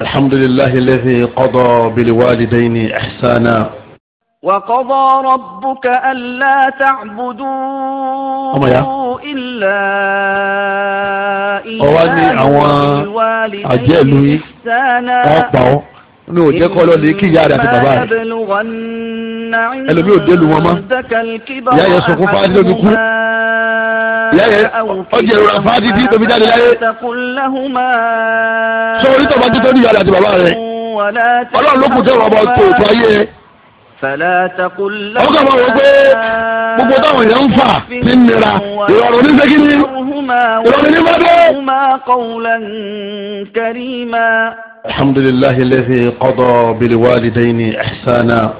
الحمد لله الذي قضى بالوالدين إحسانا وقضى ربك ألا تعبدوا إلا إياه بالوالدين إحسانا ní ò jẹ́ kọ́ lọ lè kí ìyá rẹ̀ àti bàbá rẹ̀ ẹlòmíì ò délu wọn mọ́ ìyá yẹn sọ fún fáwọn ẹlòmíì kú lẹ́yìn ọjọ́ ìrora fàájì tí tóbi jáde láyé. sọ orí tọ́ba tó tó ní ìyára àti bàbá rẹ̀ ọlọ́run ló kù tẹ́ ọ̀rọ̀ ọba tó tó ayé rẹ̀. ọkọ̀ máa wọ pé gbogbo táwọn èèyàn ń fà ti nira ìrọ̀rùn ní sẹ́kí ìrọ̀rùn ní mọ́tò. الحمد لله الذي قضى بالوالدين إحسانا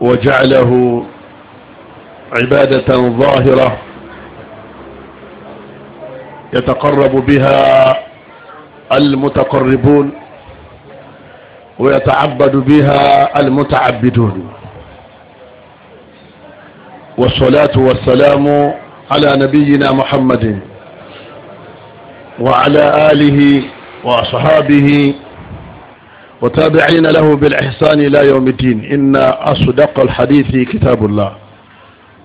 وجعله عبادة ظاهرة يتقرب بها المتقربون ويتعبد بها المتعبدون والصلاة والسلام على نبينا محمد وعلى آله وأصحابه وتابعين له بالإحسان إلى يوم الدين إن أصدق الحديث كتاب الله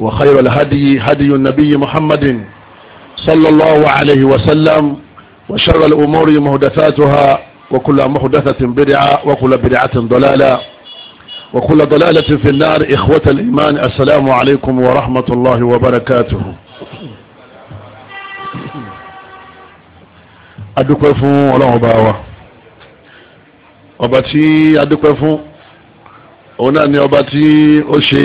وخير الهدي هدي النبي محمد صلى الله عليه وسلم وشر الأمور مهدثاتها وكل محدثة بدعة وكل بدعة ضلالة وكل ضلالة في النار إخوة الإيمان السلام عليكم ورحمة الله وبركاته adúpẹ́ fún ọlọ́run ọba wa ọba tí adúpẹ́ fún òun náà ni ọba tí ó ṣe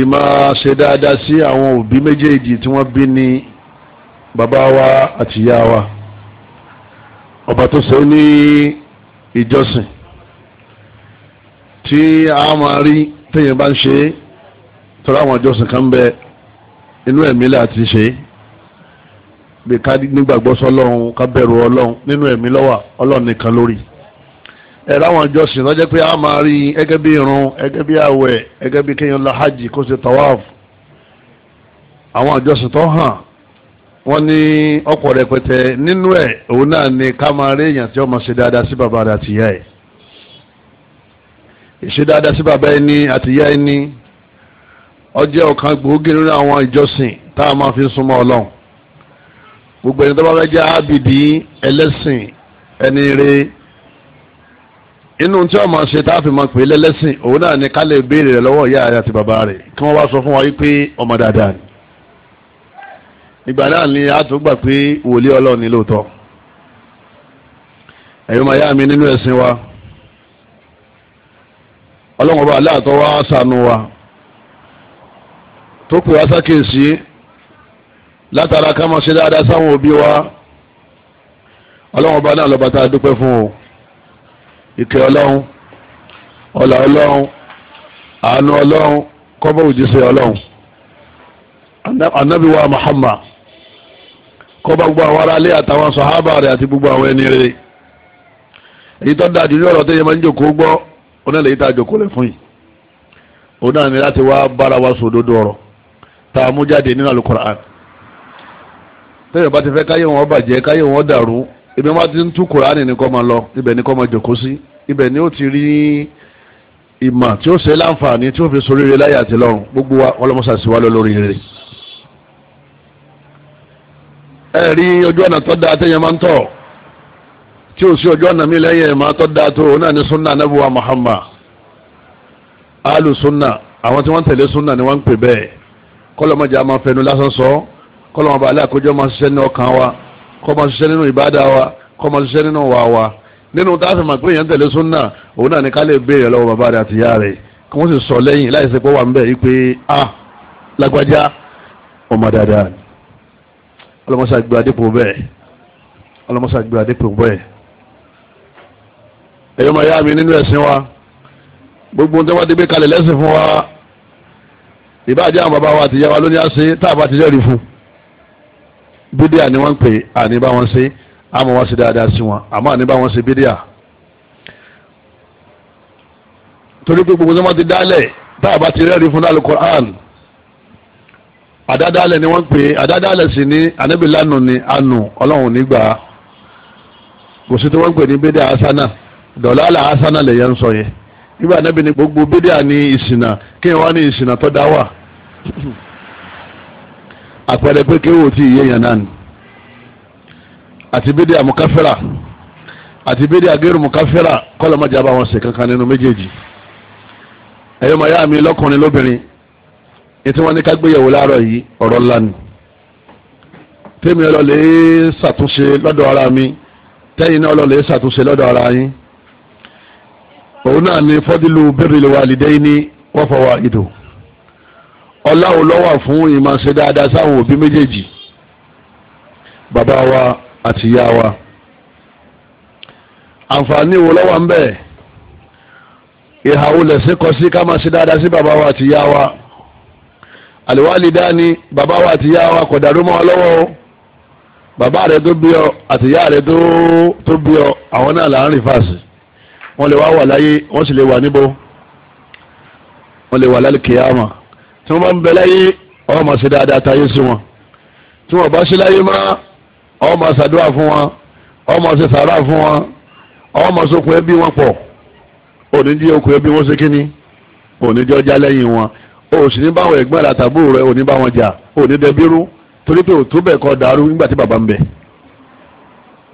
ìmọ̀ ṣe dáadáa sí àwọn òbí méjèèjì tí wọ́n bí ní bàbá wa àti ìyá wa ọba tó ṣe ní ìjọsìn tí a máa rí téèyàn bá ń ṣe tọ́lá àwọn ìjọsìn kan bẹ inú ẹ̀mí láti ṣe bí ká nígbàgbọ́ sọ́lọ́run ká bẹ̀rù ọlọ́run nínú ẹ̀mí lọ́wà ọlọ́run nìkan lórí. ẹ láwọn ìjọsìn lọ́jọ́ pé a máa rí gẹ́gẹ́ bí irun gẹ́gẹ́ bí àwẹ̀ gẹ́gẹ́ bí hajj kó ṣe tawaf àwọn ìjọsìn tó hàn wọ́n ní ọ̀pọ̀ rẹpẹtẹ nínú ẹ̀ òun náà ni ká máa rí èèyàn tí ó máa ṣe dáadáa sí bàbá rẹ̀ àtìyá ẹ̀ ìṣe dáadáa sí bàbá ẹni àtìyá ẹni ọ̀kan gbogbo ẹni tó bá fẹ́ ẹni inú tí ọmọ ṣe tá a fi máa pè lẹ́lẹ́sìn òun náà ni ká lè béèrè rẹ̀ lọ́wọ́ ìyá rẹ̀ àti bàbá rẹ̀ kí wọ́n bá sọ fún wa pé ọmọ dáadáa ni ìgbà náà ni a tó gbà pé wòlíì ọlọ́ọ̀ni lóòótọ́ ẹ̀yọ́ máa yá mi nínú ẹ̀sìn wa ọlọ́run ọba aláàtọ̀ wa ṣàánú wa tó pè wá sákèsí látara ká máa ṣe dáadáa sáwọn òbí wa ọlọ́run ọba náà lọ́ba tá a dúpẹ́ fún o. Ike ọlọ́run ọlà ọlọ́run àánú ọlọ́run kọ́bọ òjíṣẹ́ ọlọ́run anabi wa muhammad kọ́bọ gbogbo àwọn aráalé àtàwọn sọ̀hábà rẹ̀ àti gbogbo àwọn ẹni rere èyí tó dáa jùlọ ọ̀rọ̀ tó yẹ máa ń jòkó gbọ́ onílẹ̀ yìí tá a jòkó lẹ̀ fún yìí òun náà láti wá bára wa sọ òdodo ọ̀rọ̀ tá a mú jáde nínú àlùkùránì tẹ́yọ̀ bá ti fẹ́ káyé wọn bàjẹ́ káyé wọn ibi wọn ti ń tú kuraani ní kọ́ máa lọ ibẹ̀ ní kọ́ máa jòkó sí ibẹ̀ ni ó ti rí ìmọ̀ tí ó ṣe láǹfààní tí ó fi sórí rẹ láyé àti lọ́run gbogbo wa ọlọ́mọṣà sí wa lórí rẹ. ẹ rí ojú ọ̀nà tó dáa téèyàn máa ń tọ̀ tí ò sí ojú ọ̀nà mi lẹ́yìn ẹ̀ máa tó dáa tó òun náà ní sunna anabuwa Muhammad alu sunna àwọn tí wọ́n tẹ̀lé sunna ni wọ́n ń pè bẹ́ẹ̀ kọ́lọ́mọjà máa fẹnu lásán sọ kọ́lọ́mọba aláàkójọ́ máa kó máa ṣiṣẹ́ nínú ìbáda wa kó máa ṣiṣẹ́ nínú wa wa nínú tá a fi mọ̀ pé èèyàn tẹ̀lé súnà òun náà ni ká lè béèrè lọ́wọ́ bàbá rẹ̀ àti ìyá rẹ̀ kí wọ́n sì sọ lẹ́yìn láì ṣe pé wà ń bẹ̀ yí pé a lágbájá ọmọ dáadáa ni ọlọ́mọṣà gbé adépò bẹ́ẹ̀ ọlọ́mọṣà gbé adépò bẹ́ẹ̀ ẹ̀yọ́ máa yá mi nínú ẹ̀sìn wa gbogbo ohun tí wọ́n ti gbé kalẹ̀ lẹ́sìn fún wa ìbáàjẹ́ àwọn bàbá wa àti ìyá wa lónìí àṣẹ tá a bá ti jẹ́rìí fún un Bidia ni wọ́n pe pè àní bá wọn ṣe àmọ́ wọ́n ṣe dáadáa sí wọn àmọ́ àní bá wọn ṣe bídíà. torí pé gbogbo sọ́mọ́ ti dálẹ̀ tá a bá ti rẹ́ẹ̀rí fún alukoran àdádálẹ̀ ni wọ́n ń pè sì ní anábìlánu ni anu ọlọ́run nígbà kò tí wọ́n ń pè ní asana dọ̀làlà asana lè yẹn ń sọ yẹn nígbà anábìlánu gbogbo bídíà ní ìsìnà kí wọ́n ní ìsìnà tó dá wà àpẹẹrẹ pé kéwò tí ìyé yẹn náà ni àti bídíà mukafira àti bídíà gẹ́rù mukafira kọ́lọ́mọdé àbá wọn ṣe kankan nínú méjèèjì ẹ̀yọ́ màá yá mi lọ́kùnrin lóbìnrin ètò wọn ní ká gbéyàwó láàárọ̀ yìí ọ̀rọ̀ ńlá ni tèmi ọlọ́lẹ̀ ṣàtúnṣe lọ́dọ̀ ara mi tẹ́yìn náà ọlọ́lẹ̀ ṣàtúnṣe lọ́dọ̀ ara yín òun náà ni fọ́dílù birril walidayni wa fawaiduhu ọláwo lọ́wọ́ fún ìmọ̀ọ́sẹ̀ dáadáa sáwọn òbí méjèèjì bàbá wa àti ìyá wa àǹfààní wo lọ́wọ́ ń bẹ̀ ìhà wo lẹ̀sìn sí ká máa ṣe dáadáa sí bàbá wa àti ìyá wa àlùwálìdá ni bàbá wa àti ìyá wa kò dàrú mọ́ ọ lọ́wọ́ o bàbá rẹ tó bí ọ àti ìyá rẹ tó bí ọ àwọn náà là ń rìn fàṣì wọ́n lè wá wà láyé wọ́n sì lè wà níbo wọ́n lè wà lálẹ́ kìyàmà tí wọ́n bá ń bẹ láyé ọ máa ṣe dáadáa táyé sí wọn tí wọ́n bá ṣe láyé má ọ máa ṣàdúrà fún wọn ọ máa ṣe sàrà fún wọn ọ máa sokùn ẹbí wọn pọ̀ òní jẹ́ okùn ẹbí wọn ṣe kínní òní jẹ́ ọjà lẹ́yìn wọn òsì ní báwọn ẹ̀gbọ́n rẹ àtàbúrò rẹ òní báwọn jà òní dẹbírú torí pé òtún bẹ̀ kọ́ dàrú nígbà tí bàbá ń bẹ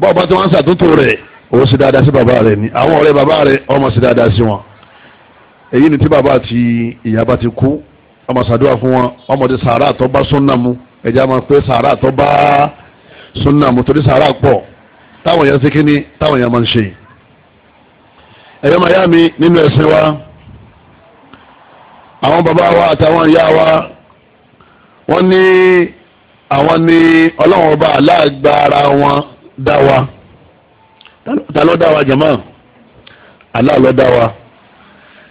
bọ́ọ̀ tí wọ́n ń ṣàtúntò rẹ̀ òun ṣe dáadáa sí bàbá rẹ̀ ni àwọn ọ̀rẹ́ bàbá rẹ̀ ọmọ ṣe dáadáa sí wọn èyí ni tí bàbá àti ìyá bá ti kú ọmọ sàdúrà fún wọn ọmọ ti sàárà tó bá súnà mu ẹ̀jẹ̀ máa pé sàárà tó bá súnà mu torí sàárà pọ̀ táwọn èèyàn ti kíni táwọn èèyàn máa ń ṣe ẹ̀yọ́ màyá mi nínú ẹ̀sìn wa àwọn bàbá wa àtàwọn ìyá wa wọ́n ní àwọn ní ọlọ́run ọba aláàgbára wọn dá wa ta ló dá wa jẹ̀mọ́ aláàlọ́ dá wa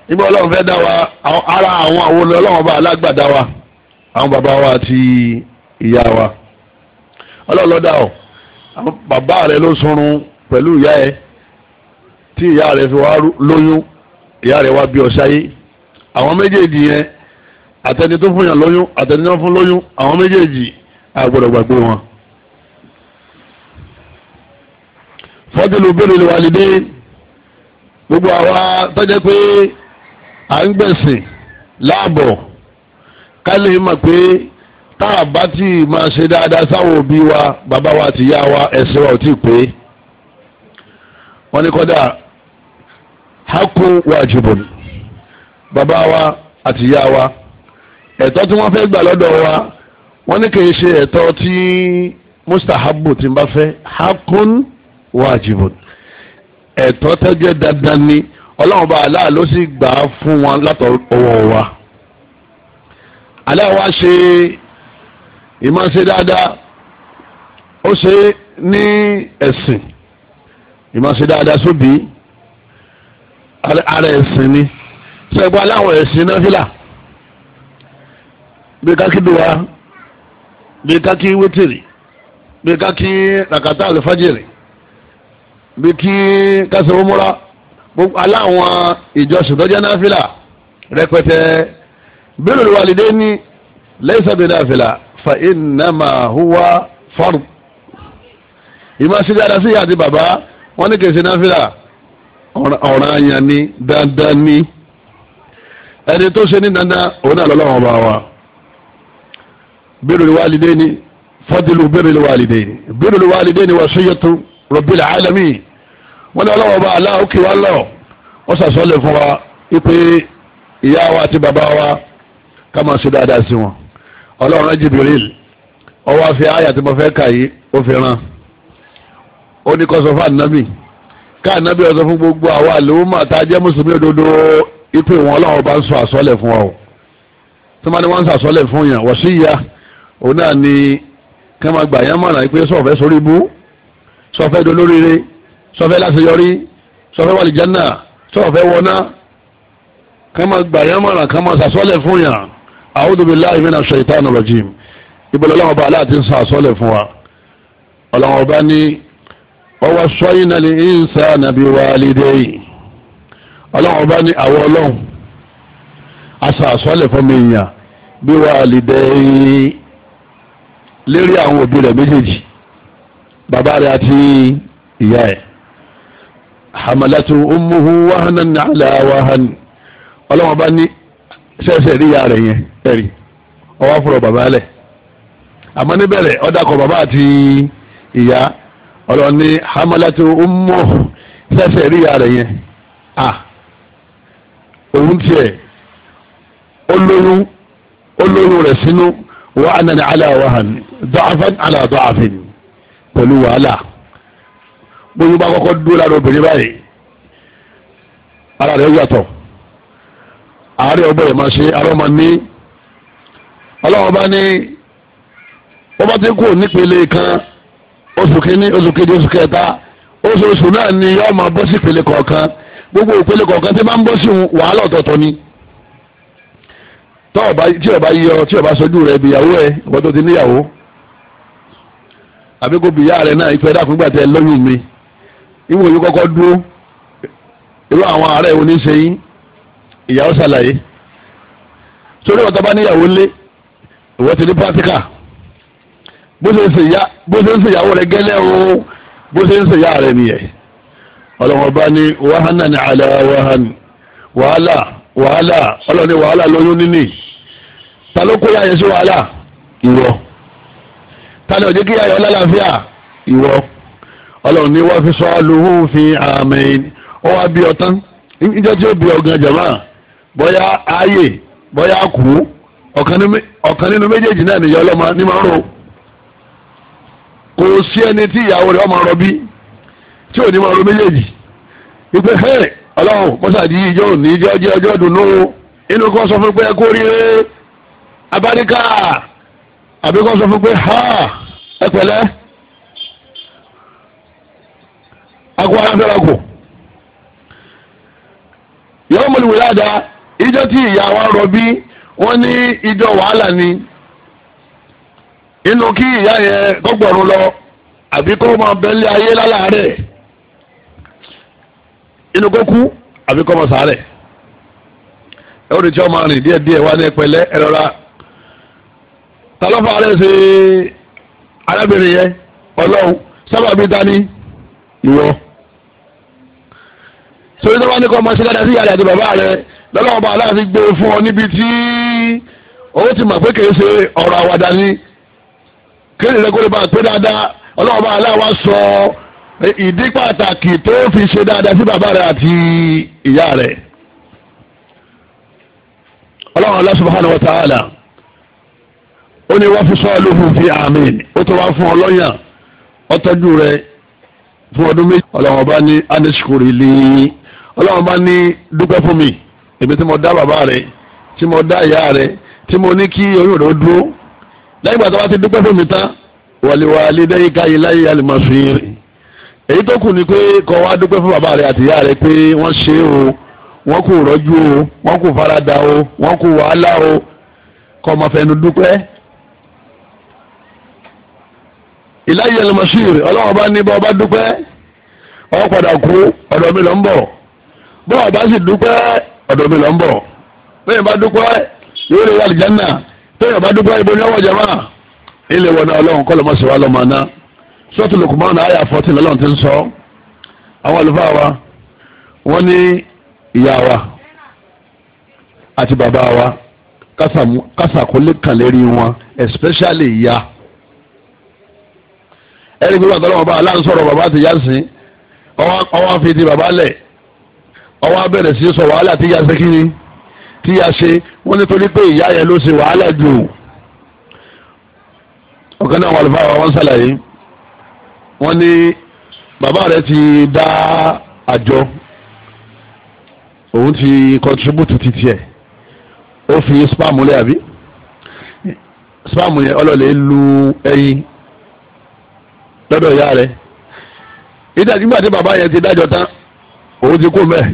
nígbà ọlọ́run fẹ́ dá wa ara àwọn àwọn ọlọ́run ọba alágbàdá wa àwọn bàbá wa àti ìyá wa ọlọ́run ló dá ọ àwọn bàbá rẹ ló sunrun pẹ̀lú ìyá ẹ tí ìyá rẹ fi wá lóyún ìyá rẹ wá bí ọ sáyé àwọn méjèèjì yẹn àtẹni tó fún yàn lóyún àtẹni tó fún lóyún àwọn méjèèjì àgbọ́dọ̀ gbàgbé wọn. fọ́tìlù bẹ́ẹ̀ lè wà lédè gbogbo àwa tọ́jú pé à ń gbẹ̀sìn láàbọ̀ ká lè mọ̀ pé tá a bá tí ì máa ṣe dáadáa sáwọn òbí wa bàbá wa àti ìyá wa ẹ̀sìn wa ò tí ì pé wọ́n ní kọ́dà hakun wajibun bàbá wa àti ìyá wa ẹ̀tọ́ tí wọ́n fẹ́ gbà lọ́dọ̀ wa wọ́n ní kì í ṣe ẹ̀tọ́ tí mustahabu tí bá fẹ́ hakun wajibun ẹ̀tọ́ tẹ́jẹ́ dandan ni ọlọ́run bá aláà ló sì gbà á fún wọn látọwọ́ wa aláà wá ṣe ìmọ̀ọ́sẹ̀ dáadáa ó ṣe ní ẹ̀sìn ìmọ̀ọ́sẹ̀ dáadáa sóbì ara ẹ̀sìn ni sẹ́gbọ́n aláwọ̀ ẹ̀sìn náà fìlà bí kákìdùwà bí kákì wítìrì bí kákì ràkàtà àlùfájìrì bí kí kásìwọ́múra gbogbo aláwọn ìjọsìn tọ́jà náfìlà rẹpẹtẹ birrul walidaini laysa bi náfìlà fa innama huwa fard ìmọ̀ sí dáadáa sí ìyá àti bàbá wọ́n ní kì í ṣe náfìlà ọ̀ràn àyàn ni dandan ni ẹni tó ṣe ní dandan òun náà lọ́lọ́wọ́n bá wa birrul walidaini fadlu birrul walidaini birrul walidaini wasiyyatu rabbil alamin wọ́n ní ọlọ́wọ́ bá aláwọ̀ kí wá lọ wọ́n sàsọ́lẹ̀ fún wa wípé ìyá wa àti bàbá wa ká máa ṣe dáadáa sí wọn ọlọ́run Jibril ọwọ́ àfi àyà tí mo fẹ́ kà yìí ó fi ràn ó ní kó sọ fún ànábì ká ànábì ó sọ fún gbogbo àwa àlùmọ́ tá a mùsùlùmí òdodo ipe wọn ọlọ́run bá ń sọ àsọ́lẹ̀ fún wa o tí wọ́n ní wọ́n ń sàsọ́lẹ̀ fún yàn wọ́n sì yá òun náà ni kí wọ́n máa gbà yẹn mọ̀ràn pé sọ̀fẹ́ sórí ibú sọ̀fẹ́ dolóríire sọfẹ́ láṣeyọrí sọfẹ́ wàlìjánà sọfẹ́ wọná kàn máa gbà yẹn mọ̀ràn kàn máa sàsọ́lẹ̀ fún yàn a'udhu billahi minash shaitanir rajim ìbọ̀lẹ̀ ọlọ́wọ́ bá aláàtí ń sàsọ́lẹ̀ fún wa ọlọ́wọ́ bá ní wa wassayna al-insana biwalidayhi ọlọ́wọ́ bá ní àwọ̀ ọlọ́wọ́ asàsọ́lẹ̀ fún mi yàn biwalidayhi lérí àwọn òbí rẹ̀ méjèèjì bàbá rẹ̀ àti ìyá ẹ̀ hamalatu ummuhu wahanan ala wahan ọlọ́wọ́n bá ní sẹ́sẹ̀ rí ìyá rẹ̀ yẹn ẹ̀rí ọwọ́ afúrọ̀ bàbá lẹ̀ àmọ́ níbẹ̀rẹ̀ ọ̀dàkọ̀ bàbá àti ìyá ọlọ́wọ́n ní hamalatu ummuhu sẹ́sẹ̀ rí ìyá rẹ̀ yẹn à òun tiẹ̀ olóyún olóyún rẹ̀ sínú wahanan ala wahan dọ́àfẹ́ ala dọ́àfẹ́ pẹ̀lú wàhálà bóyú bá kọ́kọ́ dúró lára obìnrin báyìí ara rẹ̀ yàtọ̀ àárẹ̀ ọgbọ́n yẹn máa ṣe ara ọmọ ní ọlọ́wọ́n bá ní wọ́n bá ti kú nípele kan oṣù kínní oṣù kejì oṣù kẹta oṣooṣù náà ni yóò máa bọ́ sí ìpele kọ̀ọ̀kan gbogbo ìpele kọ̀ọ̀kan tí máa ń bọ́ sí wàhálà ọ̀tọ̀ọ̀tọ̀ ni tí ọba yọ tí ọba sọjú rẹ bí ìyàwó ẹ ọba ti níyàwó àbí kò rẹ náà ìfẹ́ dàkúngbà tẹ lóyún mi ìwò yìí kọ́kọ́ dúró irú àwọn ará ìwò ní í ṣe yín ìyàwó ṣàlàyé sórí ọ̀tá bá níyàwó ńlé ìwọ ti ní pátíkà bó ṣe ń ṣe ìyàwó rẹ gẹ́lẹ́ o bó ṣe ń ṣe ìyá rẹ nìyẹn ọlọ́wọ́n bá ní wàhánà ní àlẹ́ wàhánì wàhálà wàhálà ọlọ́ni wàhálà lóyún níní ta ló kó yáyẹ sí wàhálà ìwọ ta ni jẹ́ kí yáyẹ ọlọ́láfíà ìwọ. ọlọ́run ní wọ́n fi sọ alùhù fi àmín ó wá bí ọtán níjọ́ tí ó bí ọgàn jàmá bóyá ààyè bóyá kú ọ̀kan nínú méjèèjì náà nìyá ọlọ́mọ ní máa ń kò sí ẹni tí ìyàwó rẹ̀ ọmọ tí ò ní máa ro akọ adarapọ̀ yọọ mọlẹ wíládà ìjọ tí ìyá wa rọbí wọn ní ìjọ wàhálà ni inú kí ìyá yẹn kọgbọrún lọ àbí kó máa bẹ́lẹ̀ ayé lálàárẹ̀ inú kó kú àbí kó máa sàárẹ̀ ẹ ó lè tí ọ máa rìn díẹ̀ díẹ̀ wá ní ẹpẹlẹ ẹ lọ́ra ta ṣe arábìnrin yẹn ọlọ́run sábàbí dání ìwọ sori tó bá ní kọ́ ọmọ sí dáadáa sí ìyá àti bàbá rẹ lọ́lọ́wọ́ bá aláàfin gbé e fún ọ níbi tí owó ti mọ̀ pé kìí ṣe ọ̀rọ̀ àwàdà ni kéde rẹ kó lè bá pé dáadáa ọlọ́wọ́ bá aláwa sọ ìdí pàtàkì tó fi ṣe dáadáa sí bàbá rẹ àti ìyá rẹ. ọlọ́wọ́ Allah subhanahu wa ta'ala ó ní wọ́n fi sọ ọ́ lóhùn fi àmín ó tó wá fún ọ lọ́yàn rẹ fún ọdún méjì ọlọ́wọ́ bá ní anishkuri lè ọlọ́run bá ní dúpẹ́ fún mi èmi tí mo dá bàbá rẹ tí mo dá ìyá rẹ tí mo ní kí oyún rẹ dúró lẹ́yìn ìgbà tó bá ti dúpẹ́ fún mi tán wàlíwàlí dẹ́yìn káyé láyé alimọ̀sùn èyí tó kù ni pé kọ́ wá dúpẹ́ fún bàbá rẹ àti ìyá rẹ pé wọ́n ṣe é o wọ́n kò rọ́jú o wọ́n kò farada o wọ́n kò wàhálà o kọ́ ọmọ fẹ́nu dúpẹ́. ìláyé alimọ̀sùn ọlọ́run bá ní bá ọba dúpẹ́ ọ padà kú ọ̀dọ̀ mi lọ ń bọ̀ bọ́ọ̀ bá sì dúpẹ́ ọ̀dọ̀ mi lọ ń bọ̀ bẹ́ẹ̀ bá dúpẹ́ yóò lè wà lìjánà bẹ́ẹ̀ bá dúpẹ́ ibo ní ọwọ́ jama ilé wọn náà ọlọ́run kọ́lọ́ mọ́sẹ̀ wa lọ́mọ aná sọ́ọ̀tù Lukumana àyà fọ́tì lọ́lọ́run ti ń sọ àwọn àlùfáà wa wọ́n ní ìyá wa àti bàbá wa kásàkólé kan lérí wọn especially ìyá ẹni pé wọn tọ́lọ́wọ́ bá aláǹsọ̀rọ̀ bàbá àti yá sí ọwọ́ fi ti bàbá lẹ̀ ọwọ́ abẹ́rẹ́ sí sọ wàhálà tí ya ṣe kí ni tí ya ṣe wọ́n nítorí pé ìyá yẹn ló ṣe wàhálà jù ọ̀kan náà wà lọ́fà wọn ṣàlàyé wọ́n ní bàbá rẹ̀ ti dá àjọ òun ti contribute ti tiẹ̀ ó fi spam lé àbí spam yẹn ọlọ́lẹ̀ lu ẹyin lọ́dọ̀ ìyá rẹ̀ ìdájú gbàdé bàbá yẹn ti dájọ́ tán. òun ti kó mẹ́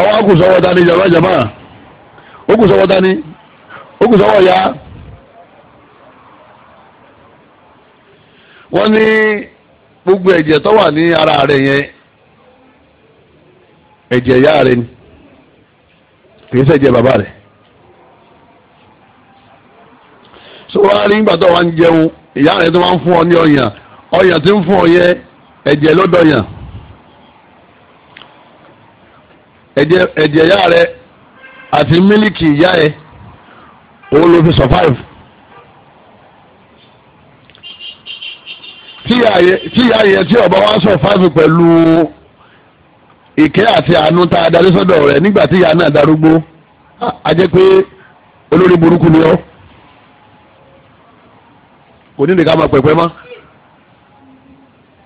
ọwọ́ ta ni jàmbá jàmbá ta ni ya wọ́n ní gbogbo ẹ̀jẹ̀ tó wà ní ara rẹ̀ yẹn ẹ̀jẹ̀ ìyá rẹ̀ ni kìí ṣẹ̀jẹ̀ bàbá rẹ̀ sọ wọ́n á rí nígbà ń jẹun ìyá rẹ̀ tó ń ọ ní ọyàn ọyàn ń fún ọ ẹ̀jẹ̀ ló dọ̀yàn ẹ̀jẹ̀ ẹ̀jẹ̀ ìyá rẹ àti mílíkì ìyá ẹ òun ló fi survive. tí ìyá yẹn tí ọba wa survive pẹ̀lú ìkẹ́ àti àánú tá a darí sọ́dọ̀ rẹ̀ nígbà tí ìyá náà darúgbó a jẹ́ pé olórí burúkú ni ọ́ kò ní nìkan máa pẹ̀pẹ́ mọ́.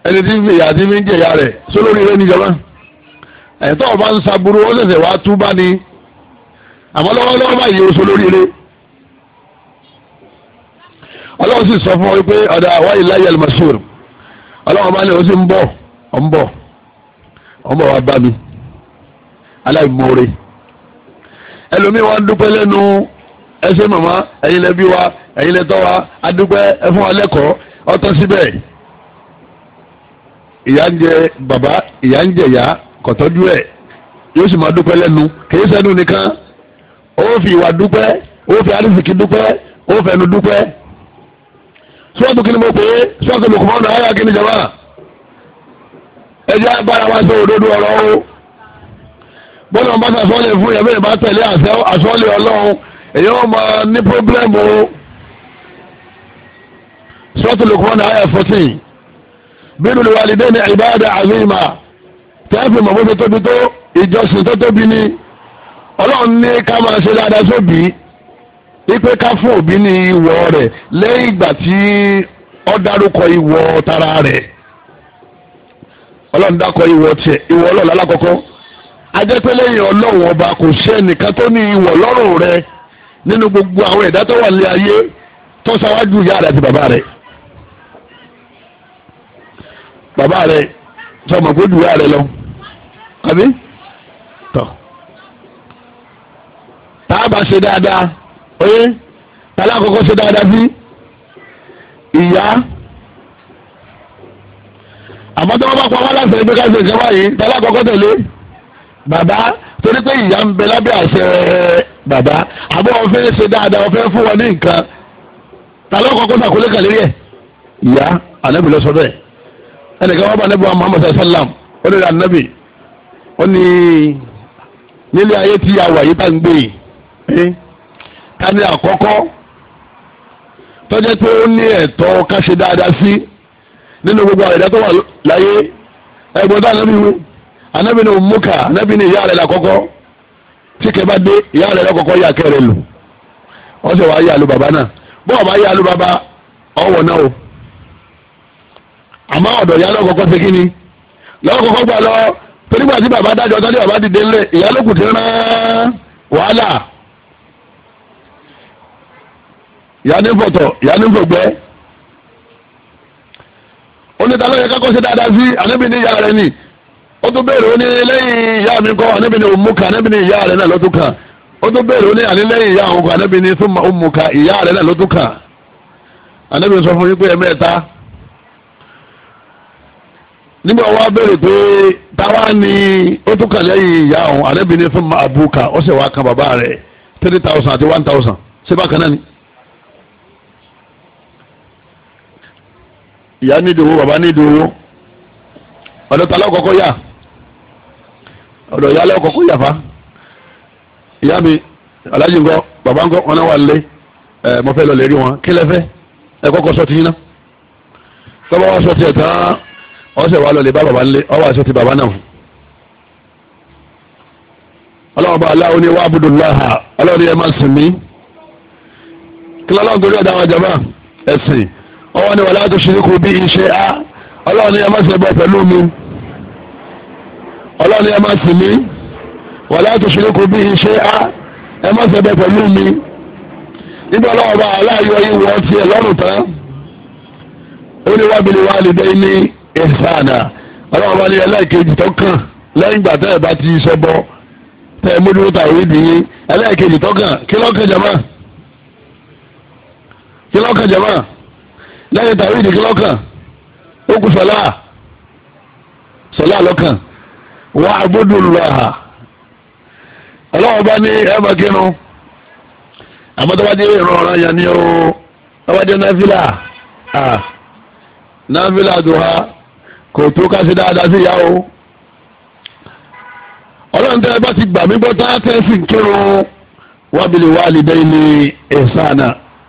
ẹni tí ń fi ìyá tí ń fi ń jẹ ìyá rẹ̀ sólórí rẹ̀ níjọba ẹ̀tọ́ ọba ń saburu ó ṣẹ̀ṣẹ̀ wá tú bá ní àmọ́ lọ́wọ́lọ́wọ́ báyìí ó sólórí sì sọ fún ọ pé ọ̀dà àwa ìláyà al ní o sì ń bọ̀ ọ̀ ń bọ̀ ọ̀ mi wa dúpẹ́ lẹ́nu ẹsẹ̀ ẹ̀yin wa ẹ̀yin lẹ́tọ́ wa adúpẹ́ alẹ́kọ̀ọ́ ọ̀tọ́ síbẹ̀ ìyá ń jẹ bàbá ìyá ń jẹ ìyá kò tọ́jú ẹ̀ yóò sì máa dúpẹ́ lẹ́nu kì í sẹ́nu nìkan ó fi ìwà dúpẹ́ ó fi arísìkí dúpẹ́ ó fẹnu dúpẹ́ sọ́ọ̀tù kí ni mo pè é sọ́ọ̀tù lùkùmọ́ ọ̀nà ayé akíní jama ẹ agbára wa sọ òdodo ọ̀rọ̀ o bọ́lá wọn bá sọ àsọ́ọ̀lẹ̀ fún yẹn bẹ́ẹ̀ bá tẹ̀lé àsọ́ọ̀lẹ̀ ọlọ́run èyí wọn máa ní pírọ́blẹ́mù o sọ́ọ̀tù lùkùmọ́ ọ̀nà ayé fourteen. bírù lùwàlídé ní ìbáàdà àzìmà tẹ́ẹ̀fì mọ̀ bó ṣe tóbi tó ìjọsìn tó tóbi ni ọlọ́run ní ká máa ṣe dáadáa sóbì ipe ká fún òbí ní ìwọ rẹ̀ lẹ́yìn ìgbà tí ọ dárúkọ ìwọ tara rẹ ọlọ́run dákọ ìwọ tiẹ̀ ìwọ ọlọ́run alákọ̀ọ́kọ́ ajẹ́pẹ́ ọlọ́run ọba kò sẹ́nìkan tó ní ìwọ lọ́rùn rẹ nínú gbogbo àwọn ẹ̀dá tó wà ní ayé tó ṣáwájú ìyá rẹ. àti bàbá rẹ̀ bàbá rẹ sọmọ kó dùn rẹ lọ àbí tọ tá a bá ṣe dáadáa tá tálá àkọ́kọ́ ṣe dáadáa sí ìyá àmọ́ tí wọ́n bá pa wọ́n láti ẹgbẹ́ káṣí ìjọba yìí tálá àkọ́kọ́ tẹ̀lé bàbá torí pé ìyá ń bẹ lábẹ́ àṣẹ bàbá àbọ̀ wọn fẹ́ ṣe dáadáa wọn fẹ́ fún wọn ní nǹkan tálá àkọ́kọ́ sàkólé kàlérí ẹ̀ ìyá àlẹ́ mi lọ sọ bẹ́ẹ̀ ẹnìkan wọn bá nẹ́bí wa muhammad sallam olórí anabi ó ní nílé ayé tí a wà yìí bá ń gbé yìí ká ní àkọ́kọ́ tọ́jẹ́ pé ó ní ẹ̀tọ́ ká ṣe dáadáa sí nínú gbogbo àwọn ẹ̀dá tó wà láyé ẹ̀gbọ́n tó anabi wí anabi ní òmùkà anabi ní ìyá rẹ̀ lákọ́kọ́ tí kẹ́ bá dé ìyá rẹ̀ lákọ́kọ́ yà kẹ́rẹ̀ lù wọ́n sì yà lù bàbá náà bọ́ọ̀ bá yà lù bàbá ọ̀wọ̀ náà o. àmọ́ ọ̀dọ̀ ìyá lọ́kọ̀ọ́kọ́ ṣe kí ni lọ́kọ̀ọ́kọ́ gbà lọ torígbà tí bàbá dájọ́ tọ́jú bàbá dìde ńlẹ̀ ìyá lókù ti rán wàhálà ìyá ní fọ̀tọ̀ ìyá ní fọ̀gbẹ́ oníta lọ́yẹ kákọ́ sí dáadáa sí ànábì ní ìyá ni ó tún béèrè ó ní lẹ́yìn ìyá mi kọ́ ànábì ní òmùka ànábì ní ìyá rẹ̀ náà lọ́tún kan ó tún béèrè ó ní àní ìyá ní ìyá nígbà wa bẹ̀rẹ̀ pé táwa ni ó tún kàn lẹ́yìn ìyá òun àlẹ́bìnrin fún abuka ó sì wá kan bàbá rẹ̀ three thousand àti one thousand ṣé bákan náà ni. ìyá ní ìdòwò bàbá ní ìdòwò ọ̀dọ̀ ta lọ́kọ̀ọ́kọ́ yà ọ̀dọ̀ ìyá lọ́kọ̀ọ́kọ́ yà fa ìyá mi alájí ńkọ́ bàbá ńkọ́ wọn náà wà lé ẹ mo fẹ́ lọ lè rí wọn kí lẹ ẹ kọ́kọ́ sọ ti yín náà tọ́ba ọ̀sẹ̀ wa lọ́lẹ̀ bá bàbá ńlẹ̀ ọwọ́ àṣẹ ti bàbá náà fún. ọlọ́run bá aláwo ni wà á budò láha ọlọ́run yẹn máa sìn mí. kílọ̀lọ́run torí ọ̀dà àwọn jama ẹ̀sìn ọwọ́ ni wàlá tó ṣeré kú bí iṣẹ́ á ọlọ́run yẹn máa sìn bọ́ mi. ọlọ́run yẹn máa sìn mí wàlá tó ṣeré kú bí iṣẹ́ á ẹ máa sìn bọ́ mi. nígbà ọlọ́run bá aláyọ̀ yìí wọ́n ti ẹ̀ lọ́rùn tán ó ní wábìlì wálé dé ní ìsànà ọlọ́run bá ní ẹlẹ́ẹ̀kejì tó lẹ́yìn ìgbà tẹ́ ẹ bá ti sọ bọ́ tẹ́ ẹ mójútó tàwé nìyí ẹlẹ́ẹ̀kejì tó kí lọ́kàn jama kí lọ́kàn jama lẹ́yìn tàwé nìyí kí lọ́kàn ó kù lọ́kàn wà ọlọ́run bá ní ẹ kínú àmọ́ tó bá dé ni ó tó bá kò tó ká ṣe dáadáa sí ìyá o ọlọ́run tẹ́lẹ̀ bá ti gbà mí gbọ́ tá a tẹ́sí kírun wábìlì wà lídẹ́ ní ẹ̀sánà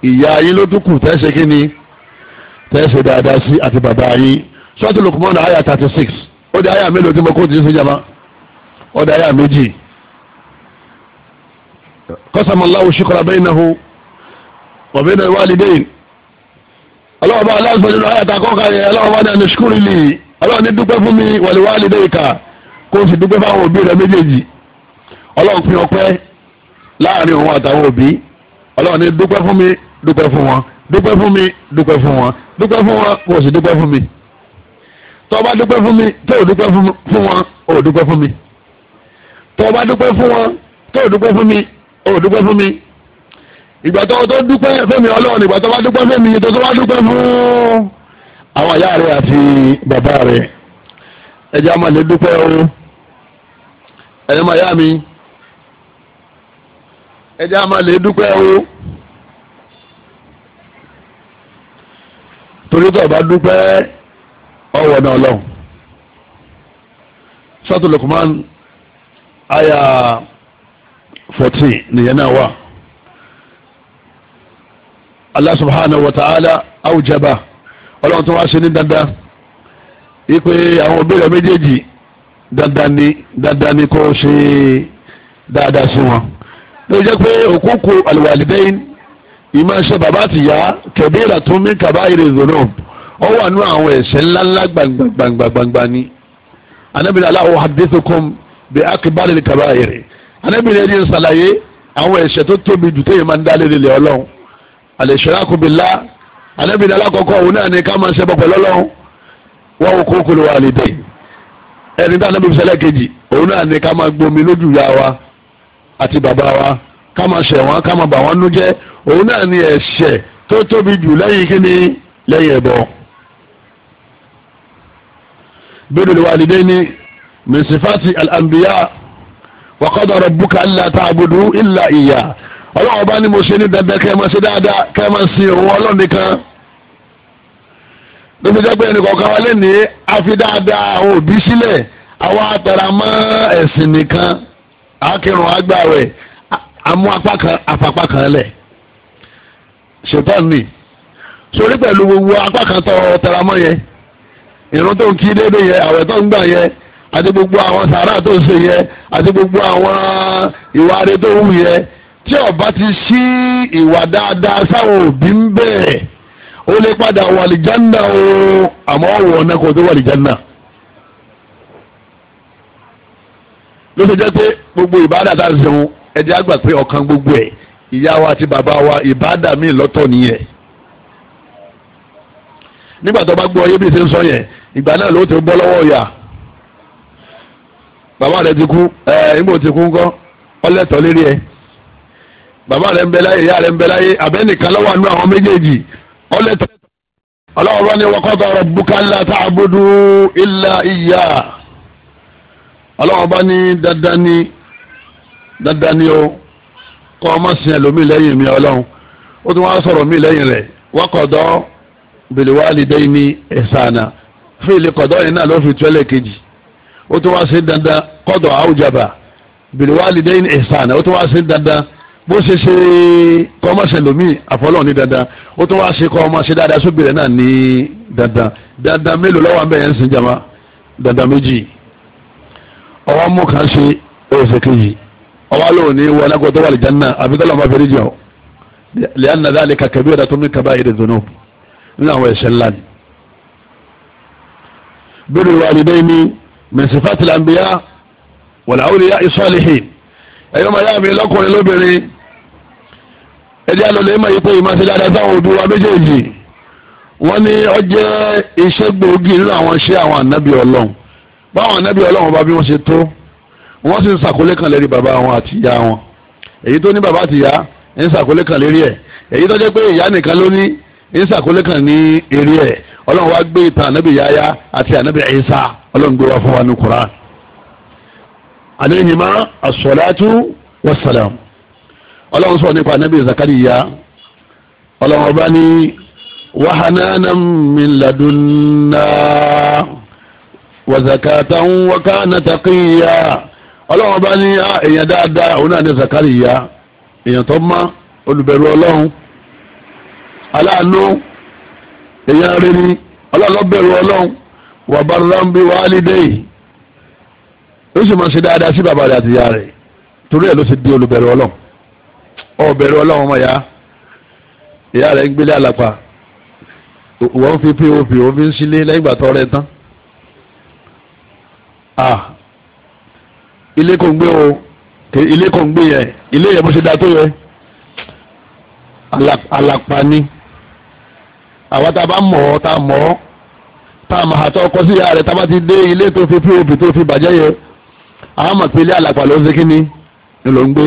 ìyá yín ló dúkù tẹ́sẹ̀ kí ni tẹ́sẹ̀ dáadáa sí àti bàbá yín sọ́ọ́tù lukumọ́nà àyà thirty six ó di àyà mélòó tí mo kó ti ṣe jama ó di àyà méjì kọ́sàmọ́láwù ṣukura bẹ́ẹ̀ náà wọ́n bẹ́ẹ̀ náà wà lídẹ́ ọlọ́wọ́ bá aláàzọ́ nínú àyà tá a kọ́ ká yẹ ọlọ́wọ́ bá náà ní ṣukúrú ọlọ́run ní dúpẹ́ fún mi wàlíwàlí dẹ́yìká kó o sì dúpẹ́ fáwọn òbí rẹ méjèèjì ọlọ́run pín ọpẹ́ láàrin òun àtàwọn òbí ọlọ́run ní dúpẹ́ fún mi dúpẹ́ fún wọn dúpẹ́ fún mi dúpẹ́ fún wọn dúpẹ́ fún wọn kó o sì dúpẹ́ fún mi tó bá dúpẹ́ fún mi tó o dúpẹ́ fún wọn o dúpẹ́ fún mi tó bá dúpẹ́ fún wọn tó o dúpẹ́ fún mi o dúpẹ́ fún mi ìgbà tó o tó dúpẹ́ fẹ́mi ọlọ́run ìgbà tó bá dúpẹ́ fẹ́mi tó tó bá dúpẹ́ fún àwọn ìyá rẹ̀ àti bàbá rẹ̀ ẹ̀jẹ̀ àmàlẹ́ dúpẹ́ o ẹ̀yẹ́ máa yá mi ẹ̀jẹ̀ àmàlẹ́ dúpẹ́ o torí tó o bá dúpẹ́ ọwọ́ náà lọ sọ́tò Luqman àyà fourteen nìyẹn náà wà Allah subhanahu wa ta'ala awjaba ọlọ́run tó wá ṣe ní dandan ipe àwọn òbí rẹ méjèèjì dandan ni dandan ni kò ṣe dáadáa sí wọn ló jẹ́ pé òkúkú àlùwàlídẹ́yìn ìmọ̀ ṣe bàbá àtìyá kẹ̀bíìrà tún mí kàbá ìrèzò náà ó wà nú àwọn ẹ̀ṣẹ̀ ńláńlá gbàngbàngbàngbà ni anábìrì aláwọ̀ hadithukum bí akébálẹ̀ kàbá ìrè anábìrì ẹni ṣàlàyé àwọn ẹ̀ṣẹ̀ tó tóbi jù téèyàn máa ń dá lé anabi dalakọkọ òun náà ni ká máa ṣe bọ pẹ̀lú Ọlọ́run wọn ò kó kolo wa lè dé ẹni tá anabi sẹlẹ kejì òun náà ni ká máa gbomi lójú ya wa àti bàbá wa ká máa ṣẹ̀ wọ́n ká máa bà wọ́n nú jẹ́ ni ẹ̀ṣẹ̀ tó tóbi jù lẹ́yìn kíni lẹ́yìn ẹbọ bidul walidaini min sifati al-anbiya wa qada rabbuka alla ta'budu iya ọlọ́run bá ní mo ṣe ní dandan kẹ́ ẹ máa ṣe dáadáa kẹ́ ẹ máa sin òun ọlọ́run nìkan lóbi jẹ́ pé ẹnìkọ̀ọ̀kan wa lẹ́nu a fi dáadáa àwọn òbí sílẹ̀ àwa àtàrà mọ́ ẹ̀sìn nìkan àákìrùn agbáwẹ̀ amú apá kan lẹ̀ ṣètọ́n ni sórí pẹ̀lú gbogbo apá kan tọ́ ọ̀tàrà mọ́ yẹn ìrun tó ń kí déédéé yẹn àwẹ̀ tó ń gbà yẹn àti gbogbo àwọn sàárà tó ń ṣe yẹn àti gbogbo àwọn ìwà rẹ tó ń wù yẹn tí ọba ti ṣí ìwà dáadáa sáwọn òbí ń bẹ̀rẹ̀ ó lè padà wà o àmọ́ ọ̀wọ̀ ọ̀nà kò tó wà lìjánná. ló ṣe jẹ́ pé gbogbo ìbáàdà tá a ṣeun ẹ̀jẹ̀ á gbà pé ọ̀kan gbogbo ẹ̀ ìyá wa àti bàbá wa ìbáàdà míì lọ́tọ̀ nìyẹn. nígbà tó bá gbọ́ ọyẹ́ bí ṣe ń sọ yẹn ìgbà náà ló ti bọ́ lọ́wọ́ ìyá bàbá rẹ̀ ti kú ẹ̀ ẹ̀ ń bò ti kú ńkọ́ ọlẹ́tọ̀ lérí ẹ̀ bàbá rẹ̀ ń bẹ láyé ìyá rẹ̀ ń bẹ láyé àbẹ́nìkan lọ́wọ́ àánú àwọn méjèèjì ọlẹ́tẹ̀ ọlọ́wọ́ bá ní waqada rabbuka alla ta'budu illa iyya ọlọ́wọ́ bá ní dandan ní dandan ní o kọ́ ọ má sin ẹlòmíì lẹ́yìn mi ọlọ́run ó tún wá sọ̀rọ̀ mí lẹ́yìn rẹ̀ waqada bil walidayni ihsana fíìlì kọ̀dọ̀ yẹn náà ló fi tuẹ́lẹ̀ kejì ó tún wá sí dandan qada awjaba bil walidayni ihsana ó tún wá sí dandan bó ṣe ṣe kọ́ ọmọ ṣẹlòmíì àfọlọ́ ní dandan ó tún wá ṣe kọ́ ọmọ ṣe dáadáa sóbì rẹ̀ náà ní dandan dandan mélòó lọ́wọ́ àbẹ̀ yẹn ń sin jama dandan méjì ọwọ́ mú kan ṣe oṣù kejì ọwọ́ lòun ní wọn lágbo tó wà lè janna àbí tó lọ́wọ́ máa fẹ́rẹ́ jẹun lẹ́yìn náà dáàlì kàkẹ́ bí ọ̀dà tó ní kaba èdè dùnú nínú àwọn ẹ̀ṣẹ̀ ńlá ni. bírò wàlídẹ́ni mẹ̀sìfàtìlàmbíyá wàlàwùlíyá ìsọ̀lìhìn ẹ̀yọ́ yá mi lọ́kùnrin lóbìnrin ẹdí àlọlẹ ẹ máa yí pé ìmọ̀ ṣe dáadáa sáwọn òbí wa méjèèjì wọ́n ní ó jẹ́ iṣẹ́ gbòógì nínú àwọn iṣẹ́ àwọn ànábì ọlọ́run báwọn ànábì ọlọ́run bá bí wọ́n ṣe tó wọ́n sì ń ṣàkólé kan lérí bàbá wọn àti ìyá wọn èyí tó ní bàbá àti ìyá ń ṣàkólé kan lérí ẹ̀ èyí tó jẹ́ pé ìyá nìkan ló ní ń ṣàkólé kan ní eré ẹ̀ ọlọ́run wá gbé ìtàn ànábì yáyá àti ànábì Ìsá ọlọ́run gbé wá fún wa ní Kùránì àdéhìnmá as-salatu was-salam ọlọ́run sọ̀rọ̀ nípa anabi zakariya ọlọ́run ọba ní wàhánánà mìlàdúnà wàzàkàtà ń wákàna takiya ọlọ́run ọba ní ah, èèyàn dáadáa òun náà ní zakariya èèyàn tó má olùbẹ̀rù ọlọ́run aláàánú èèyàn rere ni ọlọ́run ló bẹ̀rù ọlọ́run wà barran bi walidayi ó sì máa ṣe dáadáa sí bàbá rẹ̀ àti ìyá rẹ̀ torí ẹ̀ ló ti di olùbẹ̀rù ọlọ́run ọ̀bẹ̀rẹ̀ ọlọ́run ọmọ ya ìyá rẹ̀ ń gbélé àlàpà wọ́n fi pop wọ́n fi ń sílé lẹ́yìn ìgbà tọ́ rẹ tán ilé kò ń gbé o ilé kò ń gbé yẹn ilé yẹn bó ṣe da tó yẹ àlàpà ni àwa tá a bá mọ̀ ọ́ tá a mọ̀ ọ́ tá a mọ̀ àtọ́ ọkọ sí ìyá rẹ̀ tá a bá ti dé ilé tó fi pop tó fi bàjẹ́ yẹ àwọn mọ̀ pé ilé àlàpà ló ń ṣe kí ni ló ń gbé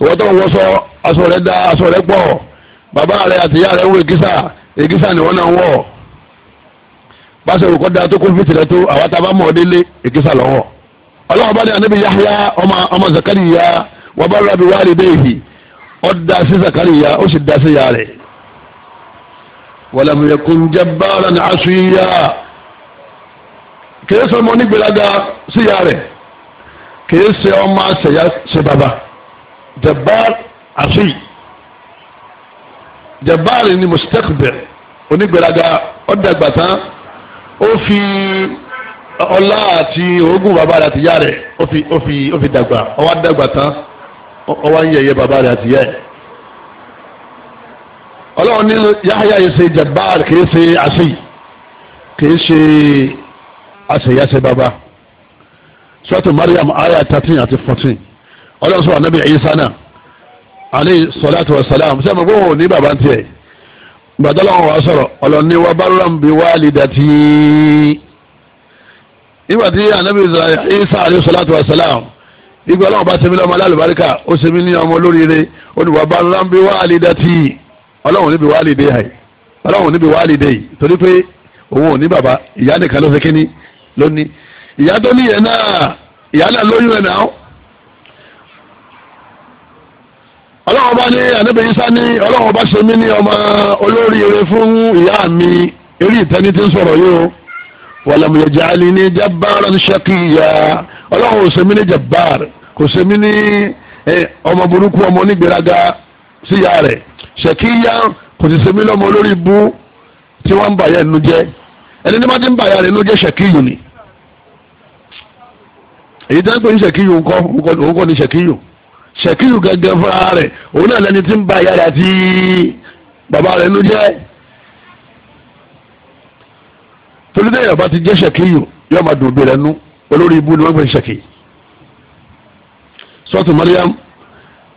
ìwọ́n tó ń wọṣọ aṣọ rẹ̀ da aṣọ rẹ̀ pọ̀ bàbá rẹ̀ àti ìyá rẹ̀ ń wọ èkísà èkísà ni wọ́n náà ń wọ̀ báṣẹ òkò da tó kó fìtì rẹ tó àwọn tá a bá mọ̀ délé èkísà lọ́wọ́ ọlọ́wọ́ bá dé anabi Yahya ọmọ ọmọ Zakariya wà bá rabi wàhálì déèhì ó da sí Zakariya ó sì da sí ya rẹ̀ walam yakun jabbaran asiya kìí sọ kìí sọ ọmọ àṣẹyà jabbar asi jabbar ni mustakbir onígbèraga ọ̀dàgbà tán ó fi ọlá àti ogún bàbá rẹ̀ àtìyá rẹ̀ ó fi dàgbà ọwọ́ àdàgbà tán ọwọ́ ń yẹ̀yẹ́ bàbá rẹ̀ àtìyá rẹ̀ ọlọ́run ní yáyà yìí ṣe jabbar kìí ṣe asi kìí ṣe àṣeyàṣe bàbá sọ́tù Mariam aya thirteen àti fourteen ọlọ́sùn anabi isa náà aleyhi salatu wa salam sẹ́mi kó wọn ò ní bàbá tiẹ̀ gbàdọ́lọ́ wọn wàá sọ̀rọ̀ ọlọ́ni wa barram bi walidati nígbà tí anabi isa aleyhi salatu wa salam ìgbà ọlọ́run bá sẹ́mi lọ́mọ alálùbáríkà ó sẹ́mi ní ọmọ olóríire ó ní wa barram bi walidati ọlọ́run níbi wàlídé yìí níbi wàlídé yìí torí pé òun ò ní bàbá ìyá nìkan ọlọ́wọ́n bá ní ànábẹ́yí sani ọlọ́wọ́n bá ṣe mí ní ọmọ olórí eré fún ìyá mi eré ìtẹ́ni tí ń sọ̀rọ̀ yìí o wàlámù yẹn jaali ní jabaara ní ṣakiya ọlọ́wọ́n ò ṣe mí ní jabaar kò ṣe mí ní ọmọ burúkú ọmọ onígbèraga síyá rẹ̀ ṣakiya kò sì ṣe mí lọ́mọ olórí bú tí wọ́n ń bàyà ẹnu jẹ́ ẹni tí wọ́n ti ń bàyà rẹ̀ ẹnu jẹ́ ṣakiyu ni èyí tí ń pè ní ṣakiyu ńkọ́ ńkọ́ ṣèkìlù gangan fúnra rẹ̀ òun náà lẹni tí ń ba ìyá rẹ̀ baba bàbá ló jẹ́ torí ti jẹ́ ṣèkìlù yóò máa dùn òbí rẹ̀ olórí ibú ni gbé sọ́ọ̀tù Mariam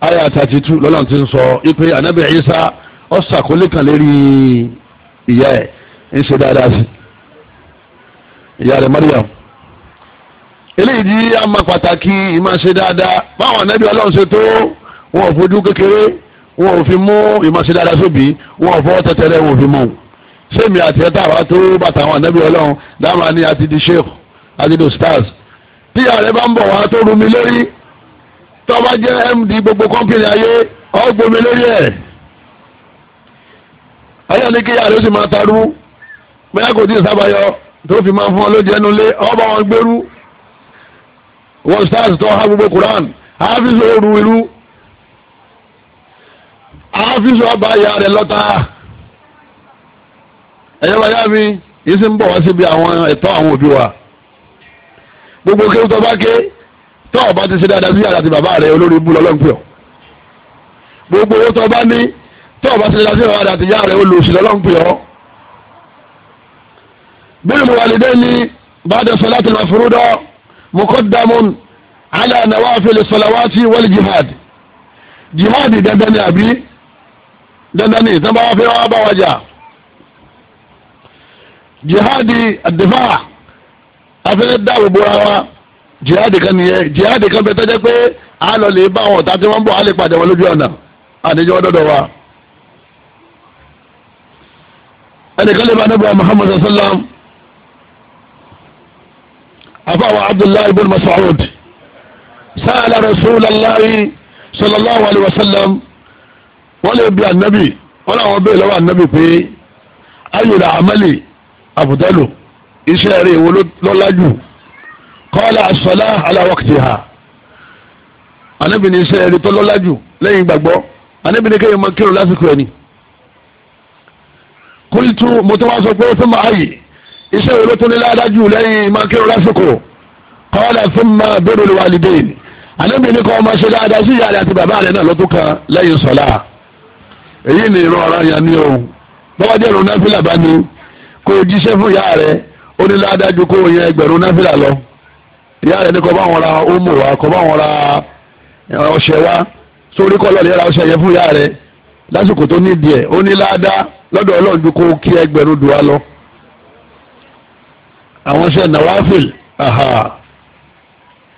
aya thirty lọ́la ti ipe anabi Isa ọ̀sàkólé kan lérí ìyá ẹ̀ ń ṣe dáadáa sí Mariam. eléyìí di ama pàtàkì ìmáṣe dáadáa báwọn anábì ọlọ́run ṣe tó wọn ò fojú kékeré wọn ò fi mú ìmáṣe dáadáa sóbì wọn ò fọ tẹtẹrẹ wọn ò fi mú sẹ́mi àti ẹ̀ta àwa tó bàtà àwọn anábì ọlọ́run dáhùn ní àti di sheikh àti di stars tí ààrẹ bá ń bọ̀ wá tó rumi lórí tó bá jẹ́ md gbogbo kọ́mpìnì ayé ọgbọ́mi lórí ẹ̀ ayé ni kí ààrẹ ó sì máa tarú bẹ́ẹ̀ kò tí ì sábàyọ tó fi máa fún ọ wọ́n stars tó ha gbogbo Quran hafizu oru ìlú hafizu ọba ìyá rẹ̀ lọ́ta ẹ̀yẹ́ wáyà mi yìí sì ń bọ̀ wá síbi àwọn ẹ̀tọ́ àwọn òbí wa gbogbo kéwù tó bá ké tó ọba ti ṣe dáadáa sí àti bàbá rẹ̀ olórí ibú lọ́lọ́ ń pè ọ́ gbogbo owó tó bá ní tó ọba ti ṣe dáadáa sí bàbá rẹ̀ àti ìyá olóòṣì lọ́lọ́ ń mo wà lédè ní bá a dẹ̀ sọ láti máa furu dọ́ mukọ́dàmún alẹ́ nàwáfẹ́lẹ́ sọ̀làwátì wal jihad jihad dandan ni àbí dandan ni tán bá wá fẹ́ wá bá wa jà jihad àdìfà afẹ́ dáàbò bora wa jihad kan nìyẹn jihad kan bẹ tọ́jẹ́ pé a lọ lè bá wọn tàbí wọn bọ̀ a lè pàdé wọn lójú ọ̀nà àdéjọ́ dọ́dọ̀ wa ẹnìkan lè bá dọ́gba Muhammadu sallam àfàwọ̀ abdullahi ibn masoud sa'ala rasulallahi sallallahu alayhi wa sallam wọ́n lè bi anabi wọ́n làwọn bèèrè lọ́wọ́ anabi pé ayòlá amali abudalo iṣẹ́ rẹ̀ wo lọ́lájú kọ́lá asọ́lá ala waqtiha anabi ni iṣẹ́ rẹ̀ tó lọ́lájú lẹ́yìn gbàgbọ́ anabi ni kéèyàn máa kírun lásìkò ẹni. kultu mo tó wá sọ pé ó fẹ́ máa yìí iṣẹ́ wo ló tún ní ládájú lẹ́yìn mákírù lásìkò kọ́lá fún ma bẹ́rù lè wà lédè ni ànábì ní kọ́ ọmọ ṣe dáadáa sí ìyá rẹ̀ àti bàbá rẹ̀ náà lọ́tún kan lẹ́yìn sọ̀lá èyí ni ìran ọ̀ràn yẹn ni o bọ́wọ́ jẹ́ ìrun náfìlà bá ní kó o jíṣẹ́ fún ìyá rẹ̀ ó ní ládájú kó o yẹn ẹgbẹ̀rún náfìlà lọ ìyá rẹ̀ ní kọ́ bá wọn ra ómò wa eh, kọ́ bá àwọn ṣe nawafil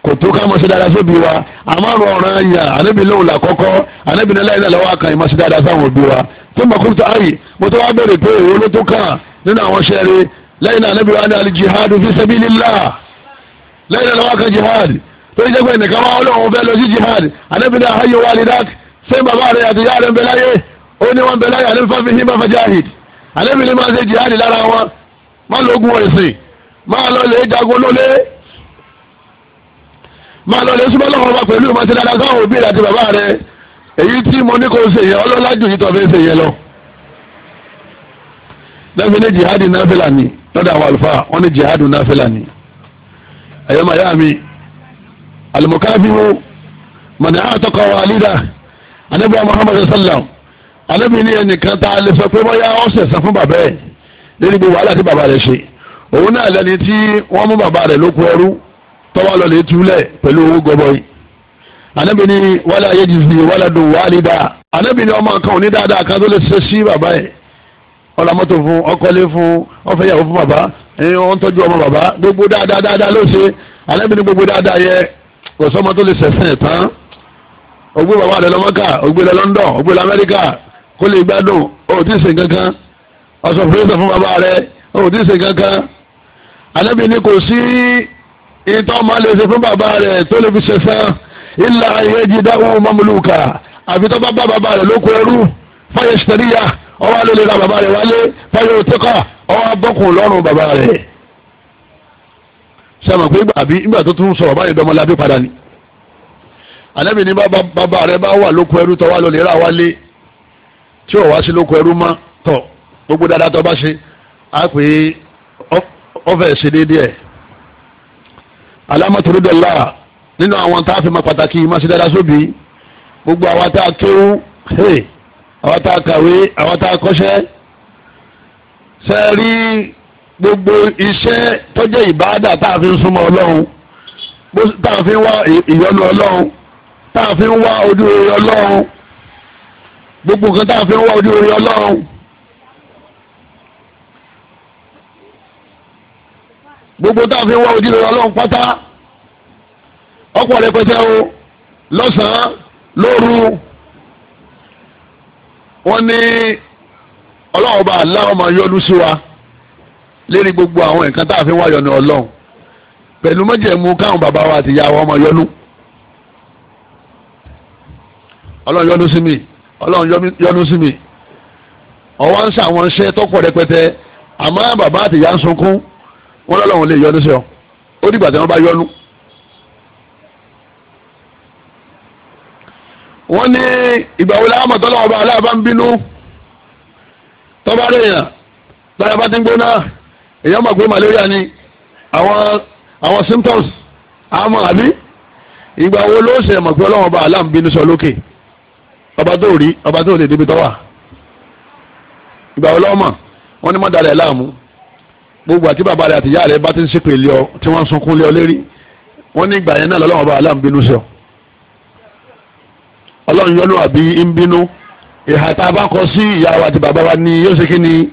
kò tó ká mọ̀sí dáadáa sóbi wa àmọ́ rọrùn ẹ̀yà ànábì lóhùn làkọ́kọ́ ànábì náà láìláì lọ́wọ́ àkànyìn mọ̀sí dáadáa sáwọn òbí wa tó mọ̀ kúrò tó ayì mo tó wá bẹ̀rẹ̀ pé èwo ló tó kàn nínú àwọn ṣẹ́ẹ̀rẹ́ lẹ́yìn náà ànábì wa ní alijihadu fi sabilillah lẹ́yìn náà lọ́wọ́ àkàn jihad tó yẹ pé nìkan wá ọlọ́run fẹ́ lọ sí jihad ànábì náà ayé wa lè dák ṣé bàbá rẹ̀ àti yára ń bẹ máa lọ lè jagun lólé máa lọ lè súnmọ́ lọ́wọ́ wa pẹ̀lú ìmọ̀tí dáadáa sáwọn òbí rẹ̀ àti bàbá rẹ̀ èyí tí mo ní kó o ṣe yẹn ọlọ́lá jù yìí tó fẹ́ ṣe yẹn lọ. lẹ́fẹ̀ẹ́ ní jihadi náfẹ́lá ni lọ́dọ̀ àwọn àlùfáà wọ́n ní jihadi náfẹ́lá ni. ẹ̀yọ́ màá yá mi alimukafiru mọ̀nà àtọkọ̀ wa alida anabi wa muhammadu sallam anabi ni ẹnìkan tá a lè sọ pé bọ́yá ọ̀sẹ̀ sàn bàbá ẹ̀ lórí gbogbo wàhálà tí bàbá rẹ̀ ṣe òun náà lẹni tí wọ́n mú bàbá rẹ̀ lóko ẹrú tọ́wọ́ lọ lè túlẹ̀ pẹ̀lú owó gọbọi anabi ni wàlẹ̀ ayé jìzì wàlẹ̀ dùn wàlẹ̀ dà anabi ni ọmọ kan òní dáadáa kan tó lè ṣe sí bàbá yẹn ọlọmọtò fún ọkọlé fún ọfẹyàwó fún bàbá ẹni wọn tọ́jú ọmọ bàbá gbogbo dáadáa dáadáa ló ṣe anabi ni gbogbo dáadáa yẹ kò sọmọ tó lè ṣẹ̀sìn tán ògbé bàbá rẹ lọ́mọ́kà ògbé lọ London ògbé lọ Amẹ́ríkà kó lè gbádùn òtí ṣe kankan ọ̀sọ̀ fúnlẹ́sọ̀ fún bàbá rẹ òtí ṣe kankan ànábì ni kò sí ìtọ́ ọmọ lè ṣe fún bàbá rẹ̀ tó lè fi ṣe sán ilà ìyẹ́jì dáhùn mọ́múlùkà àfi tó bá bá bàbá rẹ̀ lóko ẹrú fáyẹ̀ ṣẹ̀ríyà ọwọ́ alẹ́ lè ra bàbá rẹ̀ wálé fáyẹ̀ òtíkà ọwọ́ abọ́kùn lọ́rùn bàbá rẹ̀ sẹ́mi pé àbí ìgbà tó tún sọ̀rọ̀ báyìí dọ́mọlábí padà ni ànábì ni bàbá rẹ̀ bá wà lóko ẹrú tó wà ra wálé tí ò wá sí lóko ẹrú mọ́ tọ̀ gbogbo dáadáa tó bá ṣe á pè é ọfẹ ṣe déédéé alámọtòrúdọlá nínú àwọn tá a fi máa pàtàkì máa ṣe dáadáa sóbì gbogbo àwa tá a kéwú àwa tá a kàwé àwa tá a kọ́ṣẹ́ ṣe rí gbogbo iṣẹ́ tọ́jẹ́ ìbáàdà tá a fi ń súnmọ́ ọlọ́run tá a fi ń wá ìyọ́nú ọlọ́run tá a fi ń wá ojú rere ọlọ́run gbogbo nǹkan tá a fi ń wá ojú rere ọlọ́run. gbogbo tá a fi wá ojúlé ọlọ́run pátá ọ̀pọ̀ rẹpẹtẹ o lọ́sàn-án lóru wọ́n ní ọlọ́run bá aláwọ̀ máa yọ́nú sí wa lérí gbogbo àwọn nǹkan tá a fi wá yọ́nú ọlọ́run pẹ̀lú mọ́jẹ̀mú káwọn bàbá wa àti ìyá wa máa yọ́nú ọlọ́run yọ́nú sí mi ọlọ́run yọ́nú sí mi ọwọ́ ń sàwọn iṣẹ́ tọ́pọ̀ rẹpẹtẹ àmọ́ bàbá àti ìyá ń sunkún wọn lọ́lọ́run lè yọnu sí ọ ó dìgbà tí wọ́n bá yọnu. wọ́n ní ìgbà wo láwọn mọ̀tọ́ lọ́wọ́ bá aláàbá ń bínú tọ́ba rẹ̀ yàn bá ti ń gbóná èèyàn mọ̀ pé malaria ni àwọn àwọn symptoms àmọ́ àbí ìgbà wo ló ṣe mọ̀ pé ọlọ́wọ́n bá aláàbá ń bínú sọ lókè ọba tó rí ọba tó lè débi tọ́wà ìgbà wo lọ́wọ́ mọ̀ wọ́n ní mọ̀ dalẹ̀ láàmú gbogbo àti bàbá rẹ àti ìyá rẹ bá ti ń ṣépè lé ọ tí wọ́n sunkún lé ọ lérí wọ́n ní ìgbà yẹn náà lọ́lọ́wọ́ bá aláàmú bínú sọ ọlọ́run yọnu àbí ń bínú ìhà tá a bá kọ sí ìyá wa àti bàbá wa ni yóò ṣe kí ni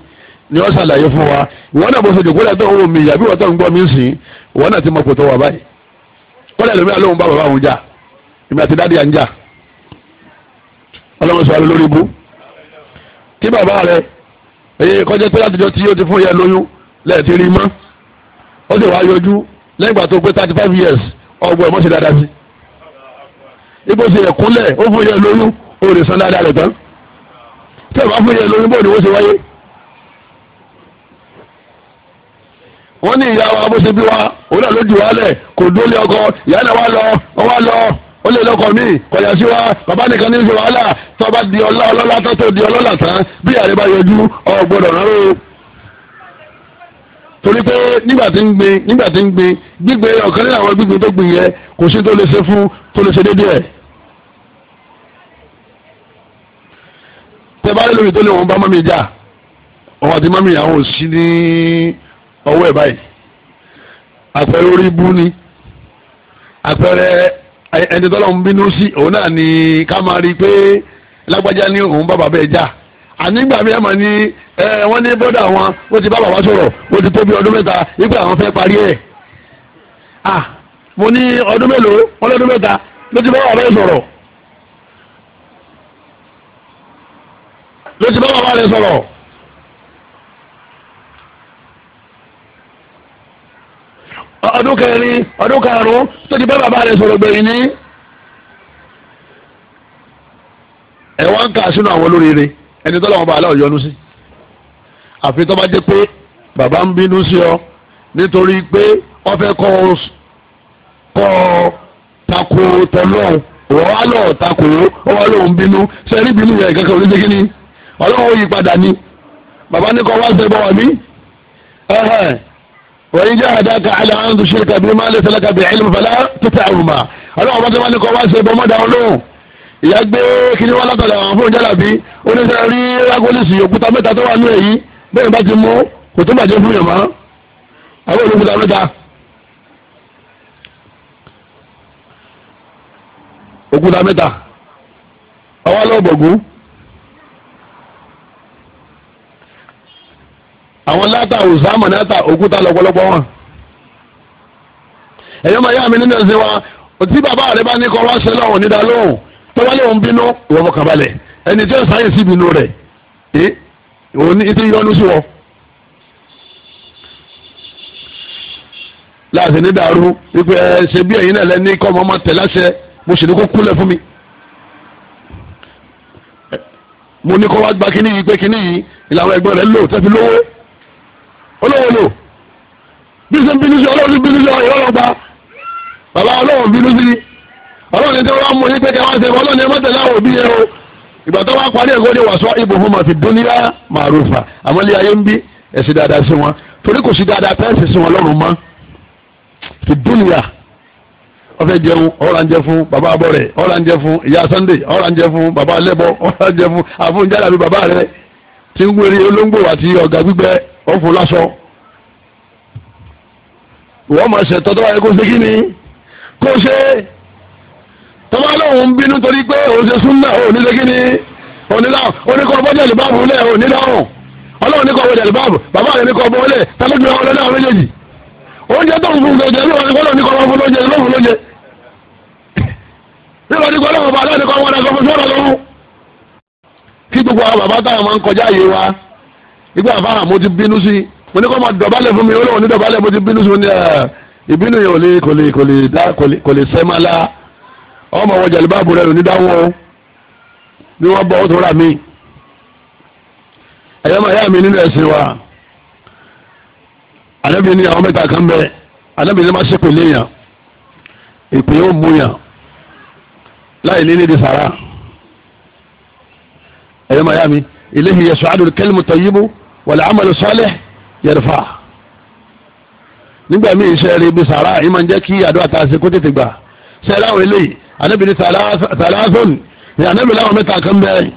ni wọ́n ṣàlàyé fún wa ìwọ́n náà bó ṣe jòkó lẹ́tọ́ òun mi ìyàbí wọ́tọ́ ń gbọ́ mi sìn ìwọ́n náà ti mọ kòtò wà báyìí wọ́n lẹ́nu mi àlóhùn bá bàbá òun jà èmi àti dáàdi à ń jà ọlọ́run sọ alẹ́ lórí ibú kí bàbá rẹ èyí kọjá pé látijọ́ tí yóò ti fún yẹ lóyún lẹ́ẹ̀tì rí mọ́ ó sì wá yọjú lẹ́yìn ìgbà tó pé thirty five years ọgbọ́n ẹ̀ mọ́ ṣe dáadáa sí i ibo ṣe ẹ̀kúnlẹ̀ ó fún yẹn lóyún ó lè san dáadáa rẹ̀ tán tẹ́ ẹ̀ bá fún yẹn lóyún bó ni wọ́n ṣe wáyé. wọ́n ní ìyá wa bó ṣe bí wa òun náà ló jù wá lẹ̀ kò dólé ọkọ ìyá náà wá lọ wọ́n wá lọ ó lè lọkọ mi kọjá sí wa bàbá nìkan ní í ṣe wàhálà tó bá di ọlá ọlọ́lá tó tó di ọlọ́lá tán bí àrẹ bá yọjú ọgbọ́dọ̀ náà rò torí pé nígbà tí ń gbin nígbà tí ń gbin gbígbé ọ̀kan nínú àwọn gbígbin tó gbìn yẹn kò sí tó lè ṣe fún tó lè ṣe déédéé ẹ̀. tẹ́bárẹ́ lórí tó lè wọ́n bá mọ́mí jà ọ̀hún àti mọ́mí àwọn ò sí ní ọwọ́ ẹ̀ báyìí àpẹẹrẹ orí ibú ni àpẹẹrẹ ẹni tọ́lọ́ ń bínú sí òun náà ni ká máa rí i pé lágbájá ní òun bá bàbá ẹ̀ jà. ànígbà m ẹ mọ̀ ní ẹ wọn ti bá bàbá sọ̀rọ̀ ó ti tó ọdún mẹ́ta pari àwọn parí ah mo ní ọdún mélòó wọ́n lọ́dún mẹ́ta ló ti bá bàbá ló ti bá bàbá ọdún kẹrin ọdún ẹni tọ́lọ́wọ́n bá aláwọ̀ yọ́nú sí àfi tó bá jẹ́ pé bàbá ń bínú sí ọ nítorí pé wọ́n fẹ́ kọ́ ọ kọ́ ọ tako tọ́lọ́wọ́ wọ́n á lọ tako ó wọ́n lòún bínú sẹ́rí bínú yẹn kankan ò ní jẹ́ kí ni ọlọ́wọ́ yí padà ni bàbá ní kọ́ wá sẹ́ bọ́ wà mí wọ́n jẹ́ àdáka aláǹdù ṣe kàbí má lè sẹ́lẹ̀ kàbí ẹ̀ẹ́lì fàlà ìyá gbé kiri wá látọ̀dọ̀ àwọn fóun jálà bí oníṣẹ́ rí rákólísì òkúta mẹ́ta tó wà ní èyí bẹ́ẹ̀ bá ti mú kò tó bàjẹ́ fún yàmá àwọn olókúta mẹ́ta. òkúta mẹ́ta ọwọ́ lọ́bọ̀gún àwọn látà òsàmù náà òkúta lọ́pọ̀lọpọ̀ wọn. ẹ̀yọ́ màá yá mi nínú ẹ̀sìn wa tí bàbá rẹ bá ní kọ́ wá ṣẹlẹ̀ ọ̀hún nídàá lóhùn tọ́wálé òun bínú ìwọ mọ̀ kàbalẹ̀ ẹni tí ó sáyẹ̀ sí ìbínú rẹ̀ ẹ òun ní ti yọnu sí wọn. láti ní dàrú wípé ẹ ṣe bí ẹ̀yin náà lẹ́ni kọ́ ọmọ máa tẹ̀ láṣẹ mo sì ní kó kúlẹ̀ fún mi. mo ní kó wá gba kíní yìí pé kíní yìí ìlànà ẹ̀gbọ́n rẹ̀ lò tẹ́ fi lówó olówó lò bí ṣe ń bínú sí ọlọ́run bínú sí ọ̀yọ́ ọlọ́gba bàbá ọlọ́run bínú sí ni ọlọ́run ní tí wọ́n mú yín pé kí wọ́n ṣe ọlọ́run ní mọ́tẹ́lá òbí yẹn o ìgbà tó wá parí ẹ̀kọ́ ni wàásù ibuhuma fi dunya ma'rufa àmọ́ ilé ayé ń bí ẹ̀sìn dáadáa sí wọn torí kò sí dáadáa pẹ́ẹ́sì sí wọn lọ́rùn mọ́ fi dunya ọfẹ jẹun ọ̀rọ̀ àǹjẹ fún baba abọrẹ ọ̀rọ̀ àǹjẹ fún ìyá Sunday ọ̀rọ̀ àǹjẹ fún baba alẹbọ ọ̀rọ̀ àǹjẹ fún àfúnjáde àbí baba rẹ tí ń wéré olóńgbò àti ọ̀gá gbígbẹ ọ̀fun lásọ. wọ́n máa ṣètọ́ tó wáyé kó ṣe kí ni kó ṣe é tọ́ba lóun ń bínú torí pé òun ṣe súnmọ́ òun ní sẹ́kí ni oníláwọ̀ oníkọ́ ọbọ̀jẹ̀ àlùbáàbù lẹ̀ oníláwọ̀ ọlọ́run ní kọ́ ọbọ̀jẹ̀ àlùbáàbù bàbá rẹ̀ ní kọ́ ọbọ̀ lẹ̀ tẹ́lẹ̀gbẹ̀ ọlọ́dẹ àwọn méjèèjì oúnjẹ tó ń fún un jẹ lóun ní kọ́ ọlọ́run ní kọ́ ọbọ̀ lóúnjẹ lóun lóúnjẹ nígbà tí kọ́lọ́run bá lọ́ọ̀ni kọ́ ọmọ rẹ̀ kọ́mọ sọ́rọ̀ lọ́rùn kí gbogbo àwọn bàbá táwọn máa ń kọjá yé wa nígbà àfáà mo ti bínú sí mo ní kọ́ máa dọ̀bálẹ̀ fún mi olóhùn ní dọ̀bálẹ̀ mo ti bínú sí ní ìbínú yẹn kò lè kò lè kò lè sẹ́mọ́lá ọmọ wọn jàlúbáàbù rẹ lóní dáwọ́ bí wọ́n bọ́ ó tó rà mí ẹ̀yọ́ máa yá mi nínú ẹ̀sìn wa ànábì ní àwọn mẹ́ta kan bẹ́ẹ̀ ànábì ní má ṣépè léèyàn ìpè ó mú yàn láì ní nídìí sàrà ẹ̀yọ́ máa yá mi ilayhi yas'adu al-kalimu tayyibu wal-amalu salih yarfa nígbà míì iṣẹ́ rí bí sàrà yìí kí àdó àtàṣe kó tètè gbà sẹ́rẹ́ àwọn eléyìí anabi ní sàlásùn ní anabi láwọn mẹ́ta kan bẹ́ẹ̀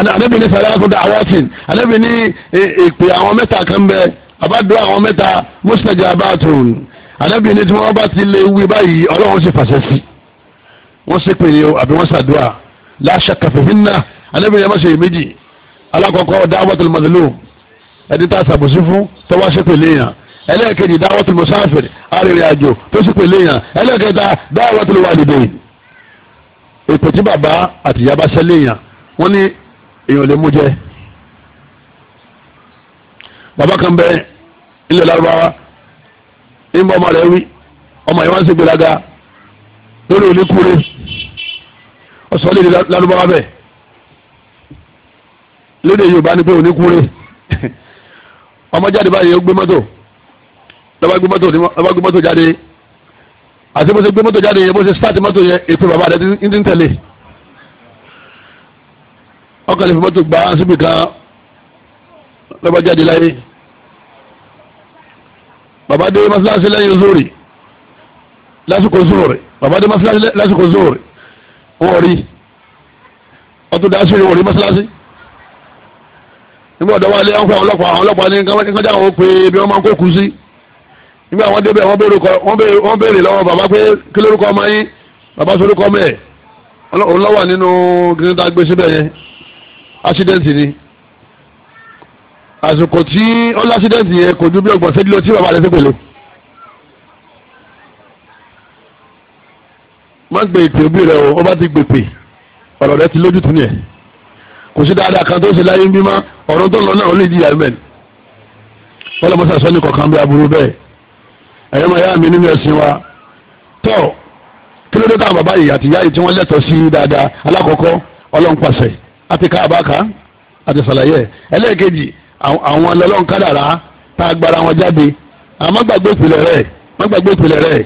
anabi ní sàlásùn dàwátìn anabi ní ìpè àwọn mẹ́ta kan bẹ́ẹ̀ abádùn àwọn mẹ́ta mustajabatun anabi ní tí wọ́n bá ti lè wí báyìí ọlọ́run sì fàṣẹ sí wọ́n sì pè é o àbí wọ́n ṣàdúrà láṣà kàfẹ́fínà anabi ní ẹ má méjì alákọ̀ọ́kọ́ dáwọ́tò mọ̀lẹ́lò ẹni tá a ṣàbòsí fún tọ́wọ́ ṣépè léèyàn ẹlẹ́ẹ̀kejì dáwọ́tò mùsáfìrì arìnrìnàjò tó sì pèlè yàn ẹlẹ́ẹ̀kẹta dáwọ́tò wàlídẹ́yìn èpè tí bàbá àtìyá bá ṣẹlẹ̀ yàn wọ́n ní èèyàn lè mú jẹ bàbá kan bẹ ilẹ̀ lárúbáwá nígbà ọmọ rẹ̀ wí ọmọ yẹn wá ń ṣe gbèlaga lórí oníkúre ọ̀sán lè lárúbáwá bẹ̀ lédè Yorùbá ni pé oníkúre ọmọ jáde báyìí ó gbé mọ́tò lọ́ba gbé mọ́tò jáde àti bó ṣe gbé mọ́tò jáde yẹn bó ṣe start mọ́tò yẹn èpè bàbá rẹ̀ ti ń tẹ̀lé ọkàn lè fi mọ́tò gbà síbi kan lọ́ba jáde láyé bàbá dé mọ́sálásí lẹ́yìn zóòrì lásìkò zóòrì bàbá dé mọ́sálásí lásìkò zóòrì wọ́n rí ọtún dá sórí wọ́n rí mọ́sálásí nígbà ọ̀dọ́ wa lé ọ̀pọ̀ àwọn ọlọ́pàá àwọn ọlọ́pàá ní kájá àwọn pé ibi wọ́n máa ń kó kù sí nígbà wọn débẹ̀ wọ́n béèrè lọ́wọ́ bàbá pé kí lórúkọ ọmọ yín bàbá sórúkọ ọmọ ẹ̀ òun lọ́wọ́ nínú gíníta gbé síbẹ̀ yẹn accident ni àsìkò tí ó lọ accident yẹn kò ju bí ọgbọ̀n ṣẹ́jú lọ tí bàbá rẹ̀ sẹ́pẹ̀lẹ̀. má gbé ìpè òbí rẹ o ó bá ti gbèpè ọ̀rọ̀ rẹ ti lójútùú ni ẹ̀ kò sí dáadáa kan tó ṣe láyé ń bímá ọ̀rọ̀ tó lọ náà ó lè jìyà mẹ́rin. wọ́n lọ́ kọ̀ọ̀kan bí aburú bẹ́ẹ̀ ẹ̀yọ́ máa yá mi nínú ẹ̀sìn wa tọ́ kí ló dé káwọn bàbá yìí àti ìyá yìí tí wọ́n lẹ́tọ̀ọ́ sí dáadáa alákọ̀ọ́kọ́ ọlọ́npàṣẹ àti káàbáka àti sàlàyé ẹlẹ́ẹ̀kejì àwọn ọlọ́nkádàrá tá a gbára wọn jáde àmọ́ gbàgbé ìpìlẹ̀ rẹ̀ wọ́n gbàgbé ìpìlẹ̀ rẹ̀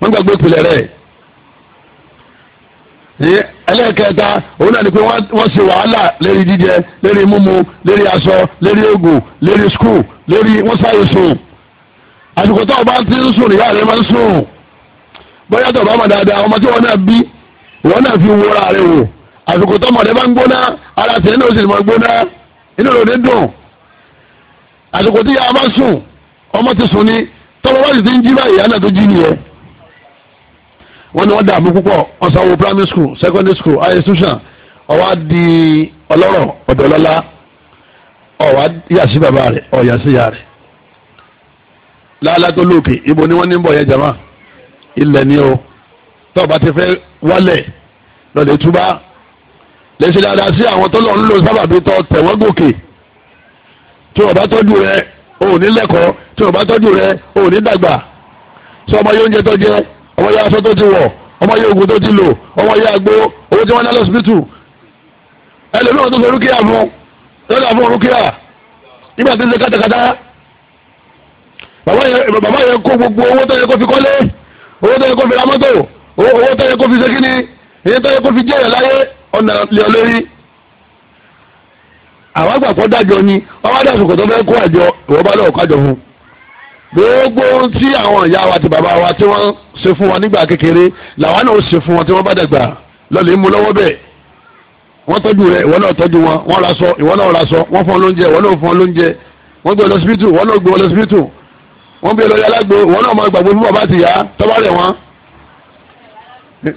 wọ́n gbàgbé ìpìlẹ̀ rẹ̀ ẹlẹ́ẹ̀kẹta òun náà ni pé wọ́n ṣe wàhálà lérí jíjẹ lérí mímu lérí aṣọ lérí oògùn lérí skul lérí wọ́n sáyé sùn àsìkò tó o bá ti ń sùn ìyá rẹ máa ń sùn bóyá tó o bá mọ̀ dáadáa ọmọ tí wọn náà bí wọn náà fi wúra rẹ wò àsìkò tó mọ̀lẹ́ bá ń gbóná ara tẹ̀ nínú òsì máa gbóná inú rẹ̀ ò ní dùn àsìkò tí yàrá bá sùn ọmọ ti sùn ni tọ́wọ́ wá sì ti ń jí báyìí ìyá náà tó jí nìyẹn wọ́n ní wọ́n dààmú púpọ̀ wọ́n primary school secondary school high institution ọwọ́ di ọlọ́rọ̀ ọ̀dọ́lọ́lá ọ̀wá yà sí bàbá rẹ̀ ọ̀yà sí yà rẹ̀ lálá tó lókè ibo ni wọ́n ní bọ̀ yẹn jama ilẹ̀ ni o tó bá ti fẹ́ wálẹ̀ lọ́lẹ̀ túbá lẹ́sìn dáadáa sí àwọn tó lọ ń lò sábàbí tó tẹ̀wọ́n gòkè tí o bá tọ́jú rẹ o ò ní lẹ́kọ̀ọ́ tí o bá tọ́jú rẹ o ò ní dàgbà sọ ọmọ yóò ń jẹ tó jẹ ọmọ yóò aṣọ tó ti wọ̀ ọmọ yóò oògùn tó ti lò ọmọ yóò àgbo owó tí wọ́n ná lọ́sibítù ẹlòmíràn tó sọ rúkìá fún lọ́dà fún rúkìá nígbà tó ń ṣe kátàkátà bàbá yẹn bàbá yẹn kó gbogbo owó tó yẹ kó fi kọ́lé owó tó yẹ kó fi ra mọ́tò owó tó yẹ kó fi ṣe kíni èyí tó yẹ kó fi jẹ́ ẹ̀rẹ̀ láyé ọ̀nà lè lórí. àwọn àgbàpọ̀ dájọ ni ọba dàsùkò tó fẹ́ kó àjọ ìwọ bá lọ́wọ́ kájọ fún. gbogbo tí àwọn ìyá wa àti bàbá wa tí wọ́n ṣe fún wa nígbà kékeré làwọn náà ṣe fún wọn tí wọ́n bá dàgbà lọ́lẹ̀ mú lọ́wọ́ bẹ́ẹ̀ wọ́n tọ́jú rẹ̀ ìwọ náà tọ́jú wọn wọ́n ra sọ náà ra wọ́n fún ọ lóúnjẹ ìwọ náà fún ọ lóúnjẹ wọ́n gbé ọ lọ síbítù ìwọ náà gbé ọ lọ síbítù wọ́n bí lọ́yà alágbó wọn náà máa gbàgbó fún bàbá ti yá tọ́ba rẹ̀ wọ́n.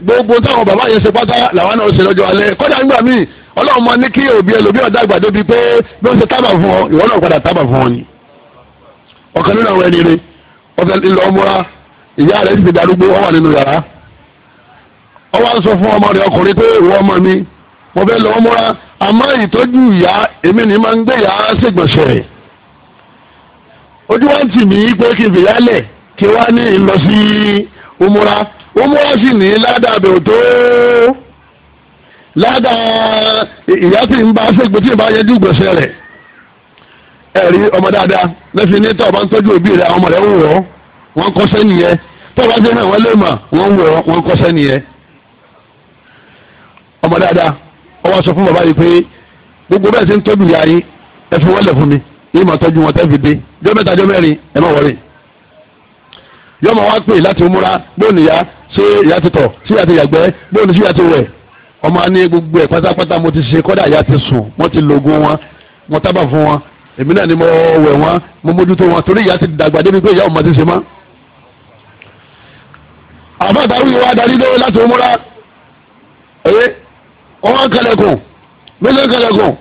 gbogbo táwọn bàbá yẹn ṣe pátá làwọn náà ṣe lọ́jọ́ alẹ́ kọ́dà ńgbà míì ọlọ́run máa ní kí òbí ẹlòmí ọ̀dà àgbàdo bíi pé bí wọ́n ṣe tábà fún ọ ìwọ náà padà tábà fún ọ ni. ọ̀kan nínú àwọn ẹni rẹ ọ̀fẹ́ ọmọra ìyá ti darúgbó wà nínú yàrá wá sọ fún ọmọ ọkùnrin pé ìwọ ọmọ mi mo fẹ́ lọ ọmọra àmọ́ ìtọ́jú ni máa ojú wa ń tì mí pé kí n fìyà kí wá ní lọ sí umura umura sì ní ládàá bẹ̀ tó ládàá ìyá tí ń bá ṣègbè tí ń bá yẹjú gbèsè rẹ̀ ẹ̀rí ọmọ dáadáa lẹ́sìn ní tọ́ ọba ń tọ́jú òbí rẹ̀ àwọn ọmọ rẹ̀ ń wọ̀ tọ́ jẹ́ fún bàbá yìí pé gbogbo bẹ́ẹ̀ ti ń tọ́jú ìyá yín ẹ fi mi. yìí máa tọ́jú wọn tẹ́fi dé jọ mẹ́ta jọ mẹ́rin ẹ má wọlé yọ máa wá pè láti múra bóònù ya ṣé ìyá ti tọ̀ ṣé ìyá ti yàgbẹ́ bóònù ṣé ìyá ti wẹ̀ ọmọ á ní gbogbo ẹ̀ pátápátá mo ti ṣe kọ́dà ìyá ti sùn wọ́n ti lògùn wọn mo tábà fún wọn èmi náà ni mo wẹ̀ wọn mo mójútó wọn torí ìyá ti dàgbà débi pé ìyá ọmọ ti ṣe mọ́. àbáta wíwá wa darí láti múra ẹ ọmọ kẹlẹ̀kùn méjì kẹlẹ̀kùn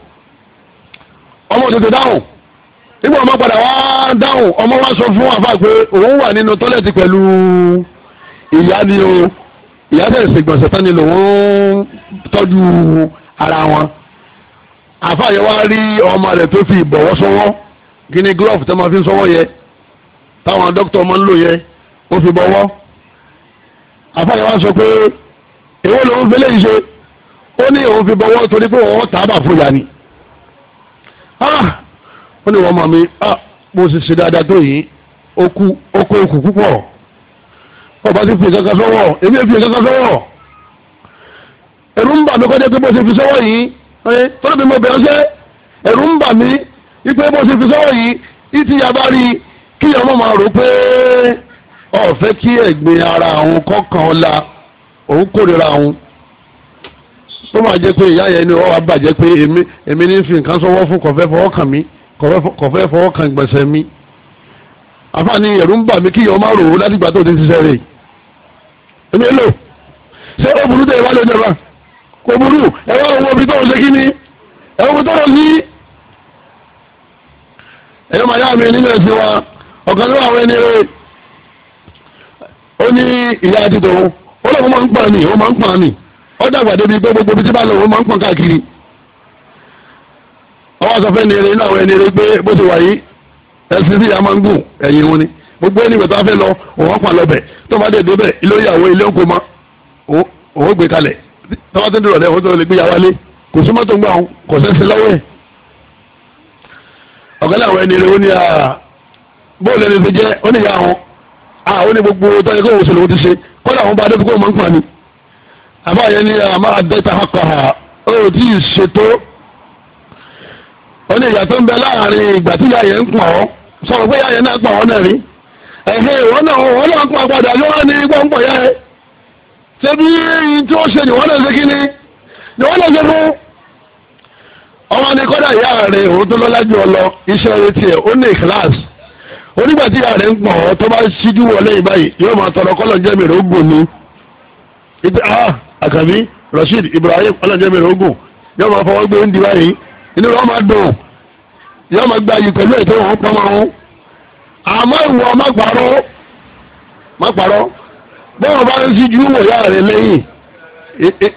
ọmọ òtútù dáhùn Ibu ọmọ padà wá dáhùn ọmọ wá sọ fún àfa pé òun wà nínú tọ́lẹ̀tì pẹ̀lú ìyá ni o ìyá tẹ̀ ṣègbọ̀nsẹ̀ tán ni lòun tọ́jú ara wọn àfa yẹn wá rí ọmọ rẹ̀ tó fi ìbọ̀wọ́ sọ́wọ́ kí glove tó máa fi sọ́wọ́ yẹ táwọn dókítà ọmọ ń lò yẹ ó fi bọ́wọ́ àfa yẹn wá sọ pé èwo lòun fẹ́lẹ́ yìí ṣe ó ní òun fi bọ́wọ́ torí pé òun tàbà fún ìyá ni. Ah! ó ní wọn mọ mi ah mo sì ṣe dáadáa tó yìí ó kú ó kó okùn púpọ̀ ọba ti fi kankan sọ́wọ́ èmi ò fi kankan sọ́wọ́ ẹ̀rù ń bà mí kọjá pé bó ṣe fi sọ́wọ́ yìí ẹ tọ́lá mi mọ bẹ̀rẹ̀ ṣẹ́ ẹ̀rù ń bà mí ipe bó ṣe fi sọ́wọ́ yìí ìtì yàrá rí kí ọmọ máa rò pé ọ̀fẹ́ kí ẹ̀gbin ara àwọn kọ̀ọ̀kan ọ̀la òun kórìíra àwọn tó máa jẹ́ pé ìyá yẹn ni wọ́n wá bàjẹ́ pé èmi ní fi nǹkan sọ́wọ́ fún kọ̀fẹ́ fọwọ́ kàn mí. kọ̀fẹ́ fọwọ́ kan gbẹ̀sẹ̀ mi àfààní a ń bà mí kí ọmọ rò ó láti gbà tó ti ṣiṣẹ́ rẹ̀ èmi èlò ṣé ó burú tẹ ìwà lóde wa kò burú owó bí ni ẹ̀rọ bí ní. ẹ̀yọ́ màá yá mi nínú ẹ̀sìn wa ọ̀kan ló àwọn ẹni rẹ̀ ó ní ìyá àti tòun ó máa ń ni? ó máa ń gbogbo tí bá lọ máa ń káàkiri. ọwọ́ sọ fẹ́ nìyẹn nínú àwọn ẹni rẹ pé bó ti wà yìí ẹsìn tí yàrá máa ń gùn ẹ̀yìn wọn ni gbogbo ẹni ìgbàtà fẹ́ lọ òun ọ̀pá lọ bẹ̀ tó bá dé débẹ̀ ilé ìyàwó ilé oko ma òun gbé kalẹ̀ tó bá tó dúró lẹ́wọ́ tó lè gbé yàrá lé kò súnmọ́ tó ń gbà kò sẹ́sẹ́ lọ́wọ́ ẹ̀. ọ̀gẹ́lẹ̀ àwọn ẹni rẹ ó ní à bóòlù ẹni ti jẹ́ ó ní ìyá àwọn à ó ní gbogbo tọ́jú kó òṣèlú ti ṣe kọ́dà àwọn bá dé kó máa ń pa ni àbáyé ni àmà àdẹ́ta ó ní ìyàtọ̀ ń bẹ láàrin ìgbà tí ìyá yẹn ń pọ̀ ọ́ sọ̀rọ̀ pé ìyá yẹn náà pọ̀ ọ́ náà rí ẹ̀hìn ìwọ́n náà wọ́n náà pọ̀ padà ló wọ́n ní pọ́ńpọ̀ yá ẹ ṣé bí tí ó ṣe ìwọ́n náà ṣe kí ni ìwọ́n náà ṣe fún ọmọ ní kọ́dà ìyá rẹ̀ òun tó lọ́lá jù ọ lọ iṣẹ́ rẹ̀ tiẹ̀ ó ní ìkíláàsì onígbà tí ìyá rẹ̀ ń pọ̀ ọ́ tó bá ṣíjú wọlé ìbáyìí yóò máa tọrọ ah, Ibrahim kọ́lọ̀ jẹ́mìrì ogun yóò máa fọwọ́ gbé inú rẹ̀ ọmọ dùn yóò máa gba yìí pẹ̀lú ètò òun pọ́nmọ́ òun àmọ́ ìwọ má parọ́ má parọ́ bọ́ọ̀ bá ń ṣíjú wò yá rẹ̀ lẹ́yìn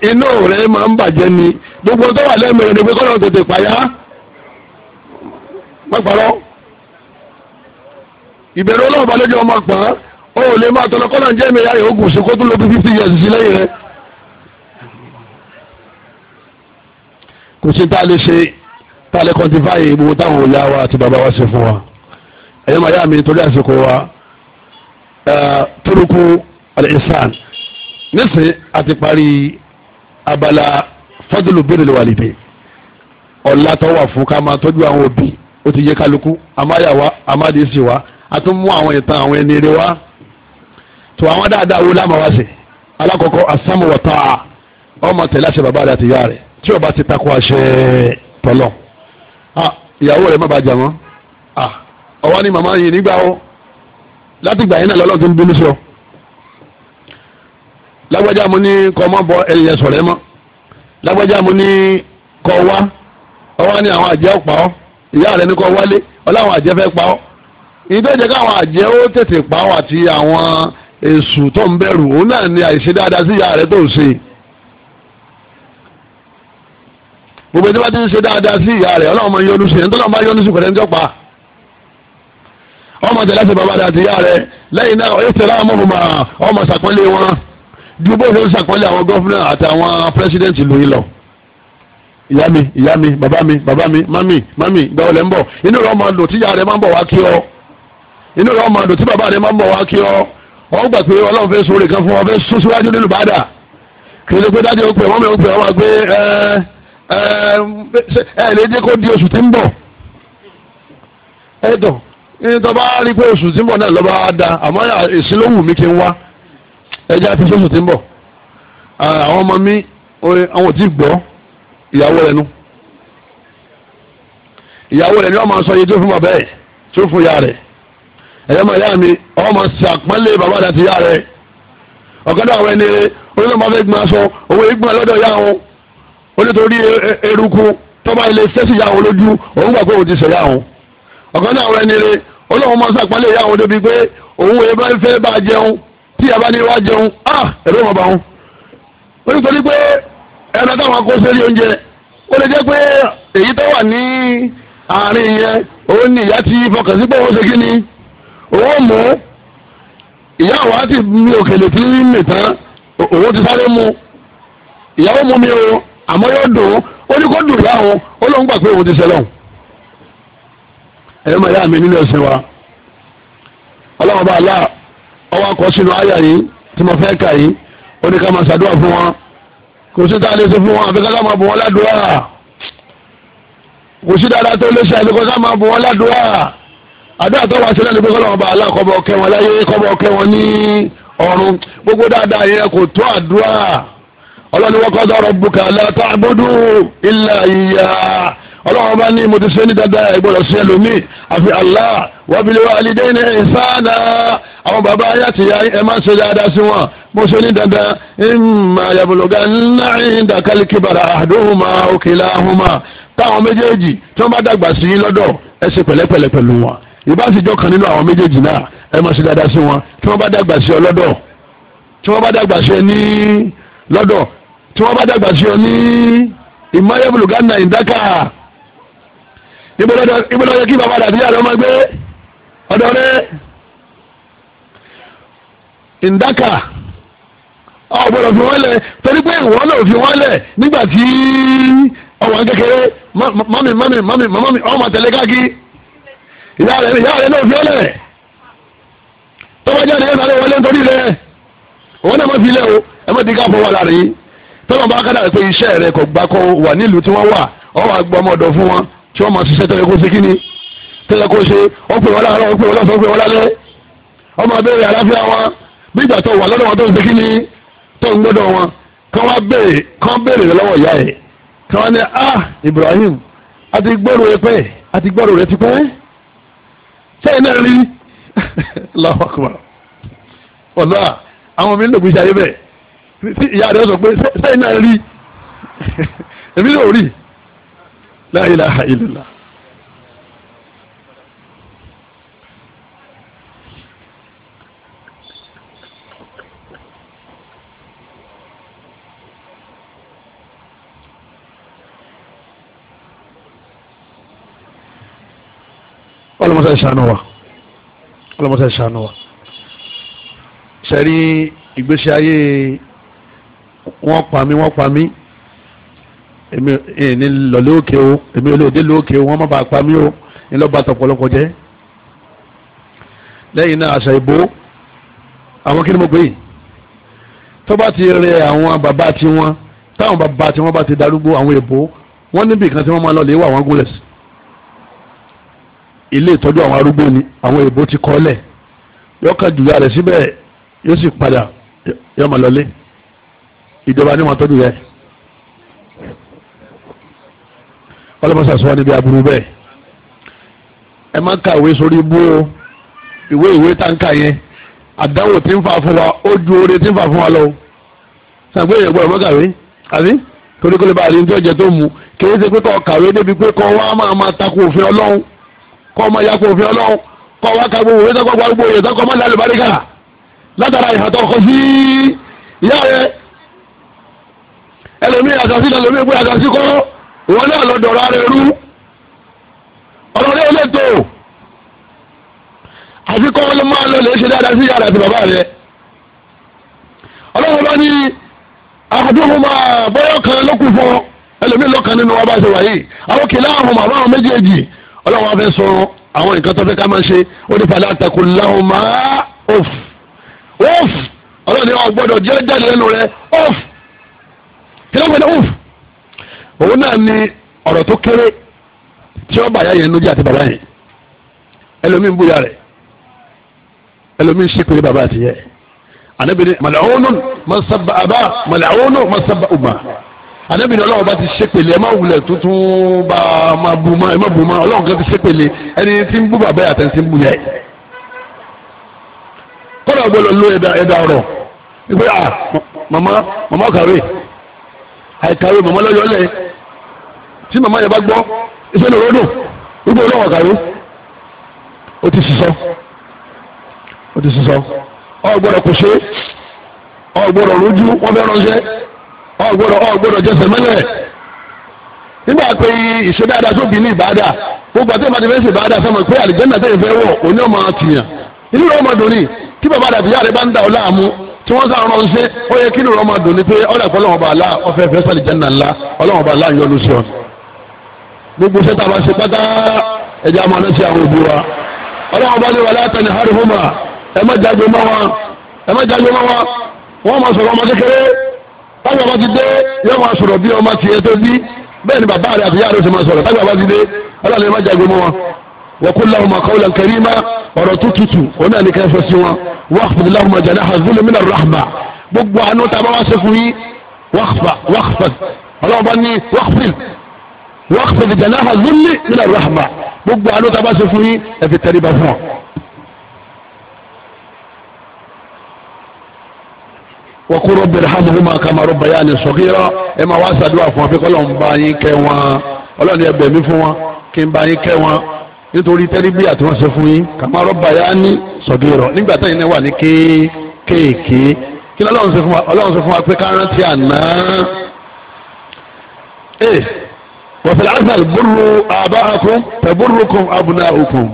inú rẹ̀ máa ń bàjẹ́ ni gbogbo tó wà lẹ́mìí rẹ̀ ni pé kọ́nà tètè pàyà má parọ́ ìbẹ̀rù ọlọ́ọ̀bá lójú ọmọ pọ̀n ó lè máa tọ́lọ kọ́nà jẹ́ mi yáyà ogun sí kó tó lóbi fífi yẹ̀ sí lẹ́yìn rẹ̀ kò sí tá a lè ṣe tale a lè kọ́ntífáyé gbogbo táwọn òòyà wa àti bàbá wa ṣe fún wa ẹ̀yọ́ màá yá mi torí àsìkò wa turuku al-ihsan nísìn àti parí abala fadlu birril walide ọ̀la tó wà fún ká máa tọ́jú àwọn òbí ó ti yé kálukú amáyàwá amádìsí wa a tún mú àwọn ìtàn àwọn ẹni rẹ wá tó àwọn dáadáa wo láàmú wá sí alákọ̀ọ́kọ́ asámu wa ta'a ọmọ tẹ̀lé àṣẹ bàbá rẹ àti ìyá tí o bá ti takò àṣẹ tọ́lọ̀ Ah, ìyàwó rẹ̀ má bàjẹ́ mọ́ ah, ọwọ́ ni màmá yìí nígbà ó láti gbà yín náà lọ́lọ́ bínú sọ lágbájá mo ní kọ́ mọ́ bọ ẹ̀yìn sọ̀rọ̀ ẹ mọ́ lágbájá mo ní kọ́ wá ọwọ́ ni àwọn àjẹ́ ọ̀pá ọ́ ìyá rẹ̀ ní kọ́ wálé ọláwọn àjẹ́ fẹ́ pa ọ́ ìdẹ́jẹ́ káwọn àjẹ́ ó tètè pa ọ́ àti àwọn èṣù tó ń bẹ̀rù òun náà ni àìṣe dáadáa sí ìyá rẹ̀ tó ń ṣe gbogbo ẹni tó bá ti ń ṣe dáadáa sí ìyá rẹ, ọlọ́run máa yọ́nú sí ẹni tó lọ́ọ́ máa yọ́nú sí pẹ̀lẹ́ níjọ́ pa ọmọ tẹ̀lé ṣe bàbá àti ìyá rẹ̀ lẹ́yìn náà ọyọ́ tẹ̀lé àwọn ọmọ ọmọ ṣàpọ́nlé wọn ju bó ṣe ń ṣàpọ́nlé àwọn gọ́fúnà àtàwọn pírẹ́sídẹ̀ǹtì ìlú yìí lọ. ìyá mi ìyá mi bàbá mi bàbá mi mami mami ń bọ̀ inú ọmọ lò tí ìyá máa ń bọ̀ wá ọ inú ọmọ lò tí ẹ lè jẹ́ kó di oṣù tí ń bọ̀ ẹ dọ̀ ní tọ́ba rí pé oṣù tí ń bọ̀ náà lọ́ba da àmọ́ èsì ló wù mí kí n wá ẹjẹ́ àti oṣù tí ń bọ̀ àwọn ọmọ mi àwọn ò tí ì gbọ́ ìyàwó rẹ̀ nu ìyàwó rẹ̀ ni wọ́n máa sọ iye tó fún bàbá ẹ̀ tó fún ìyá rẹ̀ ẹ̀yọ́ máa yá mi ọmọ sí àpọ́nlé bàbá àti ìyá rẹ̀ ọ̀kadà àwọn ẹni olóńgbò máa fẹ́ gbọ́n aṣọ owó ìgbọ́n lọ́dọ̀ yá wọn ó nítorí e, e, eruku tọ́ba ilé sẹ́sì yà wọ́n lójú òun gbà pé òun ti sọ̀rọ̀ àwọn ọ̀kan náà wọ́n ẹni rẹ ọlọ́run máa sàpálẹ̀ ìyá àwọn débi pé òun èyí bá fẹ́ bá jẹun tí yàrá ni wá jẹun ah ẹ̀rọ ìmọ̀ bá wọn. ó nítorí pé ẹran táwọn akó sórí oúnjẹ ó lè jẹ́ pé èyí tó wà ní àárín yẹn òun ni ìyá ti fọkàn sí pé òun ṣe kí ni òun mú ìyá àwọn á ti mi òkèlè tí ń mì tán òun ti sáré mu ìyàwó mú mi o àmọ́ yóò dùn ó ní kó dùn yá òun ó lóun gbà pé òun ti sẹlẹ̀ òun. ẹ̀yọ́ màá yá mi nínú ẹ̀sìn wa ọlọ́run bá aláà ọwọ́ akọ sínú àyà yìí tí mo fẹ́ kà yìí ó ní ká máa ṣàdúrà fún wọn kò sí táà lè ṣe fún wọn àfi ká máa bọ̀ wọ́n ládùúrà kò sí dáadáa tó lè ṣe àfi máa bọ̀ wọ́n ládùúrà àdúrà tó wà sílẹ̀ ní pé kọ́lọ́run bá aláà kọ́bọ̀ ọkẹ́ wọn láyé kọ́bọ̀ ọkẹ́ wọn ní ọ̀run gbogbo dáadáa yẹn kò tó àdúrà ọlọ́ni wa qada rabbuka la ta'budu illa iya ọlọ́run bá ní mo ti ṣe ní dáadáa ìgbọ́dọ̀ sí ẹlòmíì àfi Allah wa bil walidayni ihsana àwọn bàbá ayé àti ìyá ẹ máa ń ṣe dáadáa sí wọn mo ṣe ní dáadáa imma yablughanna indakal kibara ahaduhuma aw kilahuma táwọn méjèèjì tí wọ́n bá dàgbà sí i lọ́dọ̀ ẹ ṣe pẹ̀lẹ́pẹ̀lẹ́ pẹ̀lú wọn ìbáṣejọ́ kan nínú àwọn méjèèjì náà ẹ tí wọ́n bá dàgbà sí ọ ní ìmáyébùlù gánà ìdákà ibi kí bàbá àdàdíyà rẹ máa gbé ọ̀dọ̀ rẹ Ọ ọ̀gbọ̀dọ̀ fi wọ́n lẹ̀ torí pé ìwọ́n náà fi wọ́n lẹ̀ nígbà tí ọwọ́ kékeré mami mami mami mami ọmọ tẹ̀lé káàkiri ìyá rẹ ìyá rẹ náà fi wọ́n lẹ̀ ẹ̀ sáré wọlé nítorí rẹ náà fi lẹ̀ o ti tọ́lọ́ bá kádà pé iṣẹ́ rẹ kò gbà kó wà nílùú tí wọ́n wà ọ wà gbọ́ ọmọdọ̀ fún wọn tí wọ́n máa ṣiṣẹ́ tẹ́lẹ̀ kó ṣe kí ni tẹ́lẹ̀ kó ṣe ó pè wọ́n láàárọ̀ ó pè wọ́n lọ́sàn ó pè wọ́n lálẹ́ ọmọ abẹ́rẹ́ àláfíà wọn bí ìgbà tó wà lọ́dọ̀ wọn tó ń ṣe kí ni tó ń gbọ́dọ̀ wọn kán wá béèrè kán béèrè lọ́wọ́ ìyá ẹ̀ kán wá ní ah Ibrahim àti gbọ́rò rẹ pẹ́ àti gbọ́rò rẹ ti pẹ́ sẹ́yìn náà rí lọ́wọ́ kúrò ọ̀dọ́ àwọn mi ń lògbìsí ayé bẹ́ẹ̀ sí ìyá rẹ̀ sọ pé sẹ́yìn náà rí èmi náà rí la ilaha illallah. ọlọmọsẹ ṣàánú wa ọlọmọsẹ ṣàánú wa ṣe ìgbésí ayé wọ́n pa mí wọ́n pa mí èmi ní lọ́lé òkè o èmi ò lè dé lókè o wọ́n má bàa pa mí o ní lọ́ọ́ bá tọ̀pọ̀lọpọ̀ jẹ́ lẹ́yìn náà àṣà ìbò àwọn kí ni mo pè é tó bá ti rẹ àwọn bàbá tiwọn táwọn bàbá tiwọn bá ti darúgbó àwọn èbó wọ́n níbi kan tí wọ́n máa lọ lè wà wọ́n gúnlẹ̀ sí ilé ìtọ́jú àwọn arúgbó ni àwọn èbó ti kọ́ lẹ̀ yọkàn jùlọ rẹ̀ síbẹ̀ yóò sì padà yọmọ lọlé ìjọba ni wọn tọ́jú rẹ̀ ọlọ́mọṣà sọ wá níbi aburú bẹ́ẹ̀ ẹ má ka ìwé sórí ibú o ìwé ìwé táǹkà yẹn àdánwò tí ń fa fún wa ó ju oore tí ń fa fún wa lọ sàgbé èèyàn gbọ́dọ̀ mọ́kàwé àbí torí kó lè bá àríyìn tó jẹ tó mu kìí ṣe pé kọ́ kàwé débi pé kọ́ wá máa máa takò òfin ọlọ́run kọ́ máa yakò òfin ọlọ́run kọ́ wá ka gbogbo òwe tó kọ́ gbogbo òye tó kọ́ máa lálẹ́ báríkà látara ìhàtọ̀ kọ́ sí ìyá rẹ̀ ẹlòmíì àtàsí ẹlòmíì gbé àtàsí kọ́ wọn náà lọ dọ̀rọ̀ ara ẹrú ọlọ́dẹ elétò àti kọ́ ló máa lọ lè ṣe dáadáa sí yàrá àti bàbá rẹ ọlọ́run bá ní àdúgbò máa bọ́yọ̀ kan lókùn fún ẹlòmíì lọ́kàn nínú wa bá ṣe wáyé àwọn kìlá àwọn màmá àwọn méjèèjì ọlọ́run wa fẹ́ sọ àwọn nǹkan tó fẹ́ ká máa ṣe ó ní fàlẹ́ àtàkù láwọn máa ọ̀f ọ̀f ọlọ́run ni wọ́n gbọ́dọ̀ jẹ́ jáde lẹ́nu rẹ ọ̀f kílọ̀ pẹ̀lú ọ̀f òun náà ni ọ̀rọ̀ tó kéré tí ó bàyá yẹn lójú àti bàbá yẹn ẹlòmíín bóyá rẹ̀ ẹlòmíín ṣépèrè bàbá àti yẹ ànábìrin màlàónù masaba àbá màlàónù masaba ọba ànábìrin ọlọ́wọ́ bá ti ṣépèlé ẹ má wulẹ̀ tuntun bá a má bu ma ẹ má bu ma ọlọ́wọ́ kan ti ṣépèlé ẹni tí ń bú bàbá yẹn àtẹ̀sí ń bú yẹ kọ́dà gbọ́dọ̀ lo ẹ̀dà ẹ̀dà ọ̀rọ̀ ìgbé à ah, màmá màmá kàwé àìkàwé màmá lọ́yọ̀ lẹ̀ tí màmá yẹn bá gbọ́ iṣẹ́ ní òrónù gbogbo olóhùn ọ̀kàwé ó ti sísọ ó ti sísọ ọ gbọ́dọ̀ kò ṣe ọ gbọ́dọ̀ lójú wọn fẹ́ ránṣẹ́ ọ gbọ́dọ̀ ọ gbọ́dọ̀ jẹsẹ̀ mẹ́lẹ̀ nígbà pé ìṣe dáadáa sóbì ní ìbáadà gbogbo àti ìbáadà fẹsẹ̀ ìbáadà sọmọ pé àlìjẹ́nà tẹ̀yìn fẹ́ wọ̀ òní ọmọ àtìyàn inú rẹ̀ ọmọdún ni kí bàbá àdàbíyá rẹ̀ bá ń da ọ láàmú tí wọ́n sàrọ̀ ṣe ó yẹ kí ni ọmọ dùn ní pé ọlọ́pàá ọlọ́wọ́n bá aláà ọ̀fẹ́ fẹ́ sàlì jẹ́nà ńlá ọlọ́wọ́n bá aláà ń yọnu sí ọ. gbogbo iṣẹ́ tá a bá ṣe pátá ẹ̀jẹ̀ àmọ́ ọ̀nà ṣe àwọn òbí wa ọlọ́wọ́n bá ní wà látàní harihuma ẹ má jágbe mọ́ wa ẹ má jágbe mọ́ wa wọ́n máa sọ̀rọ̀ ọmọ kékeré táwọn ọmọ ti dé yóò má وقل لهما قولا كريما ọ̀rọ̀ tó tutù ọ̀nà ni kẹfẹ́ sí wọn واخفض لهما جناح الذل من الرحمة gbogbo àánú tá a bá wá ṣe fún yín واخفض ọlọ́run bá ní واخفض واخفض جناح الذل من الرحمة gbogbo àánú tá a bá ṣe fún yín ẹ fi tẹríba fún ọ. وقل رب ارحمهما كما ربياني صغيرا ẹ máa wá ṣàdúrà fún ọ pé kọ́lọ́run bá yín kẹ́ wọn ọlọ́run ẹ bẹ̀ mí fún wọn kí n bá yín kẹ́ wọn nítorí tẹ́lifíà tí wọ́n ṣe fún yín kàmá rọ́bà yá ní sọ̀gẹ̀rọ̀ nígbà táyìn náà wà ní kéékèèké kí lọ́lọ́run ṣe fún wa ọlọ́run ṣe fún wa pé kárán ti àná. ee wọ́pẹ̀lẹ̀ arsenal búrú àbá akún tẹ̀búrú kún abúlé okùn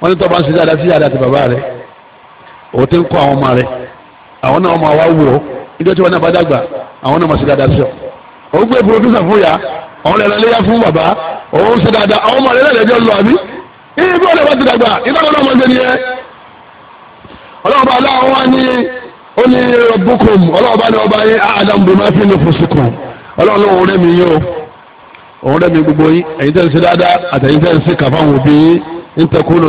wọ́n ní tọ́ba ń ṣe dáadáa sí yàrá àti bàbá rẹ̀ òun ti ń kọ́ àwọn ọmọ rẹ̀ àwọn náà ọmọ wa wò ó níjọ́ tí wọ́n náà bá dàgbà àwọn náà máa ṣe dáadáa àwọn lẹ́la léyà fún bàbá òun ṣe dáadáa àwọn ọmọ lẹ́la lẹ́jọ́ lọ àbí ibi ọ̀lẹ́ wọn ti dàgbà ìbára ọlọ́mọ ṣe ni ẹ. ọlọ́ọ̀bá aláwọ̀ wá ní ó ní rabbukum ọlọ́ọ̀bá ní ọba yín adam bímá fi ní fusukum ọlọ́ọ̀lọ́ òun rẹ̀ mi yín o òun rẹ̀ mi gbogbo yín ẹ̀yin tẹ́ ń ṣe dáadáa àtẹ̀yin tẹ́ ń ṣe kàfá wọn bí ń takunu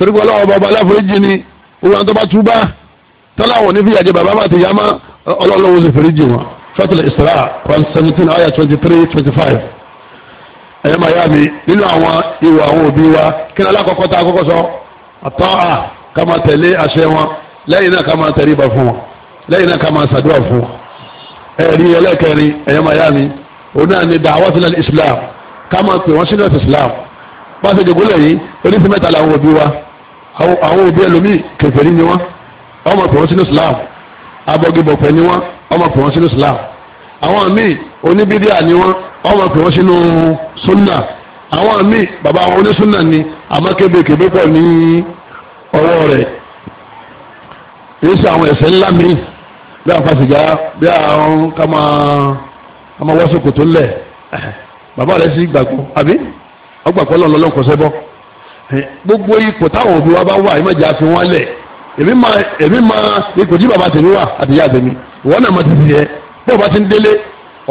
torí pé ọlọ́wọ́ bàbá aláforíjì ni wúlọ́n tó bá túbá tọ́láwọ̀ ní fìyàjẹ bàbá má ti yá má ọlọ́wọ́ sì foríjì wọn fatul Isra one seventeen ayah twenty three twenty five ẹ̀yẹ́ máa yá mi nínú àwọn ìwà àwọn òbí wa kí ni alákọ̀ọ́kọ́ tá a kọ́kọ́ sọ àtọ́ à ká máa tẹ̀lé àṣẹ wọn lẹ́yìn náà ká máa tẹríba fún wọn lẹ́yìn náà ká máa ṣàdúrà fún wọn ẹ̀rí ẹlẹ́kẹrin ẹ̀yẹ́ máa yá mi òun náà ni dàwọ́ Islam ká máa pè wọ́n sílẹ̀ Islam bá jòkó lẹ́yìn oníṣẹ́ mẹ́ta làwọn òbí wa àwọn òbí ẹlòmíì kèfèrí ni wọ́n ọmọ pè wọ́n sínú Islam abọ́gibọ̀pẹ̀ ni wọ́n ọmọ pè wọ́n sínú Islam àwọn míì oníbídíà ni wọ́n ọmọ pè wọ́n sínú sunna àwọn míì bàbá àwọn onísunna ni àmọ́ kébèkébé pọ̀ ní ọwọ́ rẹ̀ èyí sọ àwọn ẹ̀ṣẹ̀ ńlá míì bí àwọn fàṣìgá bí àwọn ká máa wọ́sọ̀kò tó lẹ̀ bàbá rẹ̀ sì gbàgbọ́ àbí ọgbàgbọ́ lọ́lọ́lọ́ kọ́sẹ́bọ́ gbogbo ipò táwọn òbí wa bá wà ẹ má jẹ́ àfi wọn lẹ̀ èmi máa èmi máa ipò tí bàbá tèmi wà àtìyá tèmi ìwọ náà má ti fi bó o bá ti ń délé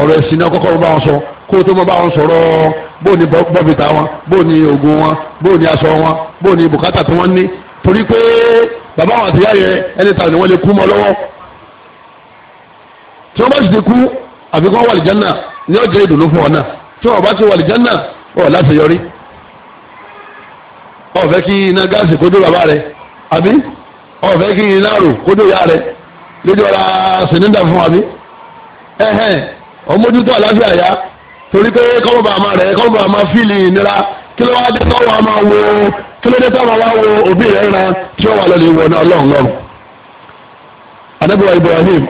ọ̀rọ̀ ẹ̀sìn náà kọ́kọ́ bá wọn sọ kó o tó bá wọn sọ̀rọ̀ bó o ní bọ́bìtà wọn bó o ní oògùn wọn bó o ní aṣọ wọn bó o ní bùkátà tí wọ́n ní torí pé bàbá wọn àtìyá yẹn ẹni tàbí wọn lè kú mọ́ lọ́wọ́ tí wọ́n bá sì ti kú àfikún wàlìjánà ni ó jẹ́ ìdùnnú fún ọ náà tí wọ́n bá ọ̀ ọ̀fẹ́ kí iná gáàsì kó bàbá rẹ̀ àbí ọ̀fẹ́ kí iná rò kó ìyá rẹ̀ lójú ọ̀la sìnínda fún àbí ẹ̀hẹ́n ọmọdútó àlàáfíà yá torí pé kọ́mọba rẹ̀ kọ́mọba kí ló wo kí ló dé wo òbí rẹ̀ tí ó wà lọ́lẹ̀ ìwọ náà anábìwá Ibrahim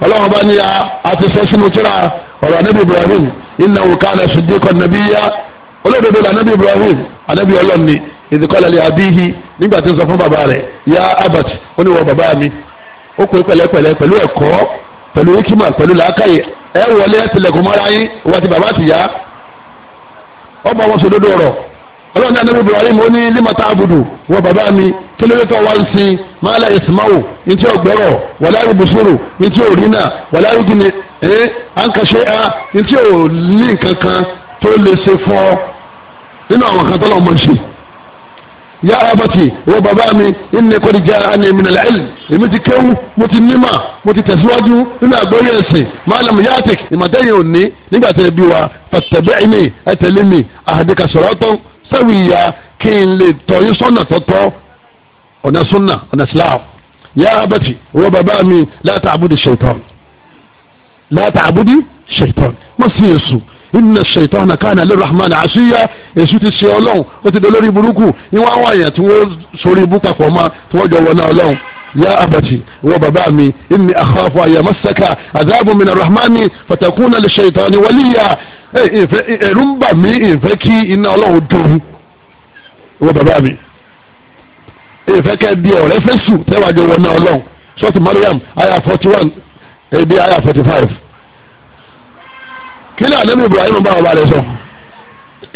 ọlọ́run bá ní a ti ọ̀rọ̀ anabi ibrahim iná wùká náà sùdíkọ̀ nàbí yá olódodo la anabi ibrahim anabi ọlọ́ni ìdíkọ́lẹ̀ lè abíhi nígbà tí ń sọ fún bàbá rẹ̀ yá abat ó ní wọ bàbá mi ó pè pẹ̀lẹ́pẹ̀lẹ́ pẹ̀lú ẹ̀kọ́ pẹ̀lú ikima pẹ̀lú làákàyè ẹ wọlé ẹ tilẹ̀kùn mọ́ra yín wọ́n ti bàbá ti yá ọmọ wọn sọ dodo ọ̀rọ̀ ọlọ́run ní anabi ibrahim ó ní limata abudu wọ bàbá mi kí ló dé tó wá ń sin mala ismawu ní tí o gbọ́rọ̀ wàlá ibùsùrù ní tí o rínà wàlá ibùgìnì ẹ ànkàṣe a ní tí o ní nkankan tó lè ṣe fọ́ nínú àwọn kan tó lọ́ mọ̀ ṣe. ya abati wọ bàbá mi inni kò ní jẹ́ àná èmi nàlẹ́ ẹ̀lì èmi ti kéwú mo ti nímà mo ti tẹ̀síwájú nínú àgbọ̀yé ẹ̀sìn malam yatik ìmọ̀tẹ́yìn òní nígbà tẹ̀ bí wa pàtẹ́bẹ́ẹ̀mì ẹ̀tẹ̀lẹ́mì àdìkàsọ̀rọ̀ sẹ́wì ìyá kí n lè tọ́ yín sọ́nà tọ́tọ́ ọ̀nà súnà ọ̀nà islam yá abẹ́tì wọ́n bàbá mi láti àbúdí ṣètọ́n láti àbúdí ṣètọ́n wọ́n sì èṣù inna ṣètọ́n kana lè rahman àṣìyá èṣù ti ṣe ọlọ́run ó ti di olórí burúkú ìwọ́n àwọn èèyàn tí wọ́n sori ibú papọ̀ mọ́ tí wọ́n jọ wọná ọlọ́run yá abẹ́tì wọ́n bàbá mi inni akhafu àyàmọ́sẹ́ka àdáàbò mi nà fatakuna lè ṣètọ́n wàlíyà ẹ̀rù ń bà mí ìfẹ́ kí iná ọlọ́run tó mi wọ bàbá mi ìfẹ́ kẹ́ di ọ̀rẹ́ fẹ́ sùn tẹ́wájú wọn náà ọlọ́run sọ́ọ̀tì mariam aya forty one ebi aya forty five kí ni ànábì ibrahim bá ọba rẹ sọ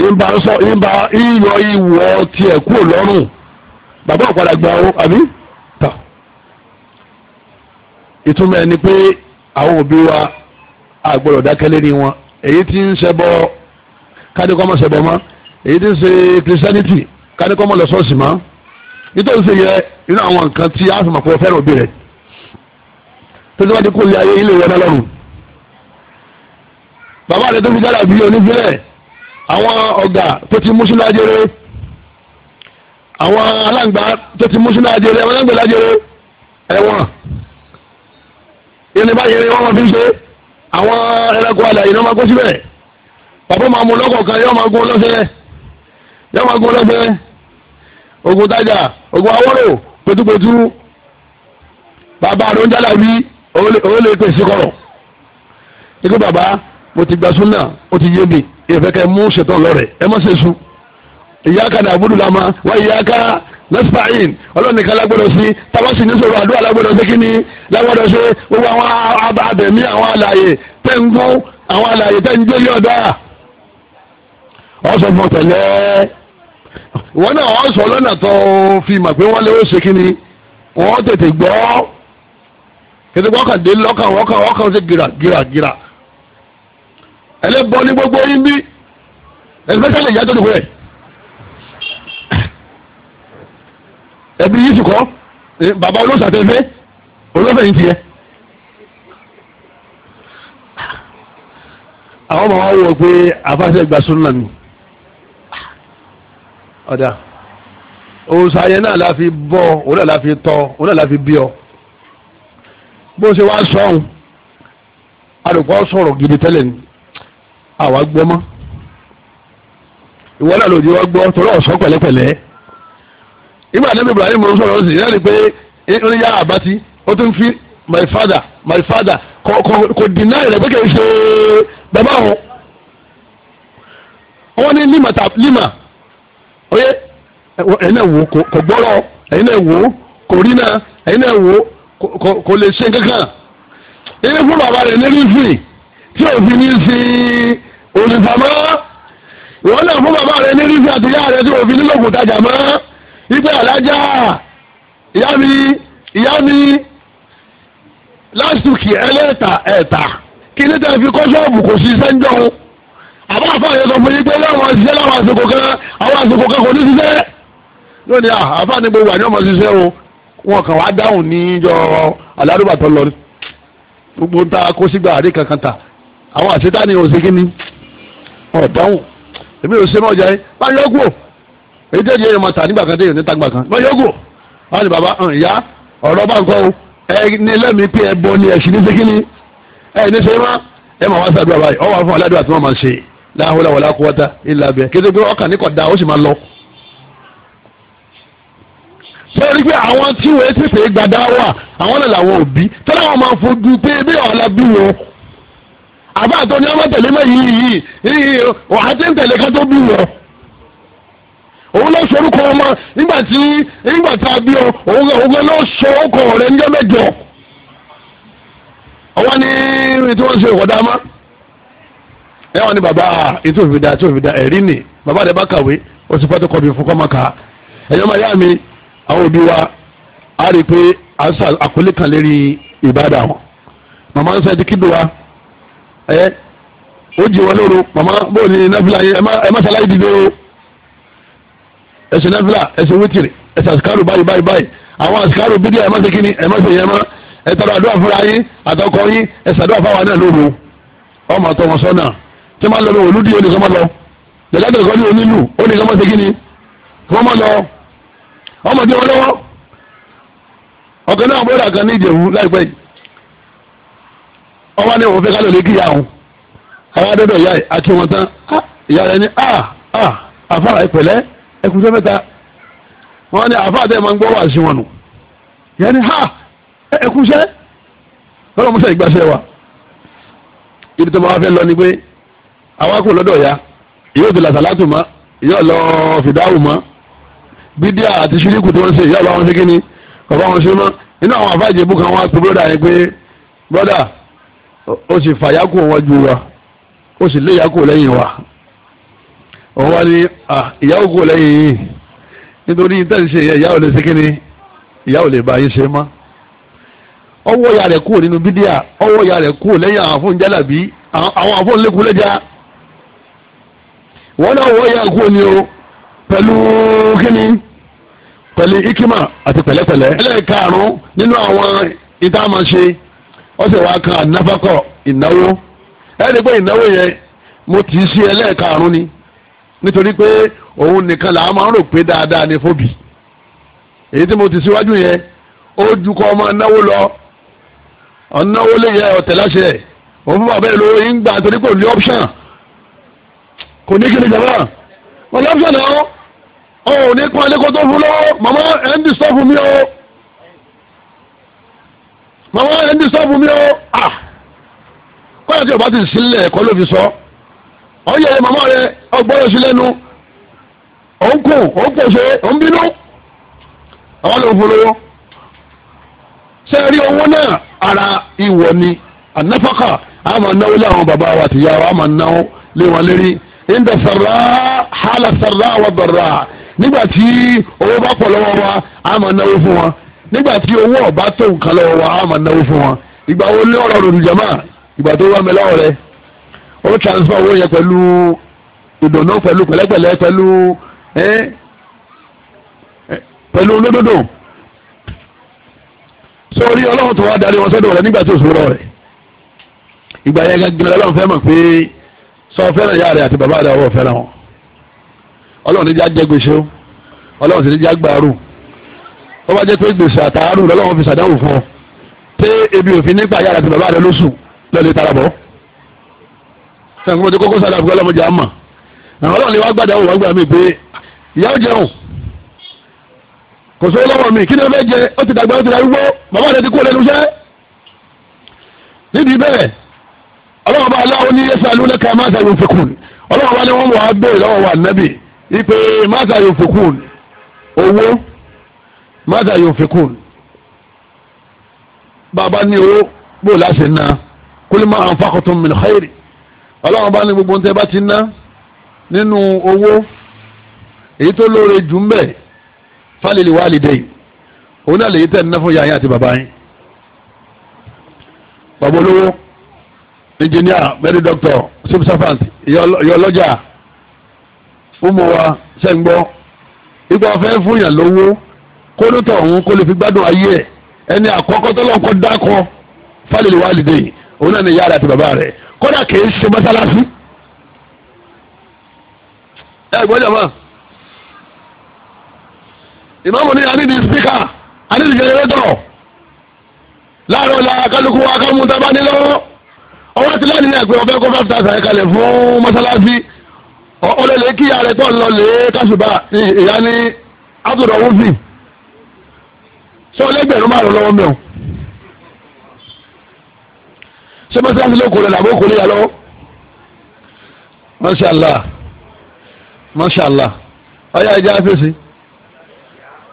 ìbá sọ ìbá iyọ ìwọ tiẹ̀ kúrò lọ́rùn bàbá ọ̀padà gbà ó àbí tà ìtumọ̀ ẹni pé àwọn òbí wa àgbọ̀dọ̀ dákẹ́ lé ní wọn èyí tí ń ṣẹbọ kádékọ́mọ ṣẹbọ mọ́ èyí tí ń ṣe christianity kádékọ́mọ lọ sọ́ọ̀sì mọ́ nítorí ṣe yẹ inú àwọn nǹkan tí a sọ̀mọ̀ pé o fẹ́ràn òbí rẹ̀ tó ti wá di kó lé ayé ilé ìwọ́n lọ́rùn bàbá rẹ̀ tó fi dára bí onífẹ́rẹ̀ àwọn ọ̀gá tó ti mú sínú ajere àwọn aláǹgbá tó ti mú sínú ajere àwọn aláǹgbá lájere ẹ̀wọ̀n ìrìnbá yẹn ni wọ́n máa fi ń ṣe é àwọn ẹranko alàyè náà máa kó síbẹ̀ bàbá máa mú lọ́kọ̀ọ̀kan yóò máa gún lọ́sẹ̀ yóò máa gún lọ́sẹ̀ ogun tájà ogun awọ́rò pẹ̀tùpẹ̀tù bàbá àrùn jálàbí òun lè pèsè kọ̀rọ̀ ikú bàbá mo ti gba súnà ó ti yé mi ìfẹ́ kẹ́ mú ṣètò lọ́rẹ̀ ẹ má ṣe sùn ìyá kan àbúrò làmà wá ìyá kan nẹ́sìpáyìn ọlọ́nìkan lágbọ́dọ̀ sí tabasi nísòro àdúrà lágbọ́dọ̀ sí kíni lágbọ́dọ̀ sí gbogbo àwọn abẹ̀mí àwọn àlàyé tẹ̀ ń gún àwọn àlàyé tẹ̀ ń jẹ́ yọ̀dá ọ̀sọ̀ fún tẹ̀lẹ́ wọn náà wọ́n sọ lọ́nà tó fi mà pé wọ́n léwó sí kíni wọ́n tètè gbọ́ kété wọ́kàn dé lọ́kàn wọ́kàn wọ́kàn sí gírà gírà gírà ẹlẹ́bọ ní gbogbo yín bí especially ìyá tó dùn fún yẹn. ẹbí yìí sì kọ́ bàbá olóṣàtẹ́fẹ́ olóṣèlú yìí ti yẹ. àwọn ọmọ wa wọ pé àfàṣẹ gba súnà ni ọ̀dà òòsàn yẹn náà la fi bọ́ òun náà la fi tọ́ òun náà la fi bí ọ bó ṣe wá sọ̀hún alùpùpù sọ̀rọ̀ gidi tẹ́lẹ̀ ni àwa gbọ́ mọ́ ìwọ náà lòdì wọ́n gbọ́ torí ọ̀sán pẹ̀lẹ́pẹ̀lẹ́ ìgbà ànábì Ibrahim ló sọ̀rọ̀ sí náà ni pé ó yá àbátí ó tún fi my father my father kò kò kò deny rẹ̀ pé kì í ṣe bàbá òun wọ́n ní lima ta lima oye ẹ̀yin náà wò kò gbọ́rọ̀ ẹ̀yin náà wò kò rí náà ẹ̀yin náà wò kò lè ṣe kankan ilé fún bàbá rẹ̀ nílùú fìlì tí òfin ní sí olùfàmọ́ ìwọ́n náà fún bàbá rẹ̀ nílùú fìlì àti yára rẹ̀ tí òfin nílò kò tajà mọ́ ìgbẹ́ alájà ìyá mi ìyá mi lásìkò ẹlẹ́ta ẹ̀ta kí ní tẹ́ fi kọ́ ṣọ́ọ̀bù kò sí sẹ́ńjọ́ o àbá àfààní sọ fún yín pé láwọn ṣiṣẹ́ láwọn àsìkò kan àwọn àsìkò kan kò ní ṣiṣẹ́ lónìí àfààní gbogbo àní ọmọ ṣiṣẹ́ o wọn kàn wá dáhùn níjọ alárúbàtọ́ lọ gbogbo ta kó sígbà àrí kankan ta àwọn àṣetáni ò sí kí ni ọ̀ dáhùn èmi ò ṣe mọ́ ọjà yẹn báyọ̀ kú ò èyí tẹ́jú yẹn máa tà nígbà kan téèyàn ní tagbà kan wọ́n yóò gò wọ́n ní baba ìyá ọ̀rọ̀ bá ń kọ́ o ẹ ní lẹ́mìí pé ẹ bọ ni ẹ sì ní ṣe kíni ẹ ní ṣe má ẹ máa wá sàdúrà báyìí ọwọ́ àwọn aládùúgbò àti wọn máa ṣe láhùlà wàlá kúwọ́tà ilà bẹ́ẹ̀ kété pé ọkàn ní kò da ó sì máa lọ. sọ́ọ́rí pé àwọn tí wọ́n ti pè é gbadá wà àwọn náà làwọn òbí tọ́lá wọn máa fojú pé bẹ́ẹ̀ ọ̀la bí wọn àbá àtọ́ ni wọ́n máa tẹ̀lé mọ́ yìí yìí yìí wọ́n á òun ló sorúkọ ọmọ nígbà tí nígbà tá a òun òun ló sọ ọkọ rẹ níjọ́ mẹ́jọ ọwọ ní ní ṣe má ẹ wọn ni bàbá ètò òfìdá ètò òfìdá ẹ̀rí ni bàbá rẹ bá kàwé ó sì fọ́tò fún ẹ̀yọ́ máa yá mi àwọn òbí wa á rí i pé kan lérí wọn màmá ń sọ kíndùn wa ẹ ó jí wọn lóru màmá bóyá ní ẹsẹ̀ nẹ́fìlà ẹsẹ̀ wítìrì ẹsẹ̀ àsìkárò báyìí báyìí báyìí àwọn àsìkárò bídí ẹ̀ máa ṣe kíni ẹ̀ máa ṣe yẹn máa ẹ̀ tọrọ àdúrà fúnra yín àtọkọ yín ẹsẹ̀ àdúrà fáwọn náà lóru ọmọ àtọ wọn sọ́nà tí wọ́n lọ olùdí ó ní sọ́mọ́ lọ jẹ̀dẹ́dẹ̀ kọ́ ní onílù ó ní sọ́mọ́ ṣe kíni sọ́mọ́ lọ ọmọ tí wọ́n lọ́wọ́ ọ̀kan náà bọ́dà kan ní ìjẹ̀wú láìpẹ́ yìí ọwọ́ ní òun fẹ́ kálọ̀ lé kíyà òun àwọn adọ́dọ̀ ìyá ẹ̀ àti wọn tán ah, ìyá rẹ̀ ní à ah, à ah, àfàrà ìpẹ̀lẹ́ ẹkùnjọ́ mẹ́ta wọn ni àfa àtẹ̀ máa ń gbọ́ wá sí wọn nù yẹn ha ẹkùnṣẹ́ lọ́dọ̀ musa ìgbàṣẹ́ wa ibi tó máa fẹ́ lọ ni pé àwa kò lọ́dọ̀ ya yóò fi làṣàlátù ma yóò lọ fìdáwù ma bídíà àti ṣíríkù tó ń ṣe yóò lọ wọn ṣe kí ni wọn inú àwọn àfa ìjẹ́bù kan wá pé bọ́dà yẹn pé bọ́dà sì wọn ju wa sì lẹ́yìn wa òun wá ní ìyàwó kò lẹ́yìn yìí nítorí tẹ́sí ṣe ìyàwó lè ṣe kíni ìyàwó lè bá yín ṣe mọ́ ọwọ́ ìyá rẹ̀ kúrò nínú bídíà ọwọ́ ìyá rẹ̀ kúrò lẹ́yìn àwọn afọ́n jálàbí àwọn afọ́n lẹ́jà wọ́n náà ìyá kúrò ní o pẹ̀lú kíni pẹ̀lú ikima àti pẹ̀lẹ́pẹ̀lẹ́ ẹlẹ́ẹ̀karùn-ún nínú àwọn ọ̀sẹ̀ wa kan ànáfàkọ̀ ìnáwó nítorí pé òun nìkan làwọn máa ń rò pé dáadáa ni fóbi èyí tí mo ti síwájú yẹn ó ju kọ́ ọmọ náwó lọ ọ̀náwó lè yẹ ọ̀tẹ̀ láṣẹ òun fún bàbá ìlú yín gbà torí kò ní option kò ní kíni jàmbá wọn lọ́pṣọ̀n náà ọ̀ ò ní pọ́n ẹlẹ́kọ́ tó fún lọ́wọ́ màmá ẹ̀ ń disturb mi o màmá ẹ̀ ń disturb mi o ah kọ́yọ̀ tí o bá ti sílẹ̀ ẹ̀kọ́ ló fi sọ. So ọ̀n yẹlẹ màmá rẹ ọgbọ́dọ̀ sí lẹ́nu òun kù òun kù ṣe òun bínú àwọn ló ń polówó sẹ́ẹ̀rí owó náà ara ìwọ ni ànáfàkà a máa náwó lé àwọn bàbá wa àtìyá wa a máa náwó lé wọn lérí ìdá sàrà hàlà sàrà wà bàrà nígbà tí owó bá pọ̀ lọ́wọ́ wa a máa náwó fún wọn nígbà tí owó ọ̀bá tó nǹkan lọ́wọ́ wa a máa náwó fún wọn ìgbà wo lé ọ̀rọ̀ ròdùjàmá ìgbà tó wà mí lọ́wọ́ O transfer owó yẹn pẹ̀lú ìdùnnú pẹ̀lú pẹ̀lẹ́pẹ̀lẹ́ pẹ̀lú pẹ̀lú olódodo sórí ọlọ́run tó wá darí wọn sọ́dọ̀ rẹ̀ nígbà tí òṣù rọ̀ rẹ̀ ìgbà yẹn gẹ́gẹ́ ọlọ́run fẹ́ mọ̀ pé sọ fẹ́ràn ìyá rẹ̀ àti bàbá rẹ̀ ọwọ́ fẹ́ràn wọn ọlọ́run níjà jẹ́ gbèsè ó ọlọ́run sì níjà gbàrú ó bá jẹ́ pé gbèsè àtàárù lọ́lọ́run fi ṣàdánwò fún ọ pé ebi òfin nígbà ìyá rẹ̀ àti bàbá rẹ̀ lóṣù lọ́lẹ̀ tarabọ́ sànkó mo ti kókó sálà àfikún ọlọ́mọdé àmà àwọn ọlọ́run lè wá gbàdá wò wá gbà mí pé ìyá ó jẹun kò sówó lọ́wọ́ mi kí ni wọ́n fẹ́ jẹ ó ti dàgbà ó ti darúgbó bàbá rẹ̀ ti kú lẹ́nu iṣẹ́ nídìí bẹ́ẹ̀ ọlọ́run bá aláwo ní yẹ́sà lónà ká má sàyò fòkùn ọlọ́run bá ní wọ́n wà á bèèrè lọ́wọ́ wà nẹ́bì ipe má sàyò fòkùn owó má sàyò fòkùn bàbá ní owó bó láṣẹ ná kólé má àǹfààkùtùm min ọlọ́run bá ní gbogbo ohun tẹ́ bá ti ná nínú owó èyí tó lóore jù ń bẹ̀ fálẹ̀lì wà lédè yìí òun náà lèyí tẹ̀ ń ná fún yàyà àti bàbá yín bàbá olówó engineer mary doctor civil servant ìyá ọlọ́jà fúnmu wa sẹ́ńgbọ́ ipa ọ̀fẹ́ fún yàn lówó kólótọ̀ ọ̀hún kó lè fi gbádùn ayé ẹ̀ ẹni àkọ́kọ́ tó lọ́kọ́ dákọ́ fálẹ̀lì wà lédè yìí òun náà ni ìyá rẹ̀ àti bàbá rẹ̀ kódà kì í ṣe mọ́sálásí. ẹ gbọ́dọ̀ mọ́ ìmáàmù ní anídìí spíkà anídìí jẹnẹrétọ̀ láàárọ̀ la kálukú wa kámú tá a bá ní lọ́wọ́ ọwọ́ ti láàrin náà pé ọ̀fẹ́ kó five thousand ẹ̀ kalẹ̀ fún mọ́sálásí ọlọ́lẹ̀ kí ìyá tó ń lọ lé kásùbà ìyá ní àtúndọ̀ wúfì sọ lẹ́gbẹ̀rún márùn-ún lọ́wọ́ mẹ́wọ̀n ṣé mọ́sálásí ló kórè làbó kórè yà lọ́wọ́. mọ́ṣálá mọ́ṣálá ọ̀yá ẹja fèsì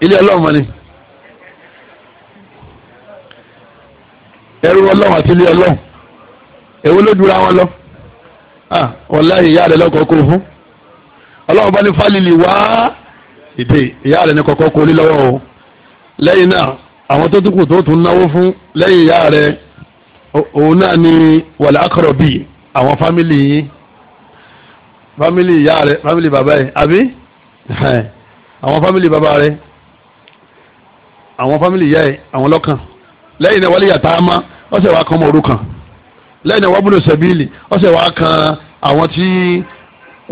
ilé ọlọ́run ni ẹrú ọlọ́run àti ilé ọlọ́run èwo ló dúra wọn lọ wàláhì ìyá rẹ̀ lọ́kọ̀ọ́ kó fún ọlọ́run bá ní fálìlì wá ìdè ìyá rẹ̀ ní kọ̀ọ̀kan kó lé lọ́wọ́ o lẹ́yìn náà àwọn tó tún kù tó tún náwó fún lẹ́yìn ìyá rẹ̀ òun náà ni wàlẹ́ akọ̀rọ̀ bíi àwọn fámìlì yín fámìlì ìyá rẹ fámìlì bàbá rẹ àbí àwọn fámìlì bàbá rẹ àwọn fámìlì ìyá ẹ àwọn lọ́kàn lẹ́yìn náà wálé yàtá ama ọ̀sẹ̀ wàá kan ọmọ òrukàn lẹ́yìn náà wábùnú sẹ̀bíìlì ọ̀sẹ̀ wàá kan àwọn tí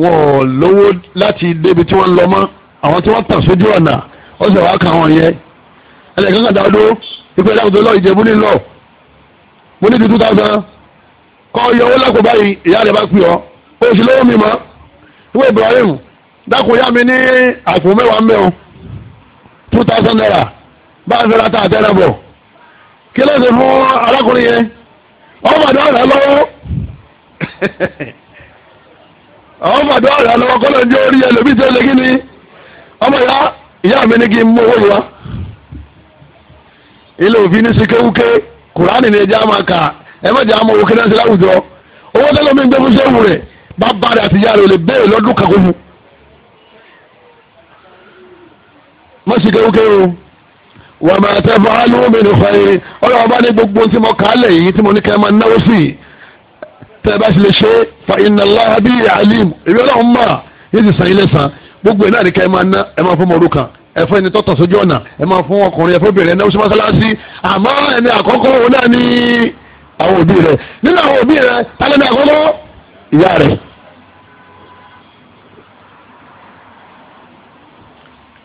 wọ́n lówó láti débi tí wọ́n ń lọ mọ́ àwọn tí wọ́n tàn sójú ọ̀nà ọ̀sẹ̀ wàá kan àwọn yẹn ẹnìkan kan dáadó ìpínlẹ̀ àgùntàn lọ Ìjẹ̀bú mo ní di two thousand kọ́ iye owó lápò báyìí ìyá rẹ̀ bá pè ọ́ kó o sì lówó mi mọ́ ìwé Ibrahim dákun yá mi ní àpò mẹ́wàá mẹ́wàá two thousand naira bá a fẹ́ ra ta àtẹ́rẹ́ bọ̀ kí ló ṣe fún arákùnrin yẹn ọmọ àdó ọ̀rẹ́ lọ́wọ́ ọmọ àdó ọ̀rẹ́ lọ́wọ́ kọ́ ló ń jẹ́ orí ẹ lóbi tẹ́lẹ̀ kí ni ọmọ ìyá ìyá mi ní kí n mú owó yìí wá ilé òfin ní sikewuke kùránì ni ẹja máa kà ẹ má jẹ́ àmọ́ owó kí náà ṣe láwùjọ owó tẹ́lẹ̀ mi ń gbé fúnṣẹ́ wù rẹ̀ bá bá rẹ̀ àtìyá rẹ̀ ò lè bẹ́ẹ̀ lọ́dún kan kó fún. má ṣe kéwúkéwú wà máa tẹ́ fún alúmi ní fẹ́ yìí ọlọ́wọ́ bá ní gbogbo tí mo kà á lẹ̀ yìí tí mo ní kẹ́ máa náwó sí i tẹ́ bá ṣe lè ṣe fa iná láhábí alim ìwé ọlọ́run mà yìí ti sàn ilé sàn gbogbo ẹ̀ náà ní kẹ́ máa ná ẹ máa fún mọ́ọ́dún kan ẹ fún ẹni tọ́tọ̀ sójú ọ̀nà ẹ máa fún ọkùnrin ẹ fún obìnrin ẹ náà ó sì mọ́sálásí àmọ́ ẹni àkọ́kọ́ òun náà ní àwọn òbí rẹ nínú àwọn òbí rẹ tálẹ́ ní àkọ́kọ́ ìyá rẹ.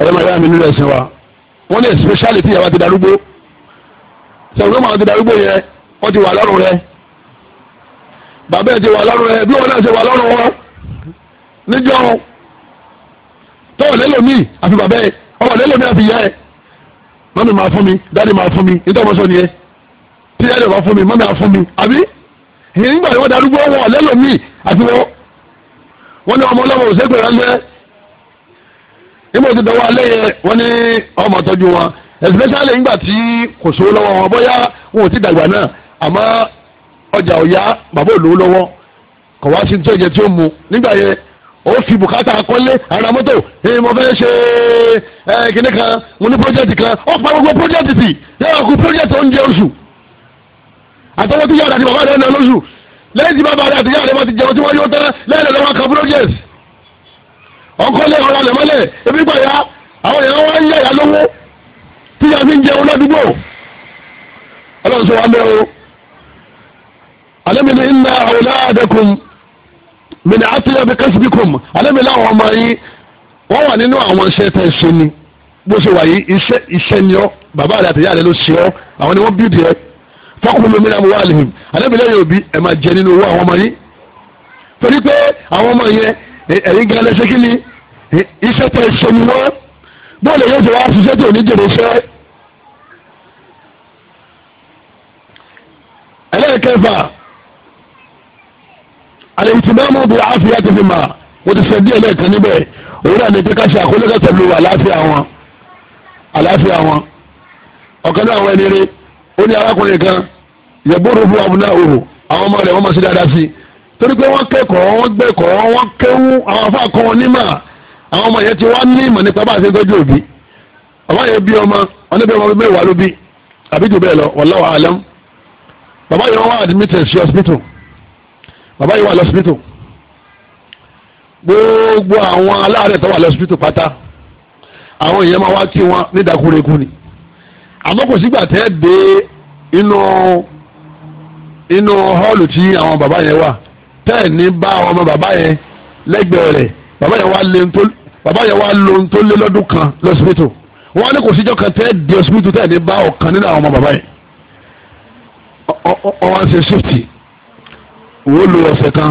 ẹ̀rọ màdá mi nílò ẹ̀sìn wa wọ́n ní especially tí ìyàwó ti darúgbó sọ̀rọ̀ náà máa ti darúgbó yẹn wọ́n ti wà lọ́rùn rẹ bàbá ẹ̀ ti wà lọ́rùn rẹ bí wọn náà ti wà lọ́rùn wọn níjọ́ tó lẹ́lòmíì àfi bàbá ẹ̀ ọmọ lẹ́lẹ̀ mi àti ìyá ẹ̀ mọ́mí máa fún mi dáàdi máa fún mi nítorí ọmọ sọ nìyẹn tí ìyá rẹ̀ bá fún mi mọ́mí á fún mi àbí ìyẹn nígbà tí wọ́n darúgbó wọn lẹ́lẹ̀ mi àti wọn wọn ní ọmọ ọlọ́mọ òṣèpè ránṣẹ́ nígbà tí dọwọ́ alẹ́ yẹn wọ́n ní ọmọ tọ́jú wọn especially nígbà tí kò sówó lọ́wọ́ wọn bóyá wọn ò ti dàgbà náà àmọ́ ọjà ọ̀yá bàbá òlówó lọ́wọ́ kọ̀ sí tó yẹ tí mu nígbà yẹn ó fi bùkátà kọ́lé ara mọ́tò ẹ mo fẹ́ ṣe ẹ kíní kan mo ní pọ́jẹ́tì kan ó pa gbogbo pọ́jẹ́tì tì yàrá kú pọ́jẹ́tì oúnjẹ oṣù àtọwọ́ tí yàrá àti bàbá rẹ̀ ń lọ lóṣù lẹ́yìn tí bàbá rẹ̀ àti yàrá rẹ̀ bá ti jẹun tí wọ́n yóò tán lẹ́yìn lọ́wọ́ kan pọ́jẹ́tì ọkọ́lé ọ̀rọ̀ alẹ́ mọ́lẹ̀ ebi gbà ya àwọn èèyàn wá ń yà yà lówó tí yà fi ń jẹun ládùúgbò ọlọ́run sọ wa mẹ́rin alẹ́ mi ní inna awladakum mìnà àtúnyà bí kásìbíkùm alẹ́mi láwọn ọmọ yín wọ́n wà nínú àwọn iṣẹ́ tẹ̀ ṣe ni bó ṣe wà yìí iṣẹ́ iṣẹ́ ni ọ́ bàbá rẹ̀ àtẹ̀yà rẹ̀ ló ṣe ọ́ àwọn ni wọ́n bí bìrẹ̀ fọ́kùnrin lómi náà mo wà lẹ́yìn alẹ́mi lẹ́yìn òbí ẹ̀ máa jẹ nínú owó àwọn ọmọ yín torí pé àwọn ọmọ yẹn ẹ̀yin gan lẹ́sẹ̀ kí ni iṣẹ́ tẹ̀ ṣe ni wọ́n bóòlù yóò ṣe wá ṣiṣẹ́ tó ní jèrè ṣẹ́ ẹlẹ́ẹ̀kẹfà àlẹ́ bi bí àáfíà ti fi mà mo ti sọ díẹ̀ lẹ́ẹ̀kan níbẹ̀ òun náà ní kíkà ṣe àkólẹ́kẹ̀ pẹ̀lú àlàáfíà wọn àlàáfíà wọn ọ̀kan náà àwọn ẹni rí ó ní arákùnrin kan yẹ̀bùrù fún abúlé òhù àwọn ọmọ rẹ̀ wọ́n máa ṣe dáadáa sí i torí pé wọ́n kẹ́kọ̀ọ́ wọ́n gbẹ́kọ̀ọ́ wọ́n kéwú àwọn afá kan wọn nímà àwọn ọmọ yẹn ti wá ní ìmọ̀ nípa bá a ṣe tọ́jú alam bàbá yẹn wọ́n admitted sí hospital bàbá yìí wà lọ́sibítù gbogbo àwọn aláàárẹ̀ tó wà lọ́sibítù pátá àwọn èèyàn máa wá kí wọn ní ìdákúrekú ni àmọ́ kò sígbà tẹ́ dé inú inú họ́ọ̀lù tí àwọn bàbá yẹn wà tẹ́ ní bá àwọn ọmọ bàbá yẹn lẹ́gbẹ̀ẹ́ rẹ̀ bàbá yẹn wá lé ntó bàbá yẹn wá lo ntó lé lọ́dún kan lọ́sibítù wọ́n ní kò síjọ́ kan tẹ́ di ọsibítù tẹ́ ní bá ọ̀kan nínú àwọn ọmọ bàbá yẹn ọ̀wọ́n ṣe ṣífìtì òun lo ọ̀sẹ̀ kan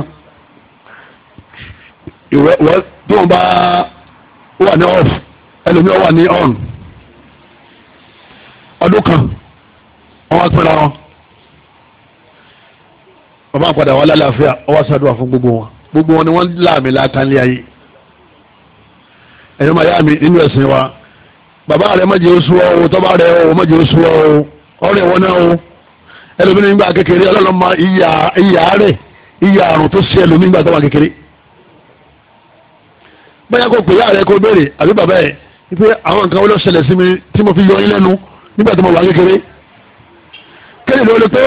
ìwẹ́ wẹ́ wọ́n bá wà ní off ẹlòmíọ́ wà ní on ọdún kan wọ́n wá pẹ́ra wọn wọ́n bá padà lálàáfíà wọ́n wá gbogbo wọn gbogbo wọn ni wọ́n láàmì ayé máa yá mi nínú ẹ̀sìn wa bàbá rẹ̀ oṣù tọ́ba rẹ̀ oṣù ọ̀rẹ́ wọn ẹlòmínú nígbà kékeré ọlọ́run mọ ìyá rẹ̀ ìyá àrùn tó ṣe ẹlòmínú nígbà tó wà kékeré báyà kò pè yá rẹ kó béèrè àbí bàbá ẹ wípé àwọn nǹkan wọlé ṣẹlẹ̀ sí mi tí mo fi yọ yín lẹ́nu nígbà tí mo wà kékeré kéde ló lè pé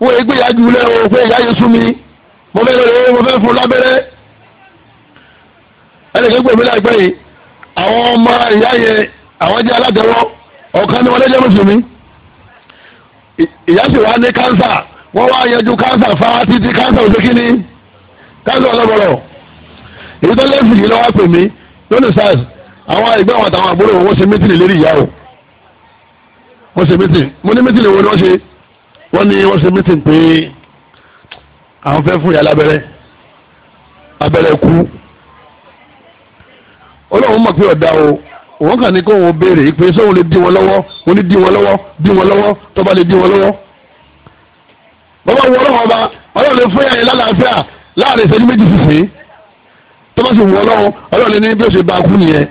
wọ́n yẹ gbéyà jù lẹ́ o pé ìyá yẹn sún mi mo fẹ́ lọ́ọ́ mo fẹ́ fún lábẹ́rẹ́ ẹnìkan gbèmí láìpẹ́ yìí àwọn ọmọ ìyá yẹn àwọn jẹ́ ìyá sì wá ní kánsà wọ́n wá yanjú kánsà fa títí kánsà òsè kínní kánsà ọlọ́bọ̀rọ̀ èyí tó lé fìyí lọ́wọ́ pè mí lónìí sars àwọn ẹgbẹ́ wọn àtàwọn àbúrò wọn ṣe mítìlì lérí ìyá o wọ́n ṣe mítìlì mo ní mítìlì wo ni wọ́n ṣe wọ́n ní wọ́n ṣe mítìlì pé àwọn fẹ́ fún ìyá lábẹ́rẹ́ abẹ́rẹ́ kú ọlọ́run mọ̀ pé ọ̀dà o òun kàn ní kó òun béèrè ìpè sóun lè dín wọn lọ́wọ́ òun lè dín wọn lọ́wọ́ dín wọn lọ́wọ́ tọ́ba lè dín wọn lọ́wọ́. bàbá wọ ọlọ́wọ́ ọba ọlọ́run lè fún yàrá lálàáfíà láàrin ìṣẹ́jú méjì sísè tọ́ba sì wọ ọlọ́run ọlọ́run lè ní bí ó ṣe bá a kú nìyẹn.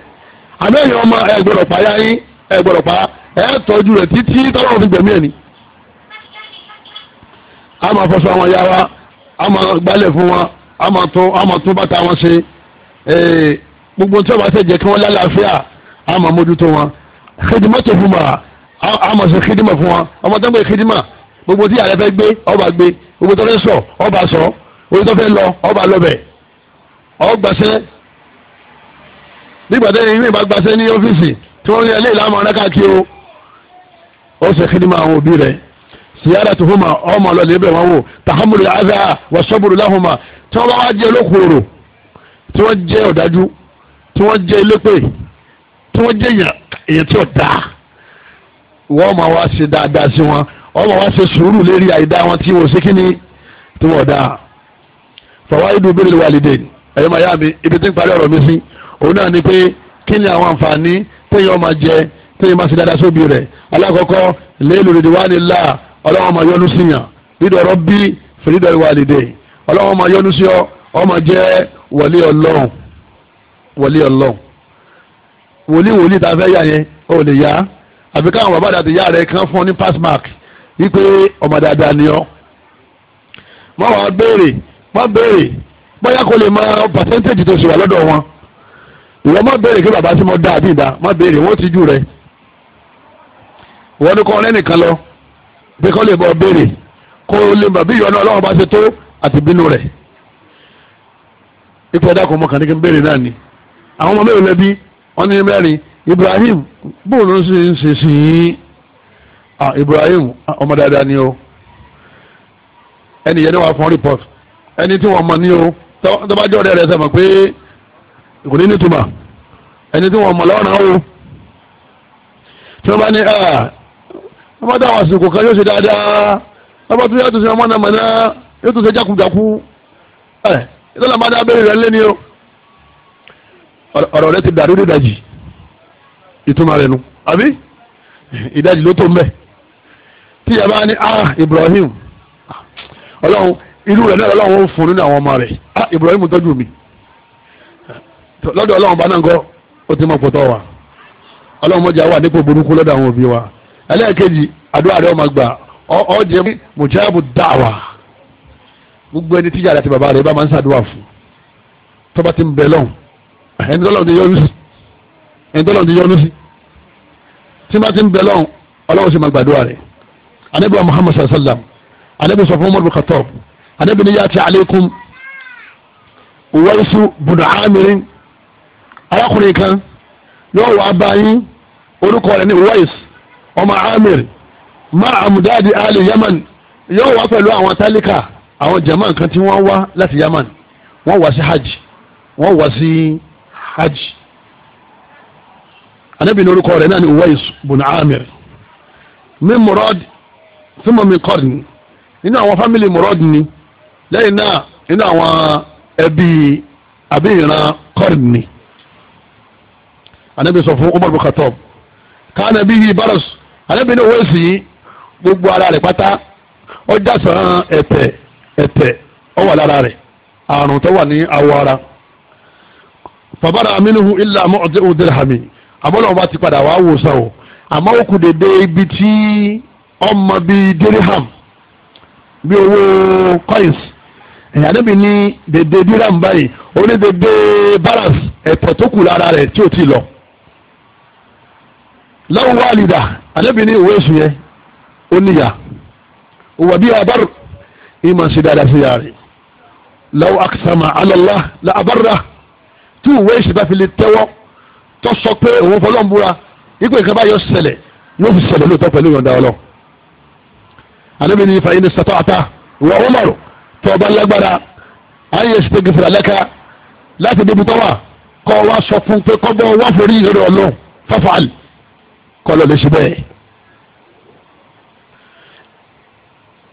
àbẹ́yìn ọmọ ẹ gbọ́dọ̀ pa yá yín ẹ gbọ́dọ̀ pa ẹ tọ́jú rẹ̀ títí tọ́lọ́run fi gbẹ̀mí ẹ̀ ni. a máa fọṣọ àwọn ya wa a máa gbálẹ̀ fún wọn a máa tún bàtà wọn ṣe gbogbo tí wọ́n bá ṣe jẹ́ kí wọ́n lálàáfíà a máa mójútó wọn xidima tó fún ma a máa ṣe xidima fún wọn ọmọ tó ń gbé xidima gbogbo tí yàrá fẹ́ gbé ọba gbé gbogbo tó fẹ́ sọ ọba sọ gbogbo tó fẹ́ lọ ọba lọbẹ̀ ọgbàṣẹ nígbà tẹ́lẹ̀ ilé ìbá gbàṣẹ ní ọ́fíìsì tí wọ́n ní ẹlẹ́yìn láwọn ará káàkiri o ó ṣe xidima àwọn òbí rẹ̀ siyara tó fún ma ọmọ lọ lébẹ̀ wọn wò tahamuru aza wa sọ́buru láhùnmá tí wọ́n bá wá jẹ́ olókòòrò tí wọ́n jẹ́ ọ̀dájú tí wọ́n jẹ́ ilépè tí wọ́n jẹ́ èèyàn èèyàn tí ò dáa wọ́n máa wá ṣe dáadáa sí wọn wọ́n máa wá ṣe sùúrù lérí àìdá wọn tí wọ́n ṣe kí ni tí wọ́n dáa fọwọ́ ìdú bẹ́ẹ̀ wà lédè ẹ̀yọ́ màá yá mi ibi tí ń parí ọ̀rọ̀ mi sí òun náà ni pé kí ni àwọn àǹfààní téèyàn máa jẹ téèyàn máa ṣe dáadáa sóbi rẹ̀ alákọ̀ọ́kọ́ léèlú rèdè wà ní là ọlọ́wọ́n máa yọ́nú sí yàn wòlíì wòlíì tá a fẹ́ yà yẹn ó lè yá àfi káwọn bàbá àti ìyá rẹ̀ kan fún ọ ní pass mark wípé ọmọ dáadáa ni ọ. má wàá béèrè má béèrè bóyá kò lè mọ percentage tó ṣe wà lọ́dọ̀ wọn ìwọ má béèrè kí bàbá sí mọ dáa bí ìdá má béèrè wọ́n ti jù rẹ̀ wọ́n ní kọ́ lẹ́nìkan lọ bí kò lè bọ́ béèrè kó lè mọ̀ bí ìyọnu ọlọ́run bá ṣe tó àti bínú rẹ̀ ipò ẹ̀dá mọ̀ kàn wọ́n ní mẹ́rin Ibrahim bó ló ń ṣe sí i ah Ibrahim ọmọ dáadáa ni o ẹni yẹn ni wàá fún report ẹni tí wọ́n mọ̀ ni o tọ́bajọ́ rẹ̀ rẹ̀ sẹ́mọ̀ pé kò ní nítumọ̀ ẹni tí wọ́n mọ̀ lọ́rùn o tí wọ́n bá ní ọmọ táwọn àsìkò kan yóò ṣe dáadáa ọmọ tó yàtọ̀ sí ọmọ náà mọ̀ náà yóò tó ṣe jákujàku ẹ̀ ìtọ́lá bá dá abẹ́rẹ́ rẹ̀ lé ni o ọ̀rọ̀ rẹ ti dàrú ní ìdajì ìtumọ̀ rẹ nu àbí ìdajì ló tó ń bẹ̀ tí ẹ bá ní ah Ibrahim ah, ọlọ́run irú rẹ̀ náà ọlọ́run ó fún nínú àwọn ọmọ rẹ̀ ah Ibrahim tọ́jú mi lọ́dọ̀ ọlọ́run bá náà gọ́ ó ti mọ̀ pọ̀tọ́ wa ọlọ́run mọ̀jà wà nípò burúkú lọ́dọ̀ àwọn òbí wa ẹlẹ́ẹ̀kejì àdúrà rẹ̀ ọmọ gbà ọ jẹ́ mùjáàbù dáwà gbogbo ẹni tíjà àti bàbá rẹ̀ bá máa ń ṣàdúrà fún tọ́ba ti ń bẹ lọ́hùn ẹni tọ́lọ̀ ti yọnu sí ẹni tọ́lọ̀ ti yọnu sí tí bá ti ń bẹ lọ́hùn ọlọ́run sì máa gbàdúrà rẹ̀ anabi wa muhammad sallam anabi sọ fún mọ́tò kàtọ́ anabi ni yàtí aleikum wọ́ọ̀sù bùdó amirin arákùnrin kan yóò wá báyìí orúkọ rẹ̀ ní wọ́ọ̀s ọmọ amir má amudadi ali yaman yóò wá pẹ̀lú àwọn tálíkà àwọn jaman kan tí wọ́n wá láti yaman wọ́n wá sí hajj wọ́n wá sí hajj anabi ní orúkọ rẹ̀ náà ni uwais amir murad nínú àwọn fámìlì murad ni náà nínú àwọn ẹbí anabi sọ fún umar yìí baros anabi uwais yìí gbogbo ara pátá fàbára amínuhu ilà mọ́ọ̀dé òdèrèhàmì àbọ̀lọ́wọ́ bá ti padà wàá wòsàn o àmọ́ ó kù dédé ibi tí ọmọ bíi dirham bí owó coins ẹ̀yà níbi ní dédé dirham báyìí ó ní dédé balance ẹ̀tọ́ tó kù lára rẹ̀ tí ò ti lọ. lọ́wọ́ wàlìdà àdébì ní ìwé oṣù yẹn ó níyà òwò bíi abárò ìmọ̀ sí dáadáa sí yàrá lọ́wọ́ akisama alọ́lá làbárà. La tí ìwé ìṣèbá fi lè tẹ́wọ́ tó sọ pé òun fọlọ́n búra ipò nǹkan báyọ̀ ṣẹlẹ̀ yóò fi ṣẹlẹ̀ lóòótọ́ pẹ̀lú ìyọ̀ǹda ọlọ́ àlebi ni ifá yìí ni sàtọ́ àtà ìwà ọmọrò tó ọba lágbára ayé ṣètò gẹ̀fẹ̀rẹ̀ lẹ́ka láti débi tó wà kọ́ wa sọ fún pé kọ́ bọ́ wá forí ìrọ̀rọ̀ ọlọ́run fáfáàlì kọ́ lọ lè ṣe bẹ́ẹ̀.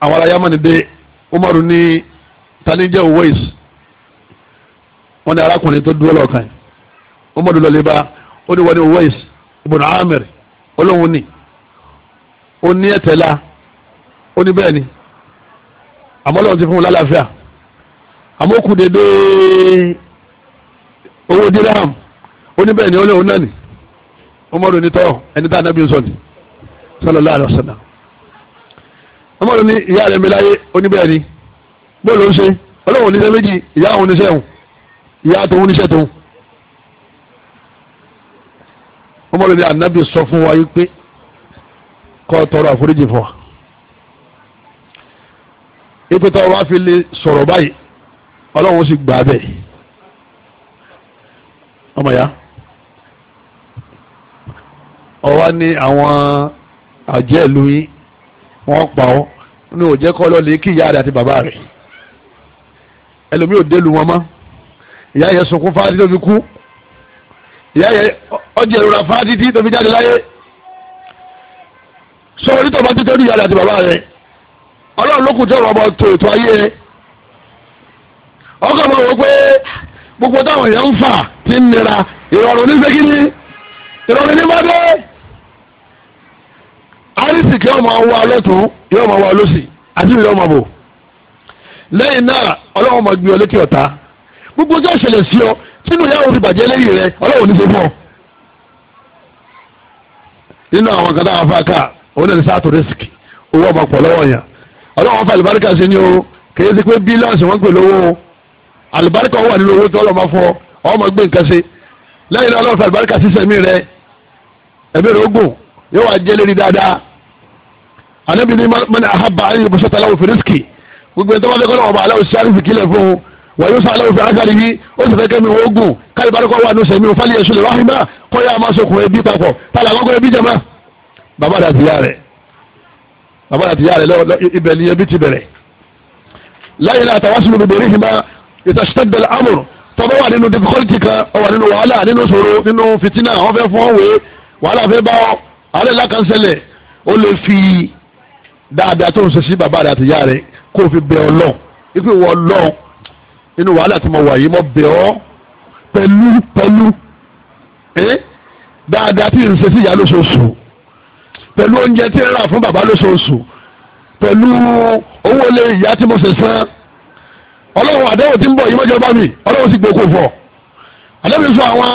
àwọn ará yamani dé umaru ní tanijẹ́ Uwais wọ́n ní arákùnrin tó dúró lọ́ọ̀kan yìí Umar lọ́lẹ́ bá ó ní wọ́n ní Uwais ibn Amir olóhùn ni ó ní ẹ̀tẹ̀lá ó ní bẹ́ẹ̀ ni àmọ́ lọ́wọ́ ti fún un lálàáfíà àmọ́ kù dédé owó dirham ó ní bẹ́ẹ̀ ni ó lóhùn náà ni Umar ní tọ́ ẹni tá anábì ń sọ ni sallallahu alaihi wasallam Umar ní ìyá rẹ̀ mi láyé ó ní bẹ́ẹ̀ ni bóòlù ń ṣe olóhùn oníṣẹ́ méjì ìyá òun oníṣẹ́ òun ìyá tòun níṣẹ́ tòun wọ́n mọ̀ lórí ànábì sọ fún wa yìí pé kọ́ tọrọ àforíjì fún wa ipe tọrọ wa fi lè sọ̀rọ̀ báyìí ọlọ́run sì gbà bẹ́ẹ̀ ọmọ ya ọwá ní àwọn àjẹ́ ìlú yín wọ́n pa ọ́ ní òjẹ́kọ́ lọ́ọ́ kí ìyá rẹ̀ àti bàbá rẹ̀ ẹlòmíì ò délu wọn mọ́. ìyá yẹn sunkún fáadí tó fi kú ìyá yẹn ọjọ́ ìrora fáadí tí tó jáde láyé sọ onítọ̀ bá títọ́ ní ìyá àti bàbá rẹ̀ ọlọ́run ló kù ọmọ tó ètò ayé rẹ̀ ọkọ̀ mọ̀ pé gbogbo táwọn èèyàn ń fà ti ń nira ìrọ̀rùn ní ìrọ̀rùn ní arísìkì ọmọ wa lọ́tún lọ́sì àti bò lẹ́yìn náà ọlọ́run ọ̀tá gbogbo tó ṣẹlẹ̀ sí ọ tínú ìyá òfin bàjẹ́ lẹ́yìn rẹ ọlọ́run ní fífọ́. nínú àwọn kan táwọn afáàkà òun náà ní sáàtò rìsíkì owó ọmọ pọ̀ lọ́wọ́ yẹn ọlọ́run fa àlùbáríkà sí ni o kì í ṣe pé bílíọ̀nù wọn pè lówó o àlùbáríkà wà nínú owó tó ọlọ́mọ fọ ọmọ gbé nǹkan ṣe lẹ́yìn náà ọlọ́run fa àlùbáríkà sí wà yóò sàlẹ̀ òfin agbárí yìí ó sì fẹ́ kẹ́mi ogun káyọ̀ bárúkọ wà ní sẹ̀mí o fálẹ̀ ẹ̀sùn lè wá ìmá kọ́ yà máa sokùn ẹbí papọ̀ tààlà àkọ́kọ́ ẹbí jẹ̀má. bàbá àti ìyá rẹ̀ bàbá àti ìyá rẹ̀ lọ ibẹ̀ ni ẹbí ti bẹ̀rẹ̀. láyé náà tàwa sùnú bèbèrè ìhìnmá ìtàṣítẹ́gbẹ̀lẹ̀ amòr tọ́ba wà nínú difficulty kan ó wà nínú wàhálà nínú ṣòro nínú fìtínà wọ́n ikú ìwọ Ọlọ́run nínú wàhálà tí mo wà yìí mo bẹ̀ ọ́ pẹ̀lú pẹ̀lú ẹ́ dáadáa tí n ṣe sí ìyá lóṣooṣù pẹ̀lú oúnjẹ tí ń rà fún bàbá lóṣooṣù pẹ̀lú owó ilé ìyá tí mo ṣe san ọlọ́run àdéhùn tí ń bọ̀ yìí mọ́jọ́ bá mi ọlọ́run sì gbókò fọ̀ àdébí sọ àwọn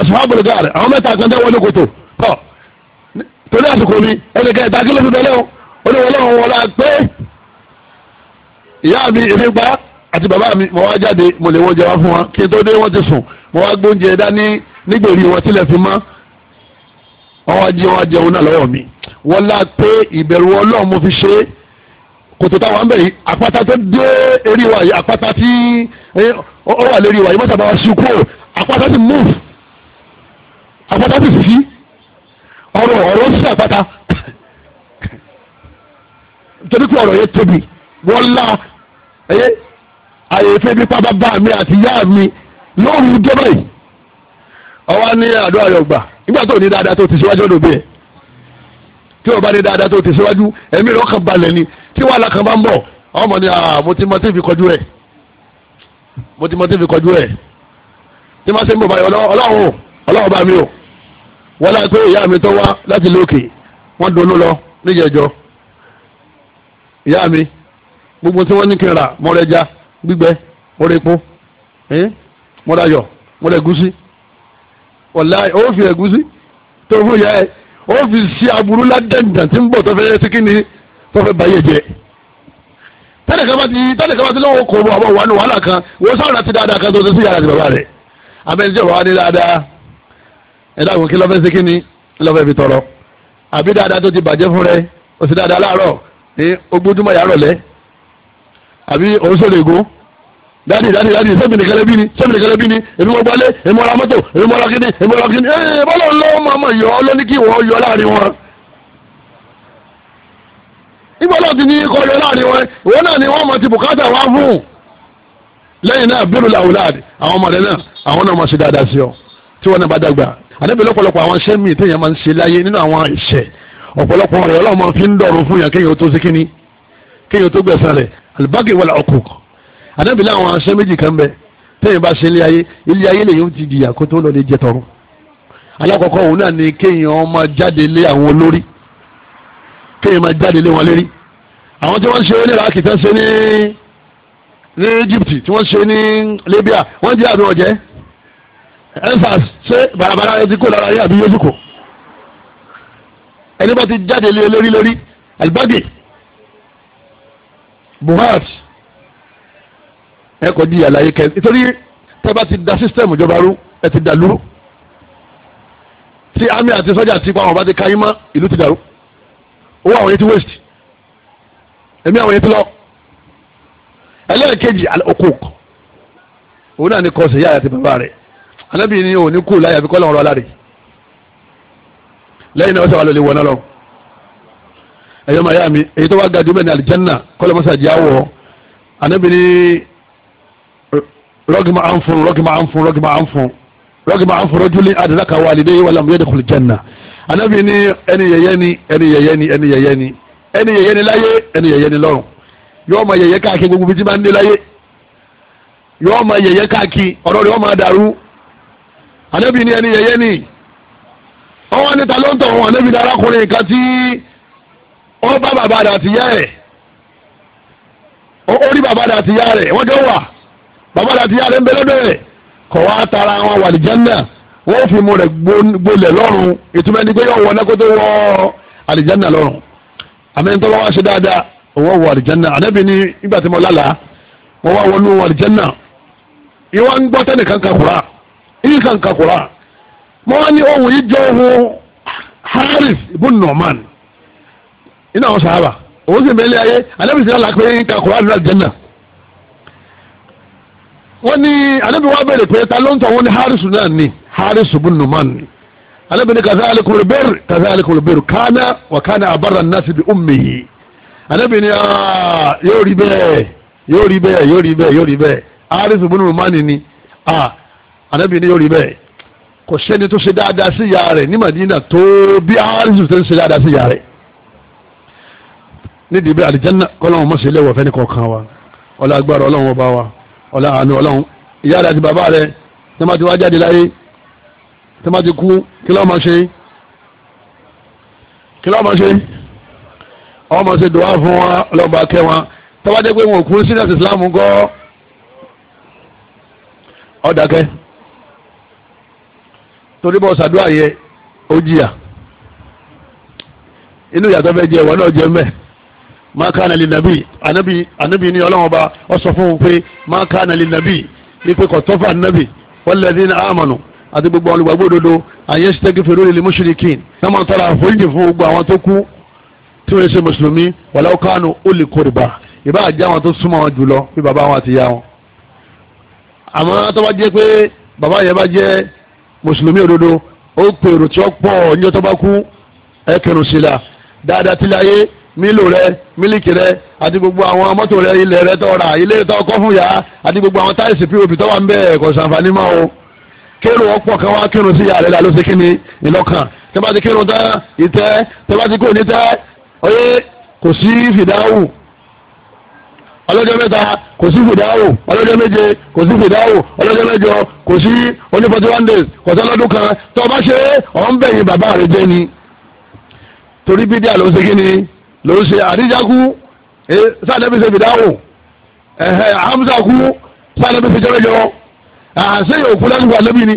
àṣùfáàbòrò gáàrẹ̀ àwọn mẹ́ta kan tẹ́wọ́ ní kòtò tọ̀ torí àsìkò mi ẹnì kẹta kí ló fi bẹ́lẹ́ o ó ní wọlé wọn ìyá mi ìfipá àti bàbá mi mo wá jáde mo lè wọ́n jẹ wá fún wọn kí n tó dé wọ́n ti sùn mo wá gbóúnjẹ dání nígbèrè wọn tilẹ̀ fi mọ́ wọn wá jí wọn jẹun náà lọ́wọ́ mi wọ́n lá pé ìbẹ̀rù ọlọ́run mo fi ṣe é kòtò táwọn ń bẹ̀ yìí àpáta tó dé eré wa yìí àpáta tí ó wà lérí wa yìí mọ́tàbá wa ṣu kúrò àpáta ti move àpáta ti fi ọ̀rọ̀ ọ̀rọ̀ sí àpáta torí pé ọ̀rọ̀ yẹn tóbi wọ́n lá ẹ̀yẹ́ àyèfé nípa bàbá mi àti ìyá mi lóru dé báyìí ọwọ́ ní àdúrà rẹ̀ gbà nígbà tó ní dáadáa tó ti síwájú ọ̀dọ̀ bẹ́ẹ̀ tí o bá ní dáadáa tó ti síwájú ẹ̀mí rẹ̀ ọkàn balẹ̀ ni tí wàhálà kan bá ń bọ̀ ọmọ ni mo ti mọ tí fi kọjú rẹ̀ mo ti mọ tí fi kọjú rẹ̀ tí ma ṣe ń bọ̀ báyìí ọlọ́run ọlọ́run bá mi o wọ́n láti pé ìyá mi tó wá láti lókè wọ́n donú lọ níjẹ̀jọ́ ìyá mi gbogbo tí wọ́n ní kí n rà mọ́rẹ́já gbígbẹ mo rẹ epo eh, mo rẹ ayọ mo rẹ ẹ̀gúsí wàláì ó fi ẹ̀gúsí tó fún yẹ ẹ ó fi ṣe aburú ládẹ́ǹdàn tí ń bọ̀ tó fẹ́ ṣe kí ni tó fẹ́ báyé jẹ tẹ́lẹ̀ kan bá ti tẹ́lẹ̀ kan bá ti lọ́wọ́ kò bọ̀ àbọ̀ wà ní wàhálà kan wọ́n sáwọn àti dáadáa kan tó ṣe sí yàrá àti bàbá rẹ̀ abẹ́ńtí ọ̀rọ̀ wa ní dáadáa ẹ̀dá àwọn kí lọ́fẹ́ ṣe kí ni lọ́fẹ́ fi tọrọ àbí dáadáa tó ti bàjẹ́ fún rẹ̀ ó sì dáadáa láàárọ̀ ní eh, ogójúmọ́ yàrá rẹ̀ àbí òun ṣe lè gún dadi dadi dadi sẹ́mi nìkan lẹ́bí ni sẹ́mi nìkan lẹ́bí ni èmi mo gbalẹ̀ èmi mo ra mọ́tò èmi mo ra kíni èmi mo ra kíni ee bọ́lá ló màmá yọ ọ́ lóní kí wọ́n yọ láàrin wọn. ìgbà náà ti ní kọ́ yọ láàrin wọn ìwọ náà ni wọ́n máa ti bùkátà wá fún. lẹ́yìn náà bẹ́rù làwọn láàdì àwọn ọmọdé náà àwọn náà máa ṣe dáadáa sí ọ tí wọ́n náà bá dàgbà. mi téèyàn máa ń ṣe láyé nínú àwọn ìṣẹ̀ ọ̀pọ̀lọpọ̀ rẹ̀ ọlọ́run máa fi ń dọ̀rùn fún alibagi wala ọkùnkù anabila àwọn aṣẹ́ méjì kan bẹ tẹ́yìn bá ṣe ilé ayé ilé ayé lèyìn ti jìyà kó tó lọ lè jẹ tọrọ alákọ̀ọ́kọ́ òun náà ni kéèyàn ọmọ jáde lé àwọn olórí kéèyàn máa jáde lé wọn lérí àwọn tí wọ́n ṣe ní iraq tán ṣe ní ní egypt tí wọ́n ṣe ní libya wọ́n jẹ́ àbí ọ̀jẹ́ enfas ṣé bàràbàrà ẹ ti lára yé àbí yóò ẹni bá ti jáde lé olórí lórí alibagi buhari ẹ kò di àlàyé kẹ nítorí tẹ bá ti da sísítẹ̀mù ìjọba rú ẹ ti dàlú tí army àti sọ́jà ti pa àwọn ọba ti ka yín mọ́ ìlú ti dàrú owó àwọn yẹn ti waste ẹ̀mí àwọn yẹn ti lọ ẹlẹ́ẹ̀kejì okòk òun náà ni kọ́ọ̀sì yára àti bàbá rẹ̀ anábìyí ni òun ní kú láyà fi kọ́ lọ́wọ́ rọ́ aláre lẹ́yìn náà ó sọ̀rọ̀ lè wọ́n náà lọ́wọ́ ẹ̀yọ́ máa yá mi èyí tó wá ga jùmọ̀ ní alijanna kọ́lẹ̀ mọ́sá jẹ́ àwọ̀ anábì ní rọ́gìmọ̀ ànfọ̀n rọ́gìmọ̀ ànfọ̀n rọ́gìmọ̀ ànfọ̀n rọ́gìmọ̀ ànfọ̀n rọ́júlẹ̀ àdàlàkà wà lédè wà lámúyẹ́ dẹ̀kọ̀lù janna anábì ní ẹni yẹyẹ ni ẹni yẹyẹ ni ẹni yẹyẹ ni ẹni yẹyẹ ni láyé ẹni yẹyẹ ni lọ́run yọ́ọ́ máa yẹyẹ káàkiri gbogbo bíi ti máa ń dé láyé yọ́ọ́ máa yẹyẹ káàkiri ọ̀rọ̀ rẹ̀ ọ́ máa dàrú anábì ní ẹni ó bá bàbá rẹ̀ àtìyá rẹ̀ ó rí bàbá rẹ̀ àtìyá rẹ̀ wọ́n jọ wà bàbá rẹ̀ àtìyá rẹ̀ ń bẹ lọ́dọ̀ rẹ̀ kọ̀ wá tara wọn wà àlìjánná wọ́n fi mu rẹ̀ gbolẹ̀ lọ́rùn ìtumọ̀ ẹni pé yóò wọ ẹnẹ́kó tó wọ àlìjánná lọ́rùn àmì ń tọ́lọ́wọ́ ṣe dáadáa wọ́n wọ àlìjánná ànábì ní ìgbà tí mo lálàá wọ́n wá wọnú àlìjánná ìwọ ń gbọ́ tẹ́nìkan kakura ìyíkan kakura mo wá ní ohun ìjọ ohun Harith ibn nínú àwọn sàhábà òun sì mẹ́lẹ́ ayé anábìsí náà làpé ká kúrò àdúrà jẹ́nà wọ́n ní anábì wa bẹ̀rẹ̀ pé ta ló ń tọ̀ wọ́n ní harisu náà ni harisu bin numan ni anábì ní kàzá alikulu bẹ́rù kàzá alikulu bẹ́rù kánà wà kánà àbára nasi bi ummihi anábì ní yóò rí bẹ́ẹ̀ yóò rí bẹ́ẹ̀ yóò rí bẹ́ẹ̀ yóò rí bẹ́ẹ̀ harisu bin numan ni anábì ní yóò rí bẹ́ẹ̀ kò sẹ́ni tó ṣe dáadáa sí ìyá rẹ̀ ní Madina tó bí harisu tó ń ṣe dáadáa sí ìyá rẹ̀ nídìí bí alijanna kọ́lọ́hún mọ̀sẹ̀ ilé wọ̀fẹ́ ní kọ̀ọ̀kan wa ọlá agbára ọlọ́hún ọba wa ọlá àánú ọlọ́hún ìyá rẹ̀ àti bàbá rẹ̀ tẹ́mátì wá jáde láyé tẹ́mátì kú kí lọ́ọ́ máa ṣe kí lọ́ọ́ máa ṣe ọ́ máa ṣe dùwà fún wa ọlọ́ba kẹ́ wa tọ́wádé pé wọn ò kún sínú islam gọ́ ọ̀dàkẹ́ torí bọ́ ṣàdúrà yẹ ó jìyà inú ìyàtọ̀ fẹ́ jẹ ìwọ náà jẹ mẹ́ẹ̀ ma kana li nabi anabi anabi ni ọlọ́wọ́n ba ọ sọ fún un pé ma kana li nabi ipe kò tọ́fà nabi walladhina amanu àti gbogbo olùgbàgbọ́ òdodo àyè sítẹ́kì fèrè lil mushrikin náà máa tọ́ra àforíjì fún gbogbo àwọn tó kú tí wọ́n ṣe mùsùlùmí walau kanu uli qurba ìbá àjẹ́ àwọn tó súnmọ́ wọn jùlọ bí bàbá wọn àti ìyá wọn. àmọ́ tó bá jẹ́ pé bàbá yẹn bá jẹ́ mùsùlùmí òdodo ó pèrò tí ó pọ̀ níjọ́ tó bá kú ẹ̀kẹrùn sí dáadáa tí láyé mílò rẹ mílíkì rẹ àti gbogbo àwọn mọ́tò rẹ ilẹ̀ rẹ tó rà ilé tó kọ́ fún yà àti gbogbo àwọn táìsì pop tó wà ń bẹ̀ kò sànfàní mọ́ o kérò ọ̀pọ̀ kan wá kírun sí yàrá la ló ṣe kíni ìlọ́kàn tẹ́ bá ti kírun tán ìtẹ́ tẹ́ bá ti kó ní tẹ́ oyé kò sí fìdáwù ọlọ́jọ́ mẹ́ta kò sí fìdáwò ọlọ́jọ́ méje kò sí fìdáwò ọlọ́jọ́ mẹ́jọ kò sí oní forty one days kò sí ọlọ́dún kan tó bá ṣe ọ̀n bẹ̀yìn bàbá rẹ jẹ́ ni torí bídíà ló ṣe kí ló ń ṣe àdíjà kú sálẹ́bí ṣe fìdáwò hamza kú sálẹ́bí ṣe jẹ́rẹ́jọ́ àṣeyọ̀ òkú lásìkò àlẹ́bí ni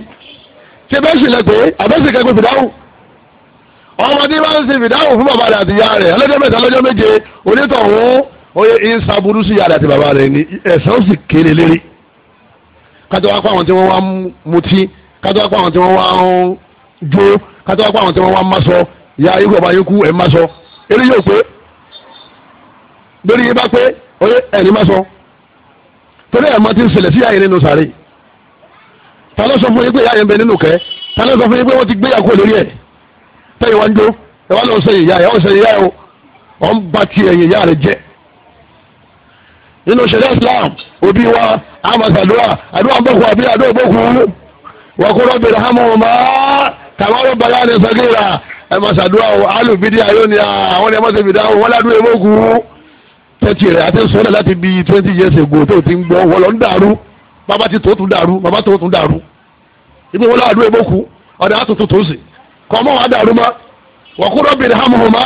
ṣé bẹ́ẹ̀ ṣìlẹ̀ pé àbẹ́sì kẹ́kọ̀ọ́ fìdáwò ọmọdé bá ń ṣe fìdáwò fún bàbá rẹ̀ àti ìyá rẹ̀ ọlọ́jọ́ mẹ́ta ọlọ́jọ́ méje onítọ̀hún oye ìsà burú sí àti bàbá rẹ̀ ni ẹ̀sán sì kéré lérí kátó wá pa àwọn tí wọ́n wá mutí kátó wá pa àwọn tí wọ́n wá jó kátó ọba yín kú ẹ̀ masọ eré yóò pé lórí yín bá pé oyè ẹni má sọ torí ẹ̀ mọ́ ti ń ṣẹlẹ̀ sí àyè nínú sàárè ta ló sọ fún yín pé ìyá yẹn bẹ nínú kẹ́ ta ló sọ fún yín pé wọ́n ti gbéyà kó lórí ẹ̀ tẹ́yìn wá jó ẹ wá lọ sọ ìyá ẹ ọ sọ ìyá ẹ o ọ̀ ń ba ti ẹ̀yìn ìyá rẹ nínú ṣẹlẹ̀ Islam òbí wa amasadua àdúrà boko àbí àdúrà boko wakúrọ̀ bẹ̀rẹ̀ hàmọ́ ọ̀ma kàmáwó bàyá ni sagira ẹ̀ masadua o ni àwọn ẹ̀ mọ́sẹ̀ bìdá o wọ́n ládùú ẹ̀ tọ́tì rẹ̀ àti sọ́lẹ̀ láti bí twenty years ago tó ti ń gbọ́ wọ́n lọ ń dàrú bàbá ti tó tún dàrú bàbá tó tún dàrú ibi wọn láàdúrà ebó ku ọ̀dà àtúntò tó sì kọ́ ọmọ wa dàrú ma wọ́n kúrò bèrè hàmùhùmá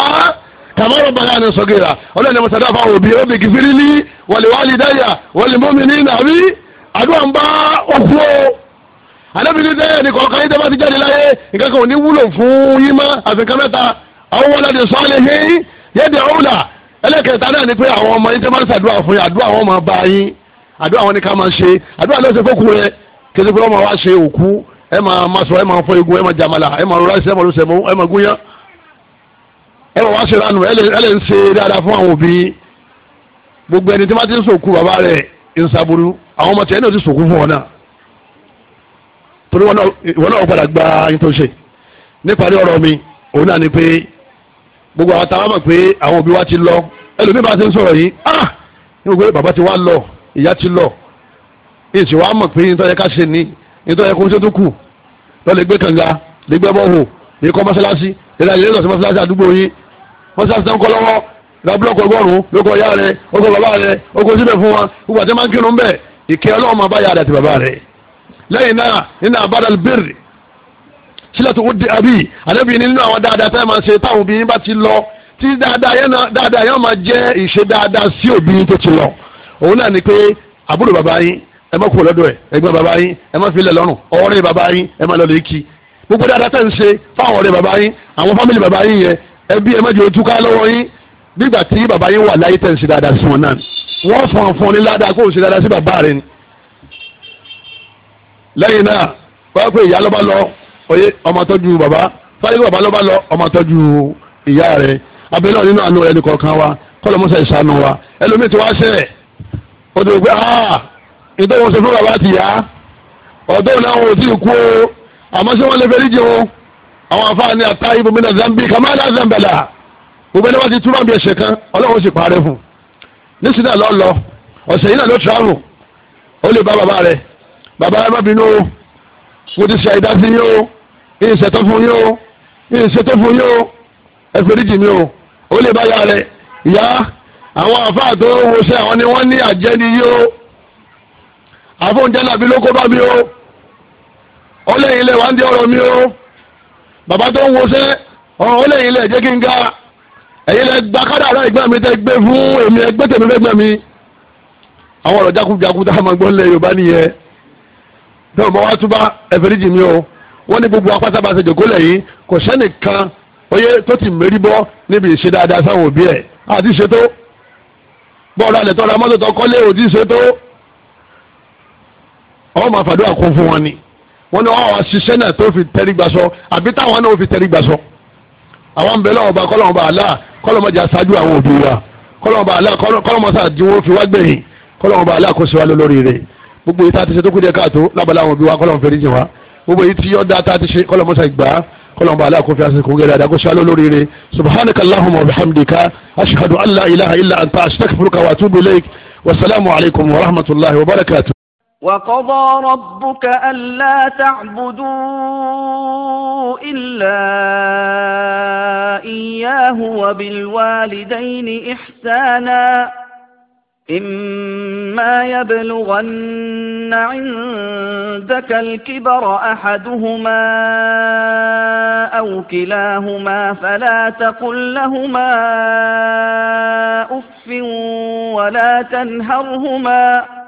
kàmọ́rọ̀ bàyà ni sọ́gẹ̀rà ọlọ́ọ̀ni mo sàdáfà òbí òbí kìfìrí ní wàlíwàlí dáyà wàlímọ́mí ní nàbí àdúrà ń bá òkú o alábìrin dáyà ni kọ̀ọ̀kan yìí dábàá ti jáde láyé nǹkan kan ò ní wúlò fún yín má àfikàn mẹ́ta àwọn wọlé adé sọ́ọ́lẹ̀ yẹn yẹ́dẹ̀ ọ̀la ẹlẹ́kẹta náà ni pé àwọn ọmọ yín tẹ́ máa ń ṣàdúrà fún yín àdúrà wọn máa bá yín àdúrà wọn ni ká máa ṣe àdúrà ló ṣe fókù rẹ kéde pé wọ́n máa wá ṣe òkú ẹ máa máa sọ ẹ máa fọ igun ẹ máa jàmàlà ẹ máa rọra ṣe ẹ máa lọsẹ mọ ẹ máa gúnyán ẹ máa wá ṣe lánàá ẹ lè ń ṣe dáadáa fún àwọn òbí gbogbo ẹni tí wọ́n ti ń sòkú bàbá rẹ̀ ń sàbúrú àwọn ọmọ tiẹ̀ náà ti sòkú fún wọn gbogbo àwọn táwọn mọ̀ pé àwọn òbí wa ti lọ ẹlòmíì bá ti ń sọ̀rọ̀ yìí ah ní gbogbo bàbá ti wá lọ ìyá ti lọ èsì wa mọ̀ pé nítorí ká ṣe ni nítorí kó ń ṣe tó kù lọ lè gbé kànga lè gbé bọ́ọ̀hù lè kọ́ mọ́ṣáláṣí lè ra ìlérò sí mọ́ṣáláṣí àdúgbò yìí mọ́ṣáláṣí tán kọ́ lọ́wọ́ ra búlọ́ọ̀kù ọgọ́rùn-ún lóko ọ̀yá rẹ oko bàbá rẹ oko síbẹ̀ fún wa gbogbo àti máa ń kírun bẹ́ẹ̀ ìkẹ́ ọlọ́run máa bá yára àti bàbá rẹ lẹ́yìn náà nínú àbádàlbẹ̀rẹ̀ sílẹ̀ tó wọ́n di àbí àdébìyí nínú àwọn dáadáa tẹ́ máa ṣe táwọn obìnrin bá ti lọ tí dáadáa yẹn náà dáadáa yẹn máa jẹ́ ìṣe dáadáa sí obìnrin tó ti lọ òun náà ni pé àbúrò bàbá yín ẹ má kú lọ́dọ̀ ẹ̀ ẹ̀gbọ́n bàbá yín ẹ má filẹ̀ lọ́rùn ọ̀rẹ́ bàbá yín ẹ má lọ́lẹ̀ kí gbogbo dáadáa tẹ́ ń ṣe fáwọn ọ̀rẹ́ bàbá yín àwọn fámìlì bàbá yín yẹn ẹbí ẹ má jẹ́ ojúká lọ́wọ́ yín nígbà tí bàbá yín wà láyé tẹ́ oye ọmọ tọ́jú bàbá fáyé bàbá ló bá lọ ọmọ tọ́jú ìyá rẹ̀ abẹ́lẹ́ ọ̀nínú àánú rẹ̀ nìkọ̀ọ̀kan wa kọ́lọ̀ mọ́sá ìsànù wa ẹlòmíì tí wọ́n ṣẹ̀ ó ti gbé ah ìtọ́ wọn ṣe fún bàbá ti yá ọ̀dọ́ náà wọn ò tí ì kú o àmọ́ ṣé wọ́n lè fẹ́ díje wọn àwọn afáàní ata ibùmí náà zambi kamala zambala gbogbo ẹni wọ́n ti túmọ̀ bí ẹ̀ṣẹ̀ kan ọlọ́run sì parẹ́ fún nísìnyí náà lọ́ lọ ọ̀sẹ̀ yìí náà ló travel ó lè bá bàbá rẹ̀ bàbá rẹ̀ má bínú o mo ti ṣe àìdá sí yín o yín ṣètò fún yín o yín ṣètò fún yín o ẹ foríjì mi o ó lè bá ya rẹ ìyá àwọn àfáà tó wo ṣe àwọn ni wọ́n ní àjẹ́ ni yín o àfóúnjẹ làbí ló kó bá mi o ó lẹ́yìn ilẹ̀ wá ń di ọ̀rọ̀ mi o bàbá tó ń wo ṣe ó lẹ́yìn ilẹ̀ jẹ́ kí n ga ẹ̀yin lẹ gba kádàrá ìgbà mi tẹ gbé fún èmi ẹgbẹ́ tèmi fẹ́ gbà mi àwọn ọ̀rọ̀ jákujàku tá a máa gbọ́ ń lẹ Yorùbá nìyẹn bẹ́ẹ̀ ọmọ wa túbá ẹ̀fẹ̀ríjì mi o wọ́n ní gbogbo apátábà ṣe jòkólẹ̀ yìí kò sẹ́nìkan oyè tó ti mérí bọ́ níbi ìṣe dáadáa sáwọn òbí ẹ̀ àti ṣe tó bọ́ọ̀lù alẹ́ tọ́ra mọ́tò tó kọ́lé òdì ṣe tó ọmọ máa fàdúrà kún fún wọn ni wọ́n ní wọ́n wá ṣiṣẹ́ náà tó fi tẹ́rí gbà sọ àbí táwọn náà fi tẹ́rí gbà sọ àwọn bẹ́ẹ̀ lọ́wọ́ bá kọ́lọ́mọba àlá kọ́lọ́mọjà ṣáájú gbogbo yìí tá a ti ṣe tó kú díẹ̀ káàtó lábàlá àwọn òbí wa kọ́lọ̀ fèrè jìn wa gbogbo yìí tí ọ̀dà tá a ti ṣe kọ́lọ̀ mọ́sá ìgbà kọ́lọ̀ bàálà kò fi àṣẹ kò gẹ̀rẹ́ àdàgọ́ ṣe alólóríire subhanaka allahumma wa bihamdika ashhadu an la ilaha illa anta astaghfiruka wa atubu ilayk wasalaamu alaykum wa rahmatulahi wa barakatu. وقضى ربك ألا تعبدوا إلا إياه وبالوالدين إحسانا إما يبلغن عندك الكبر أحدهما أو كلاهما فلا تقل لهما أف ولا تنهرهما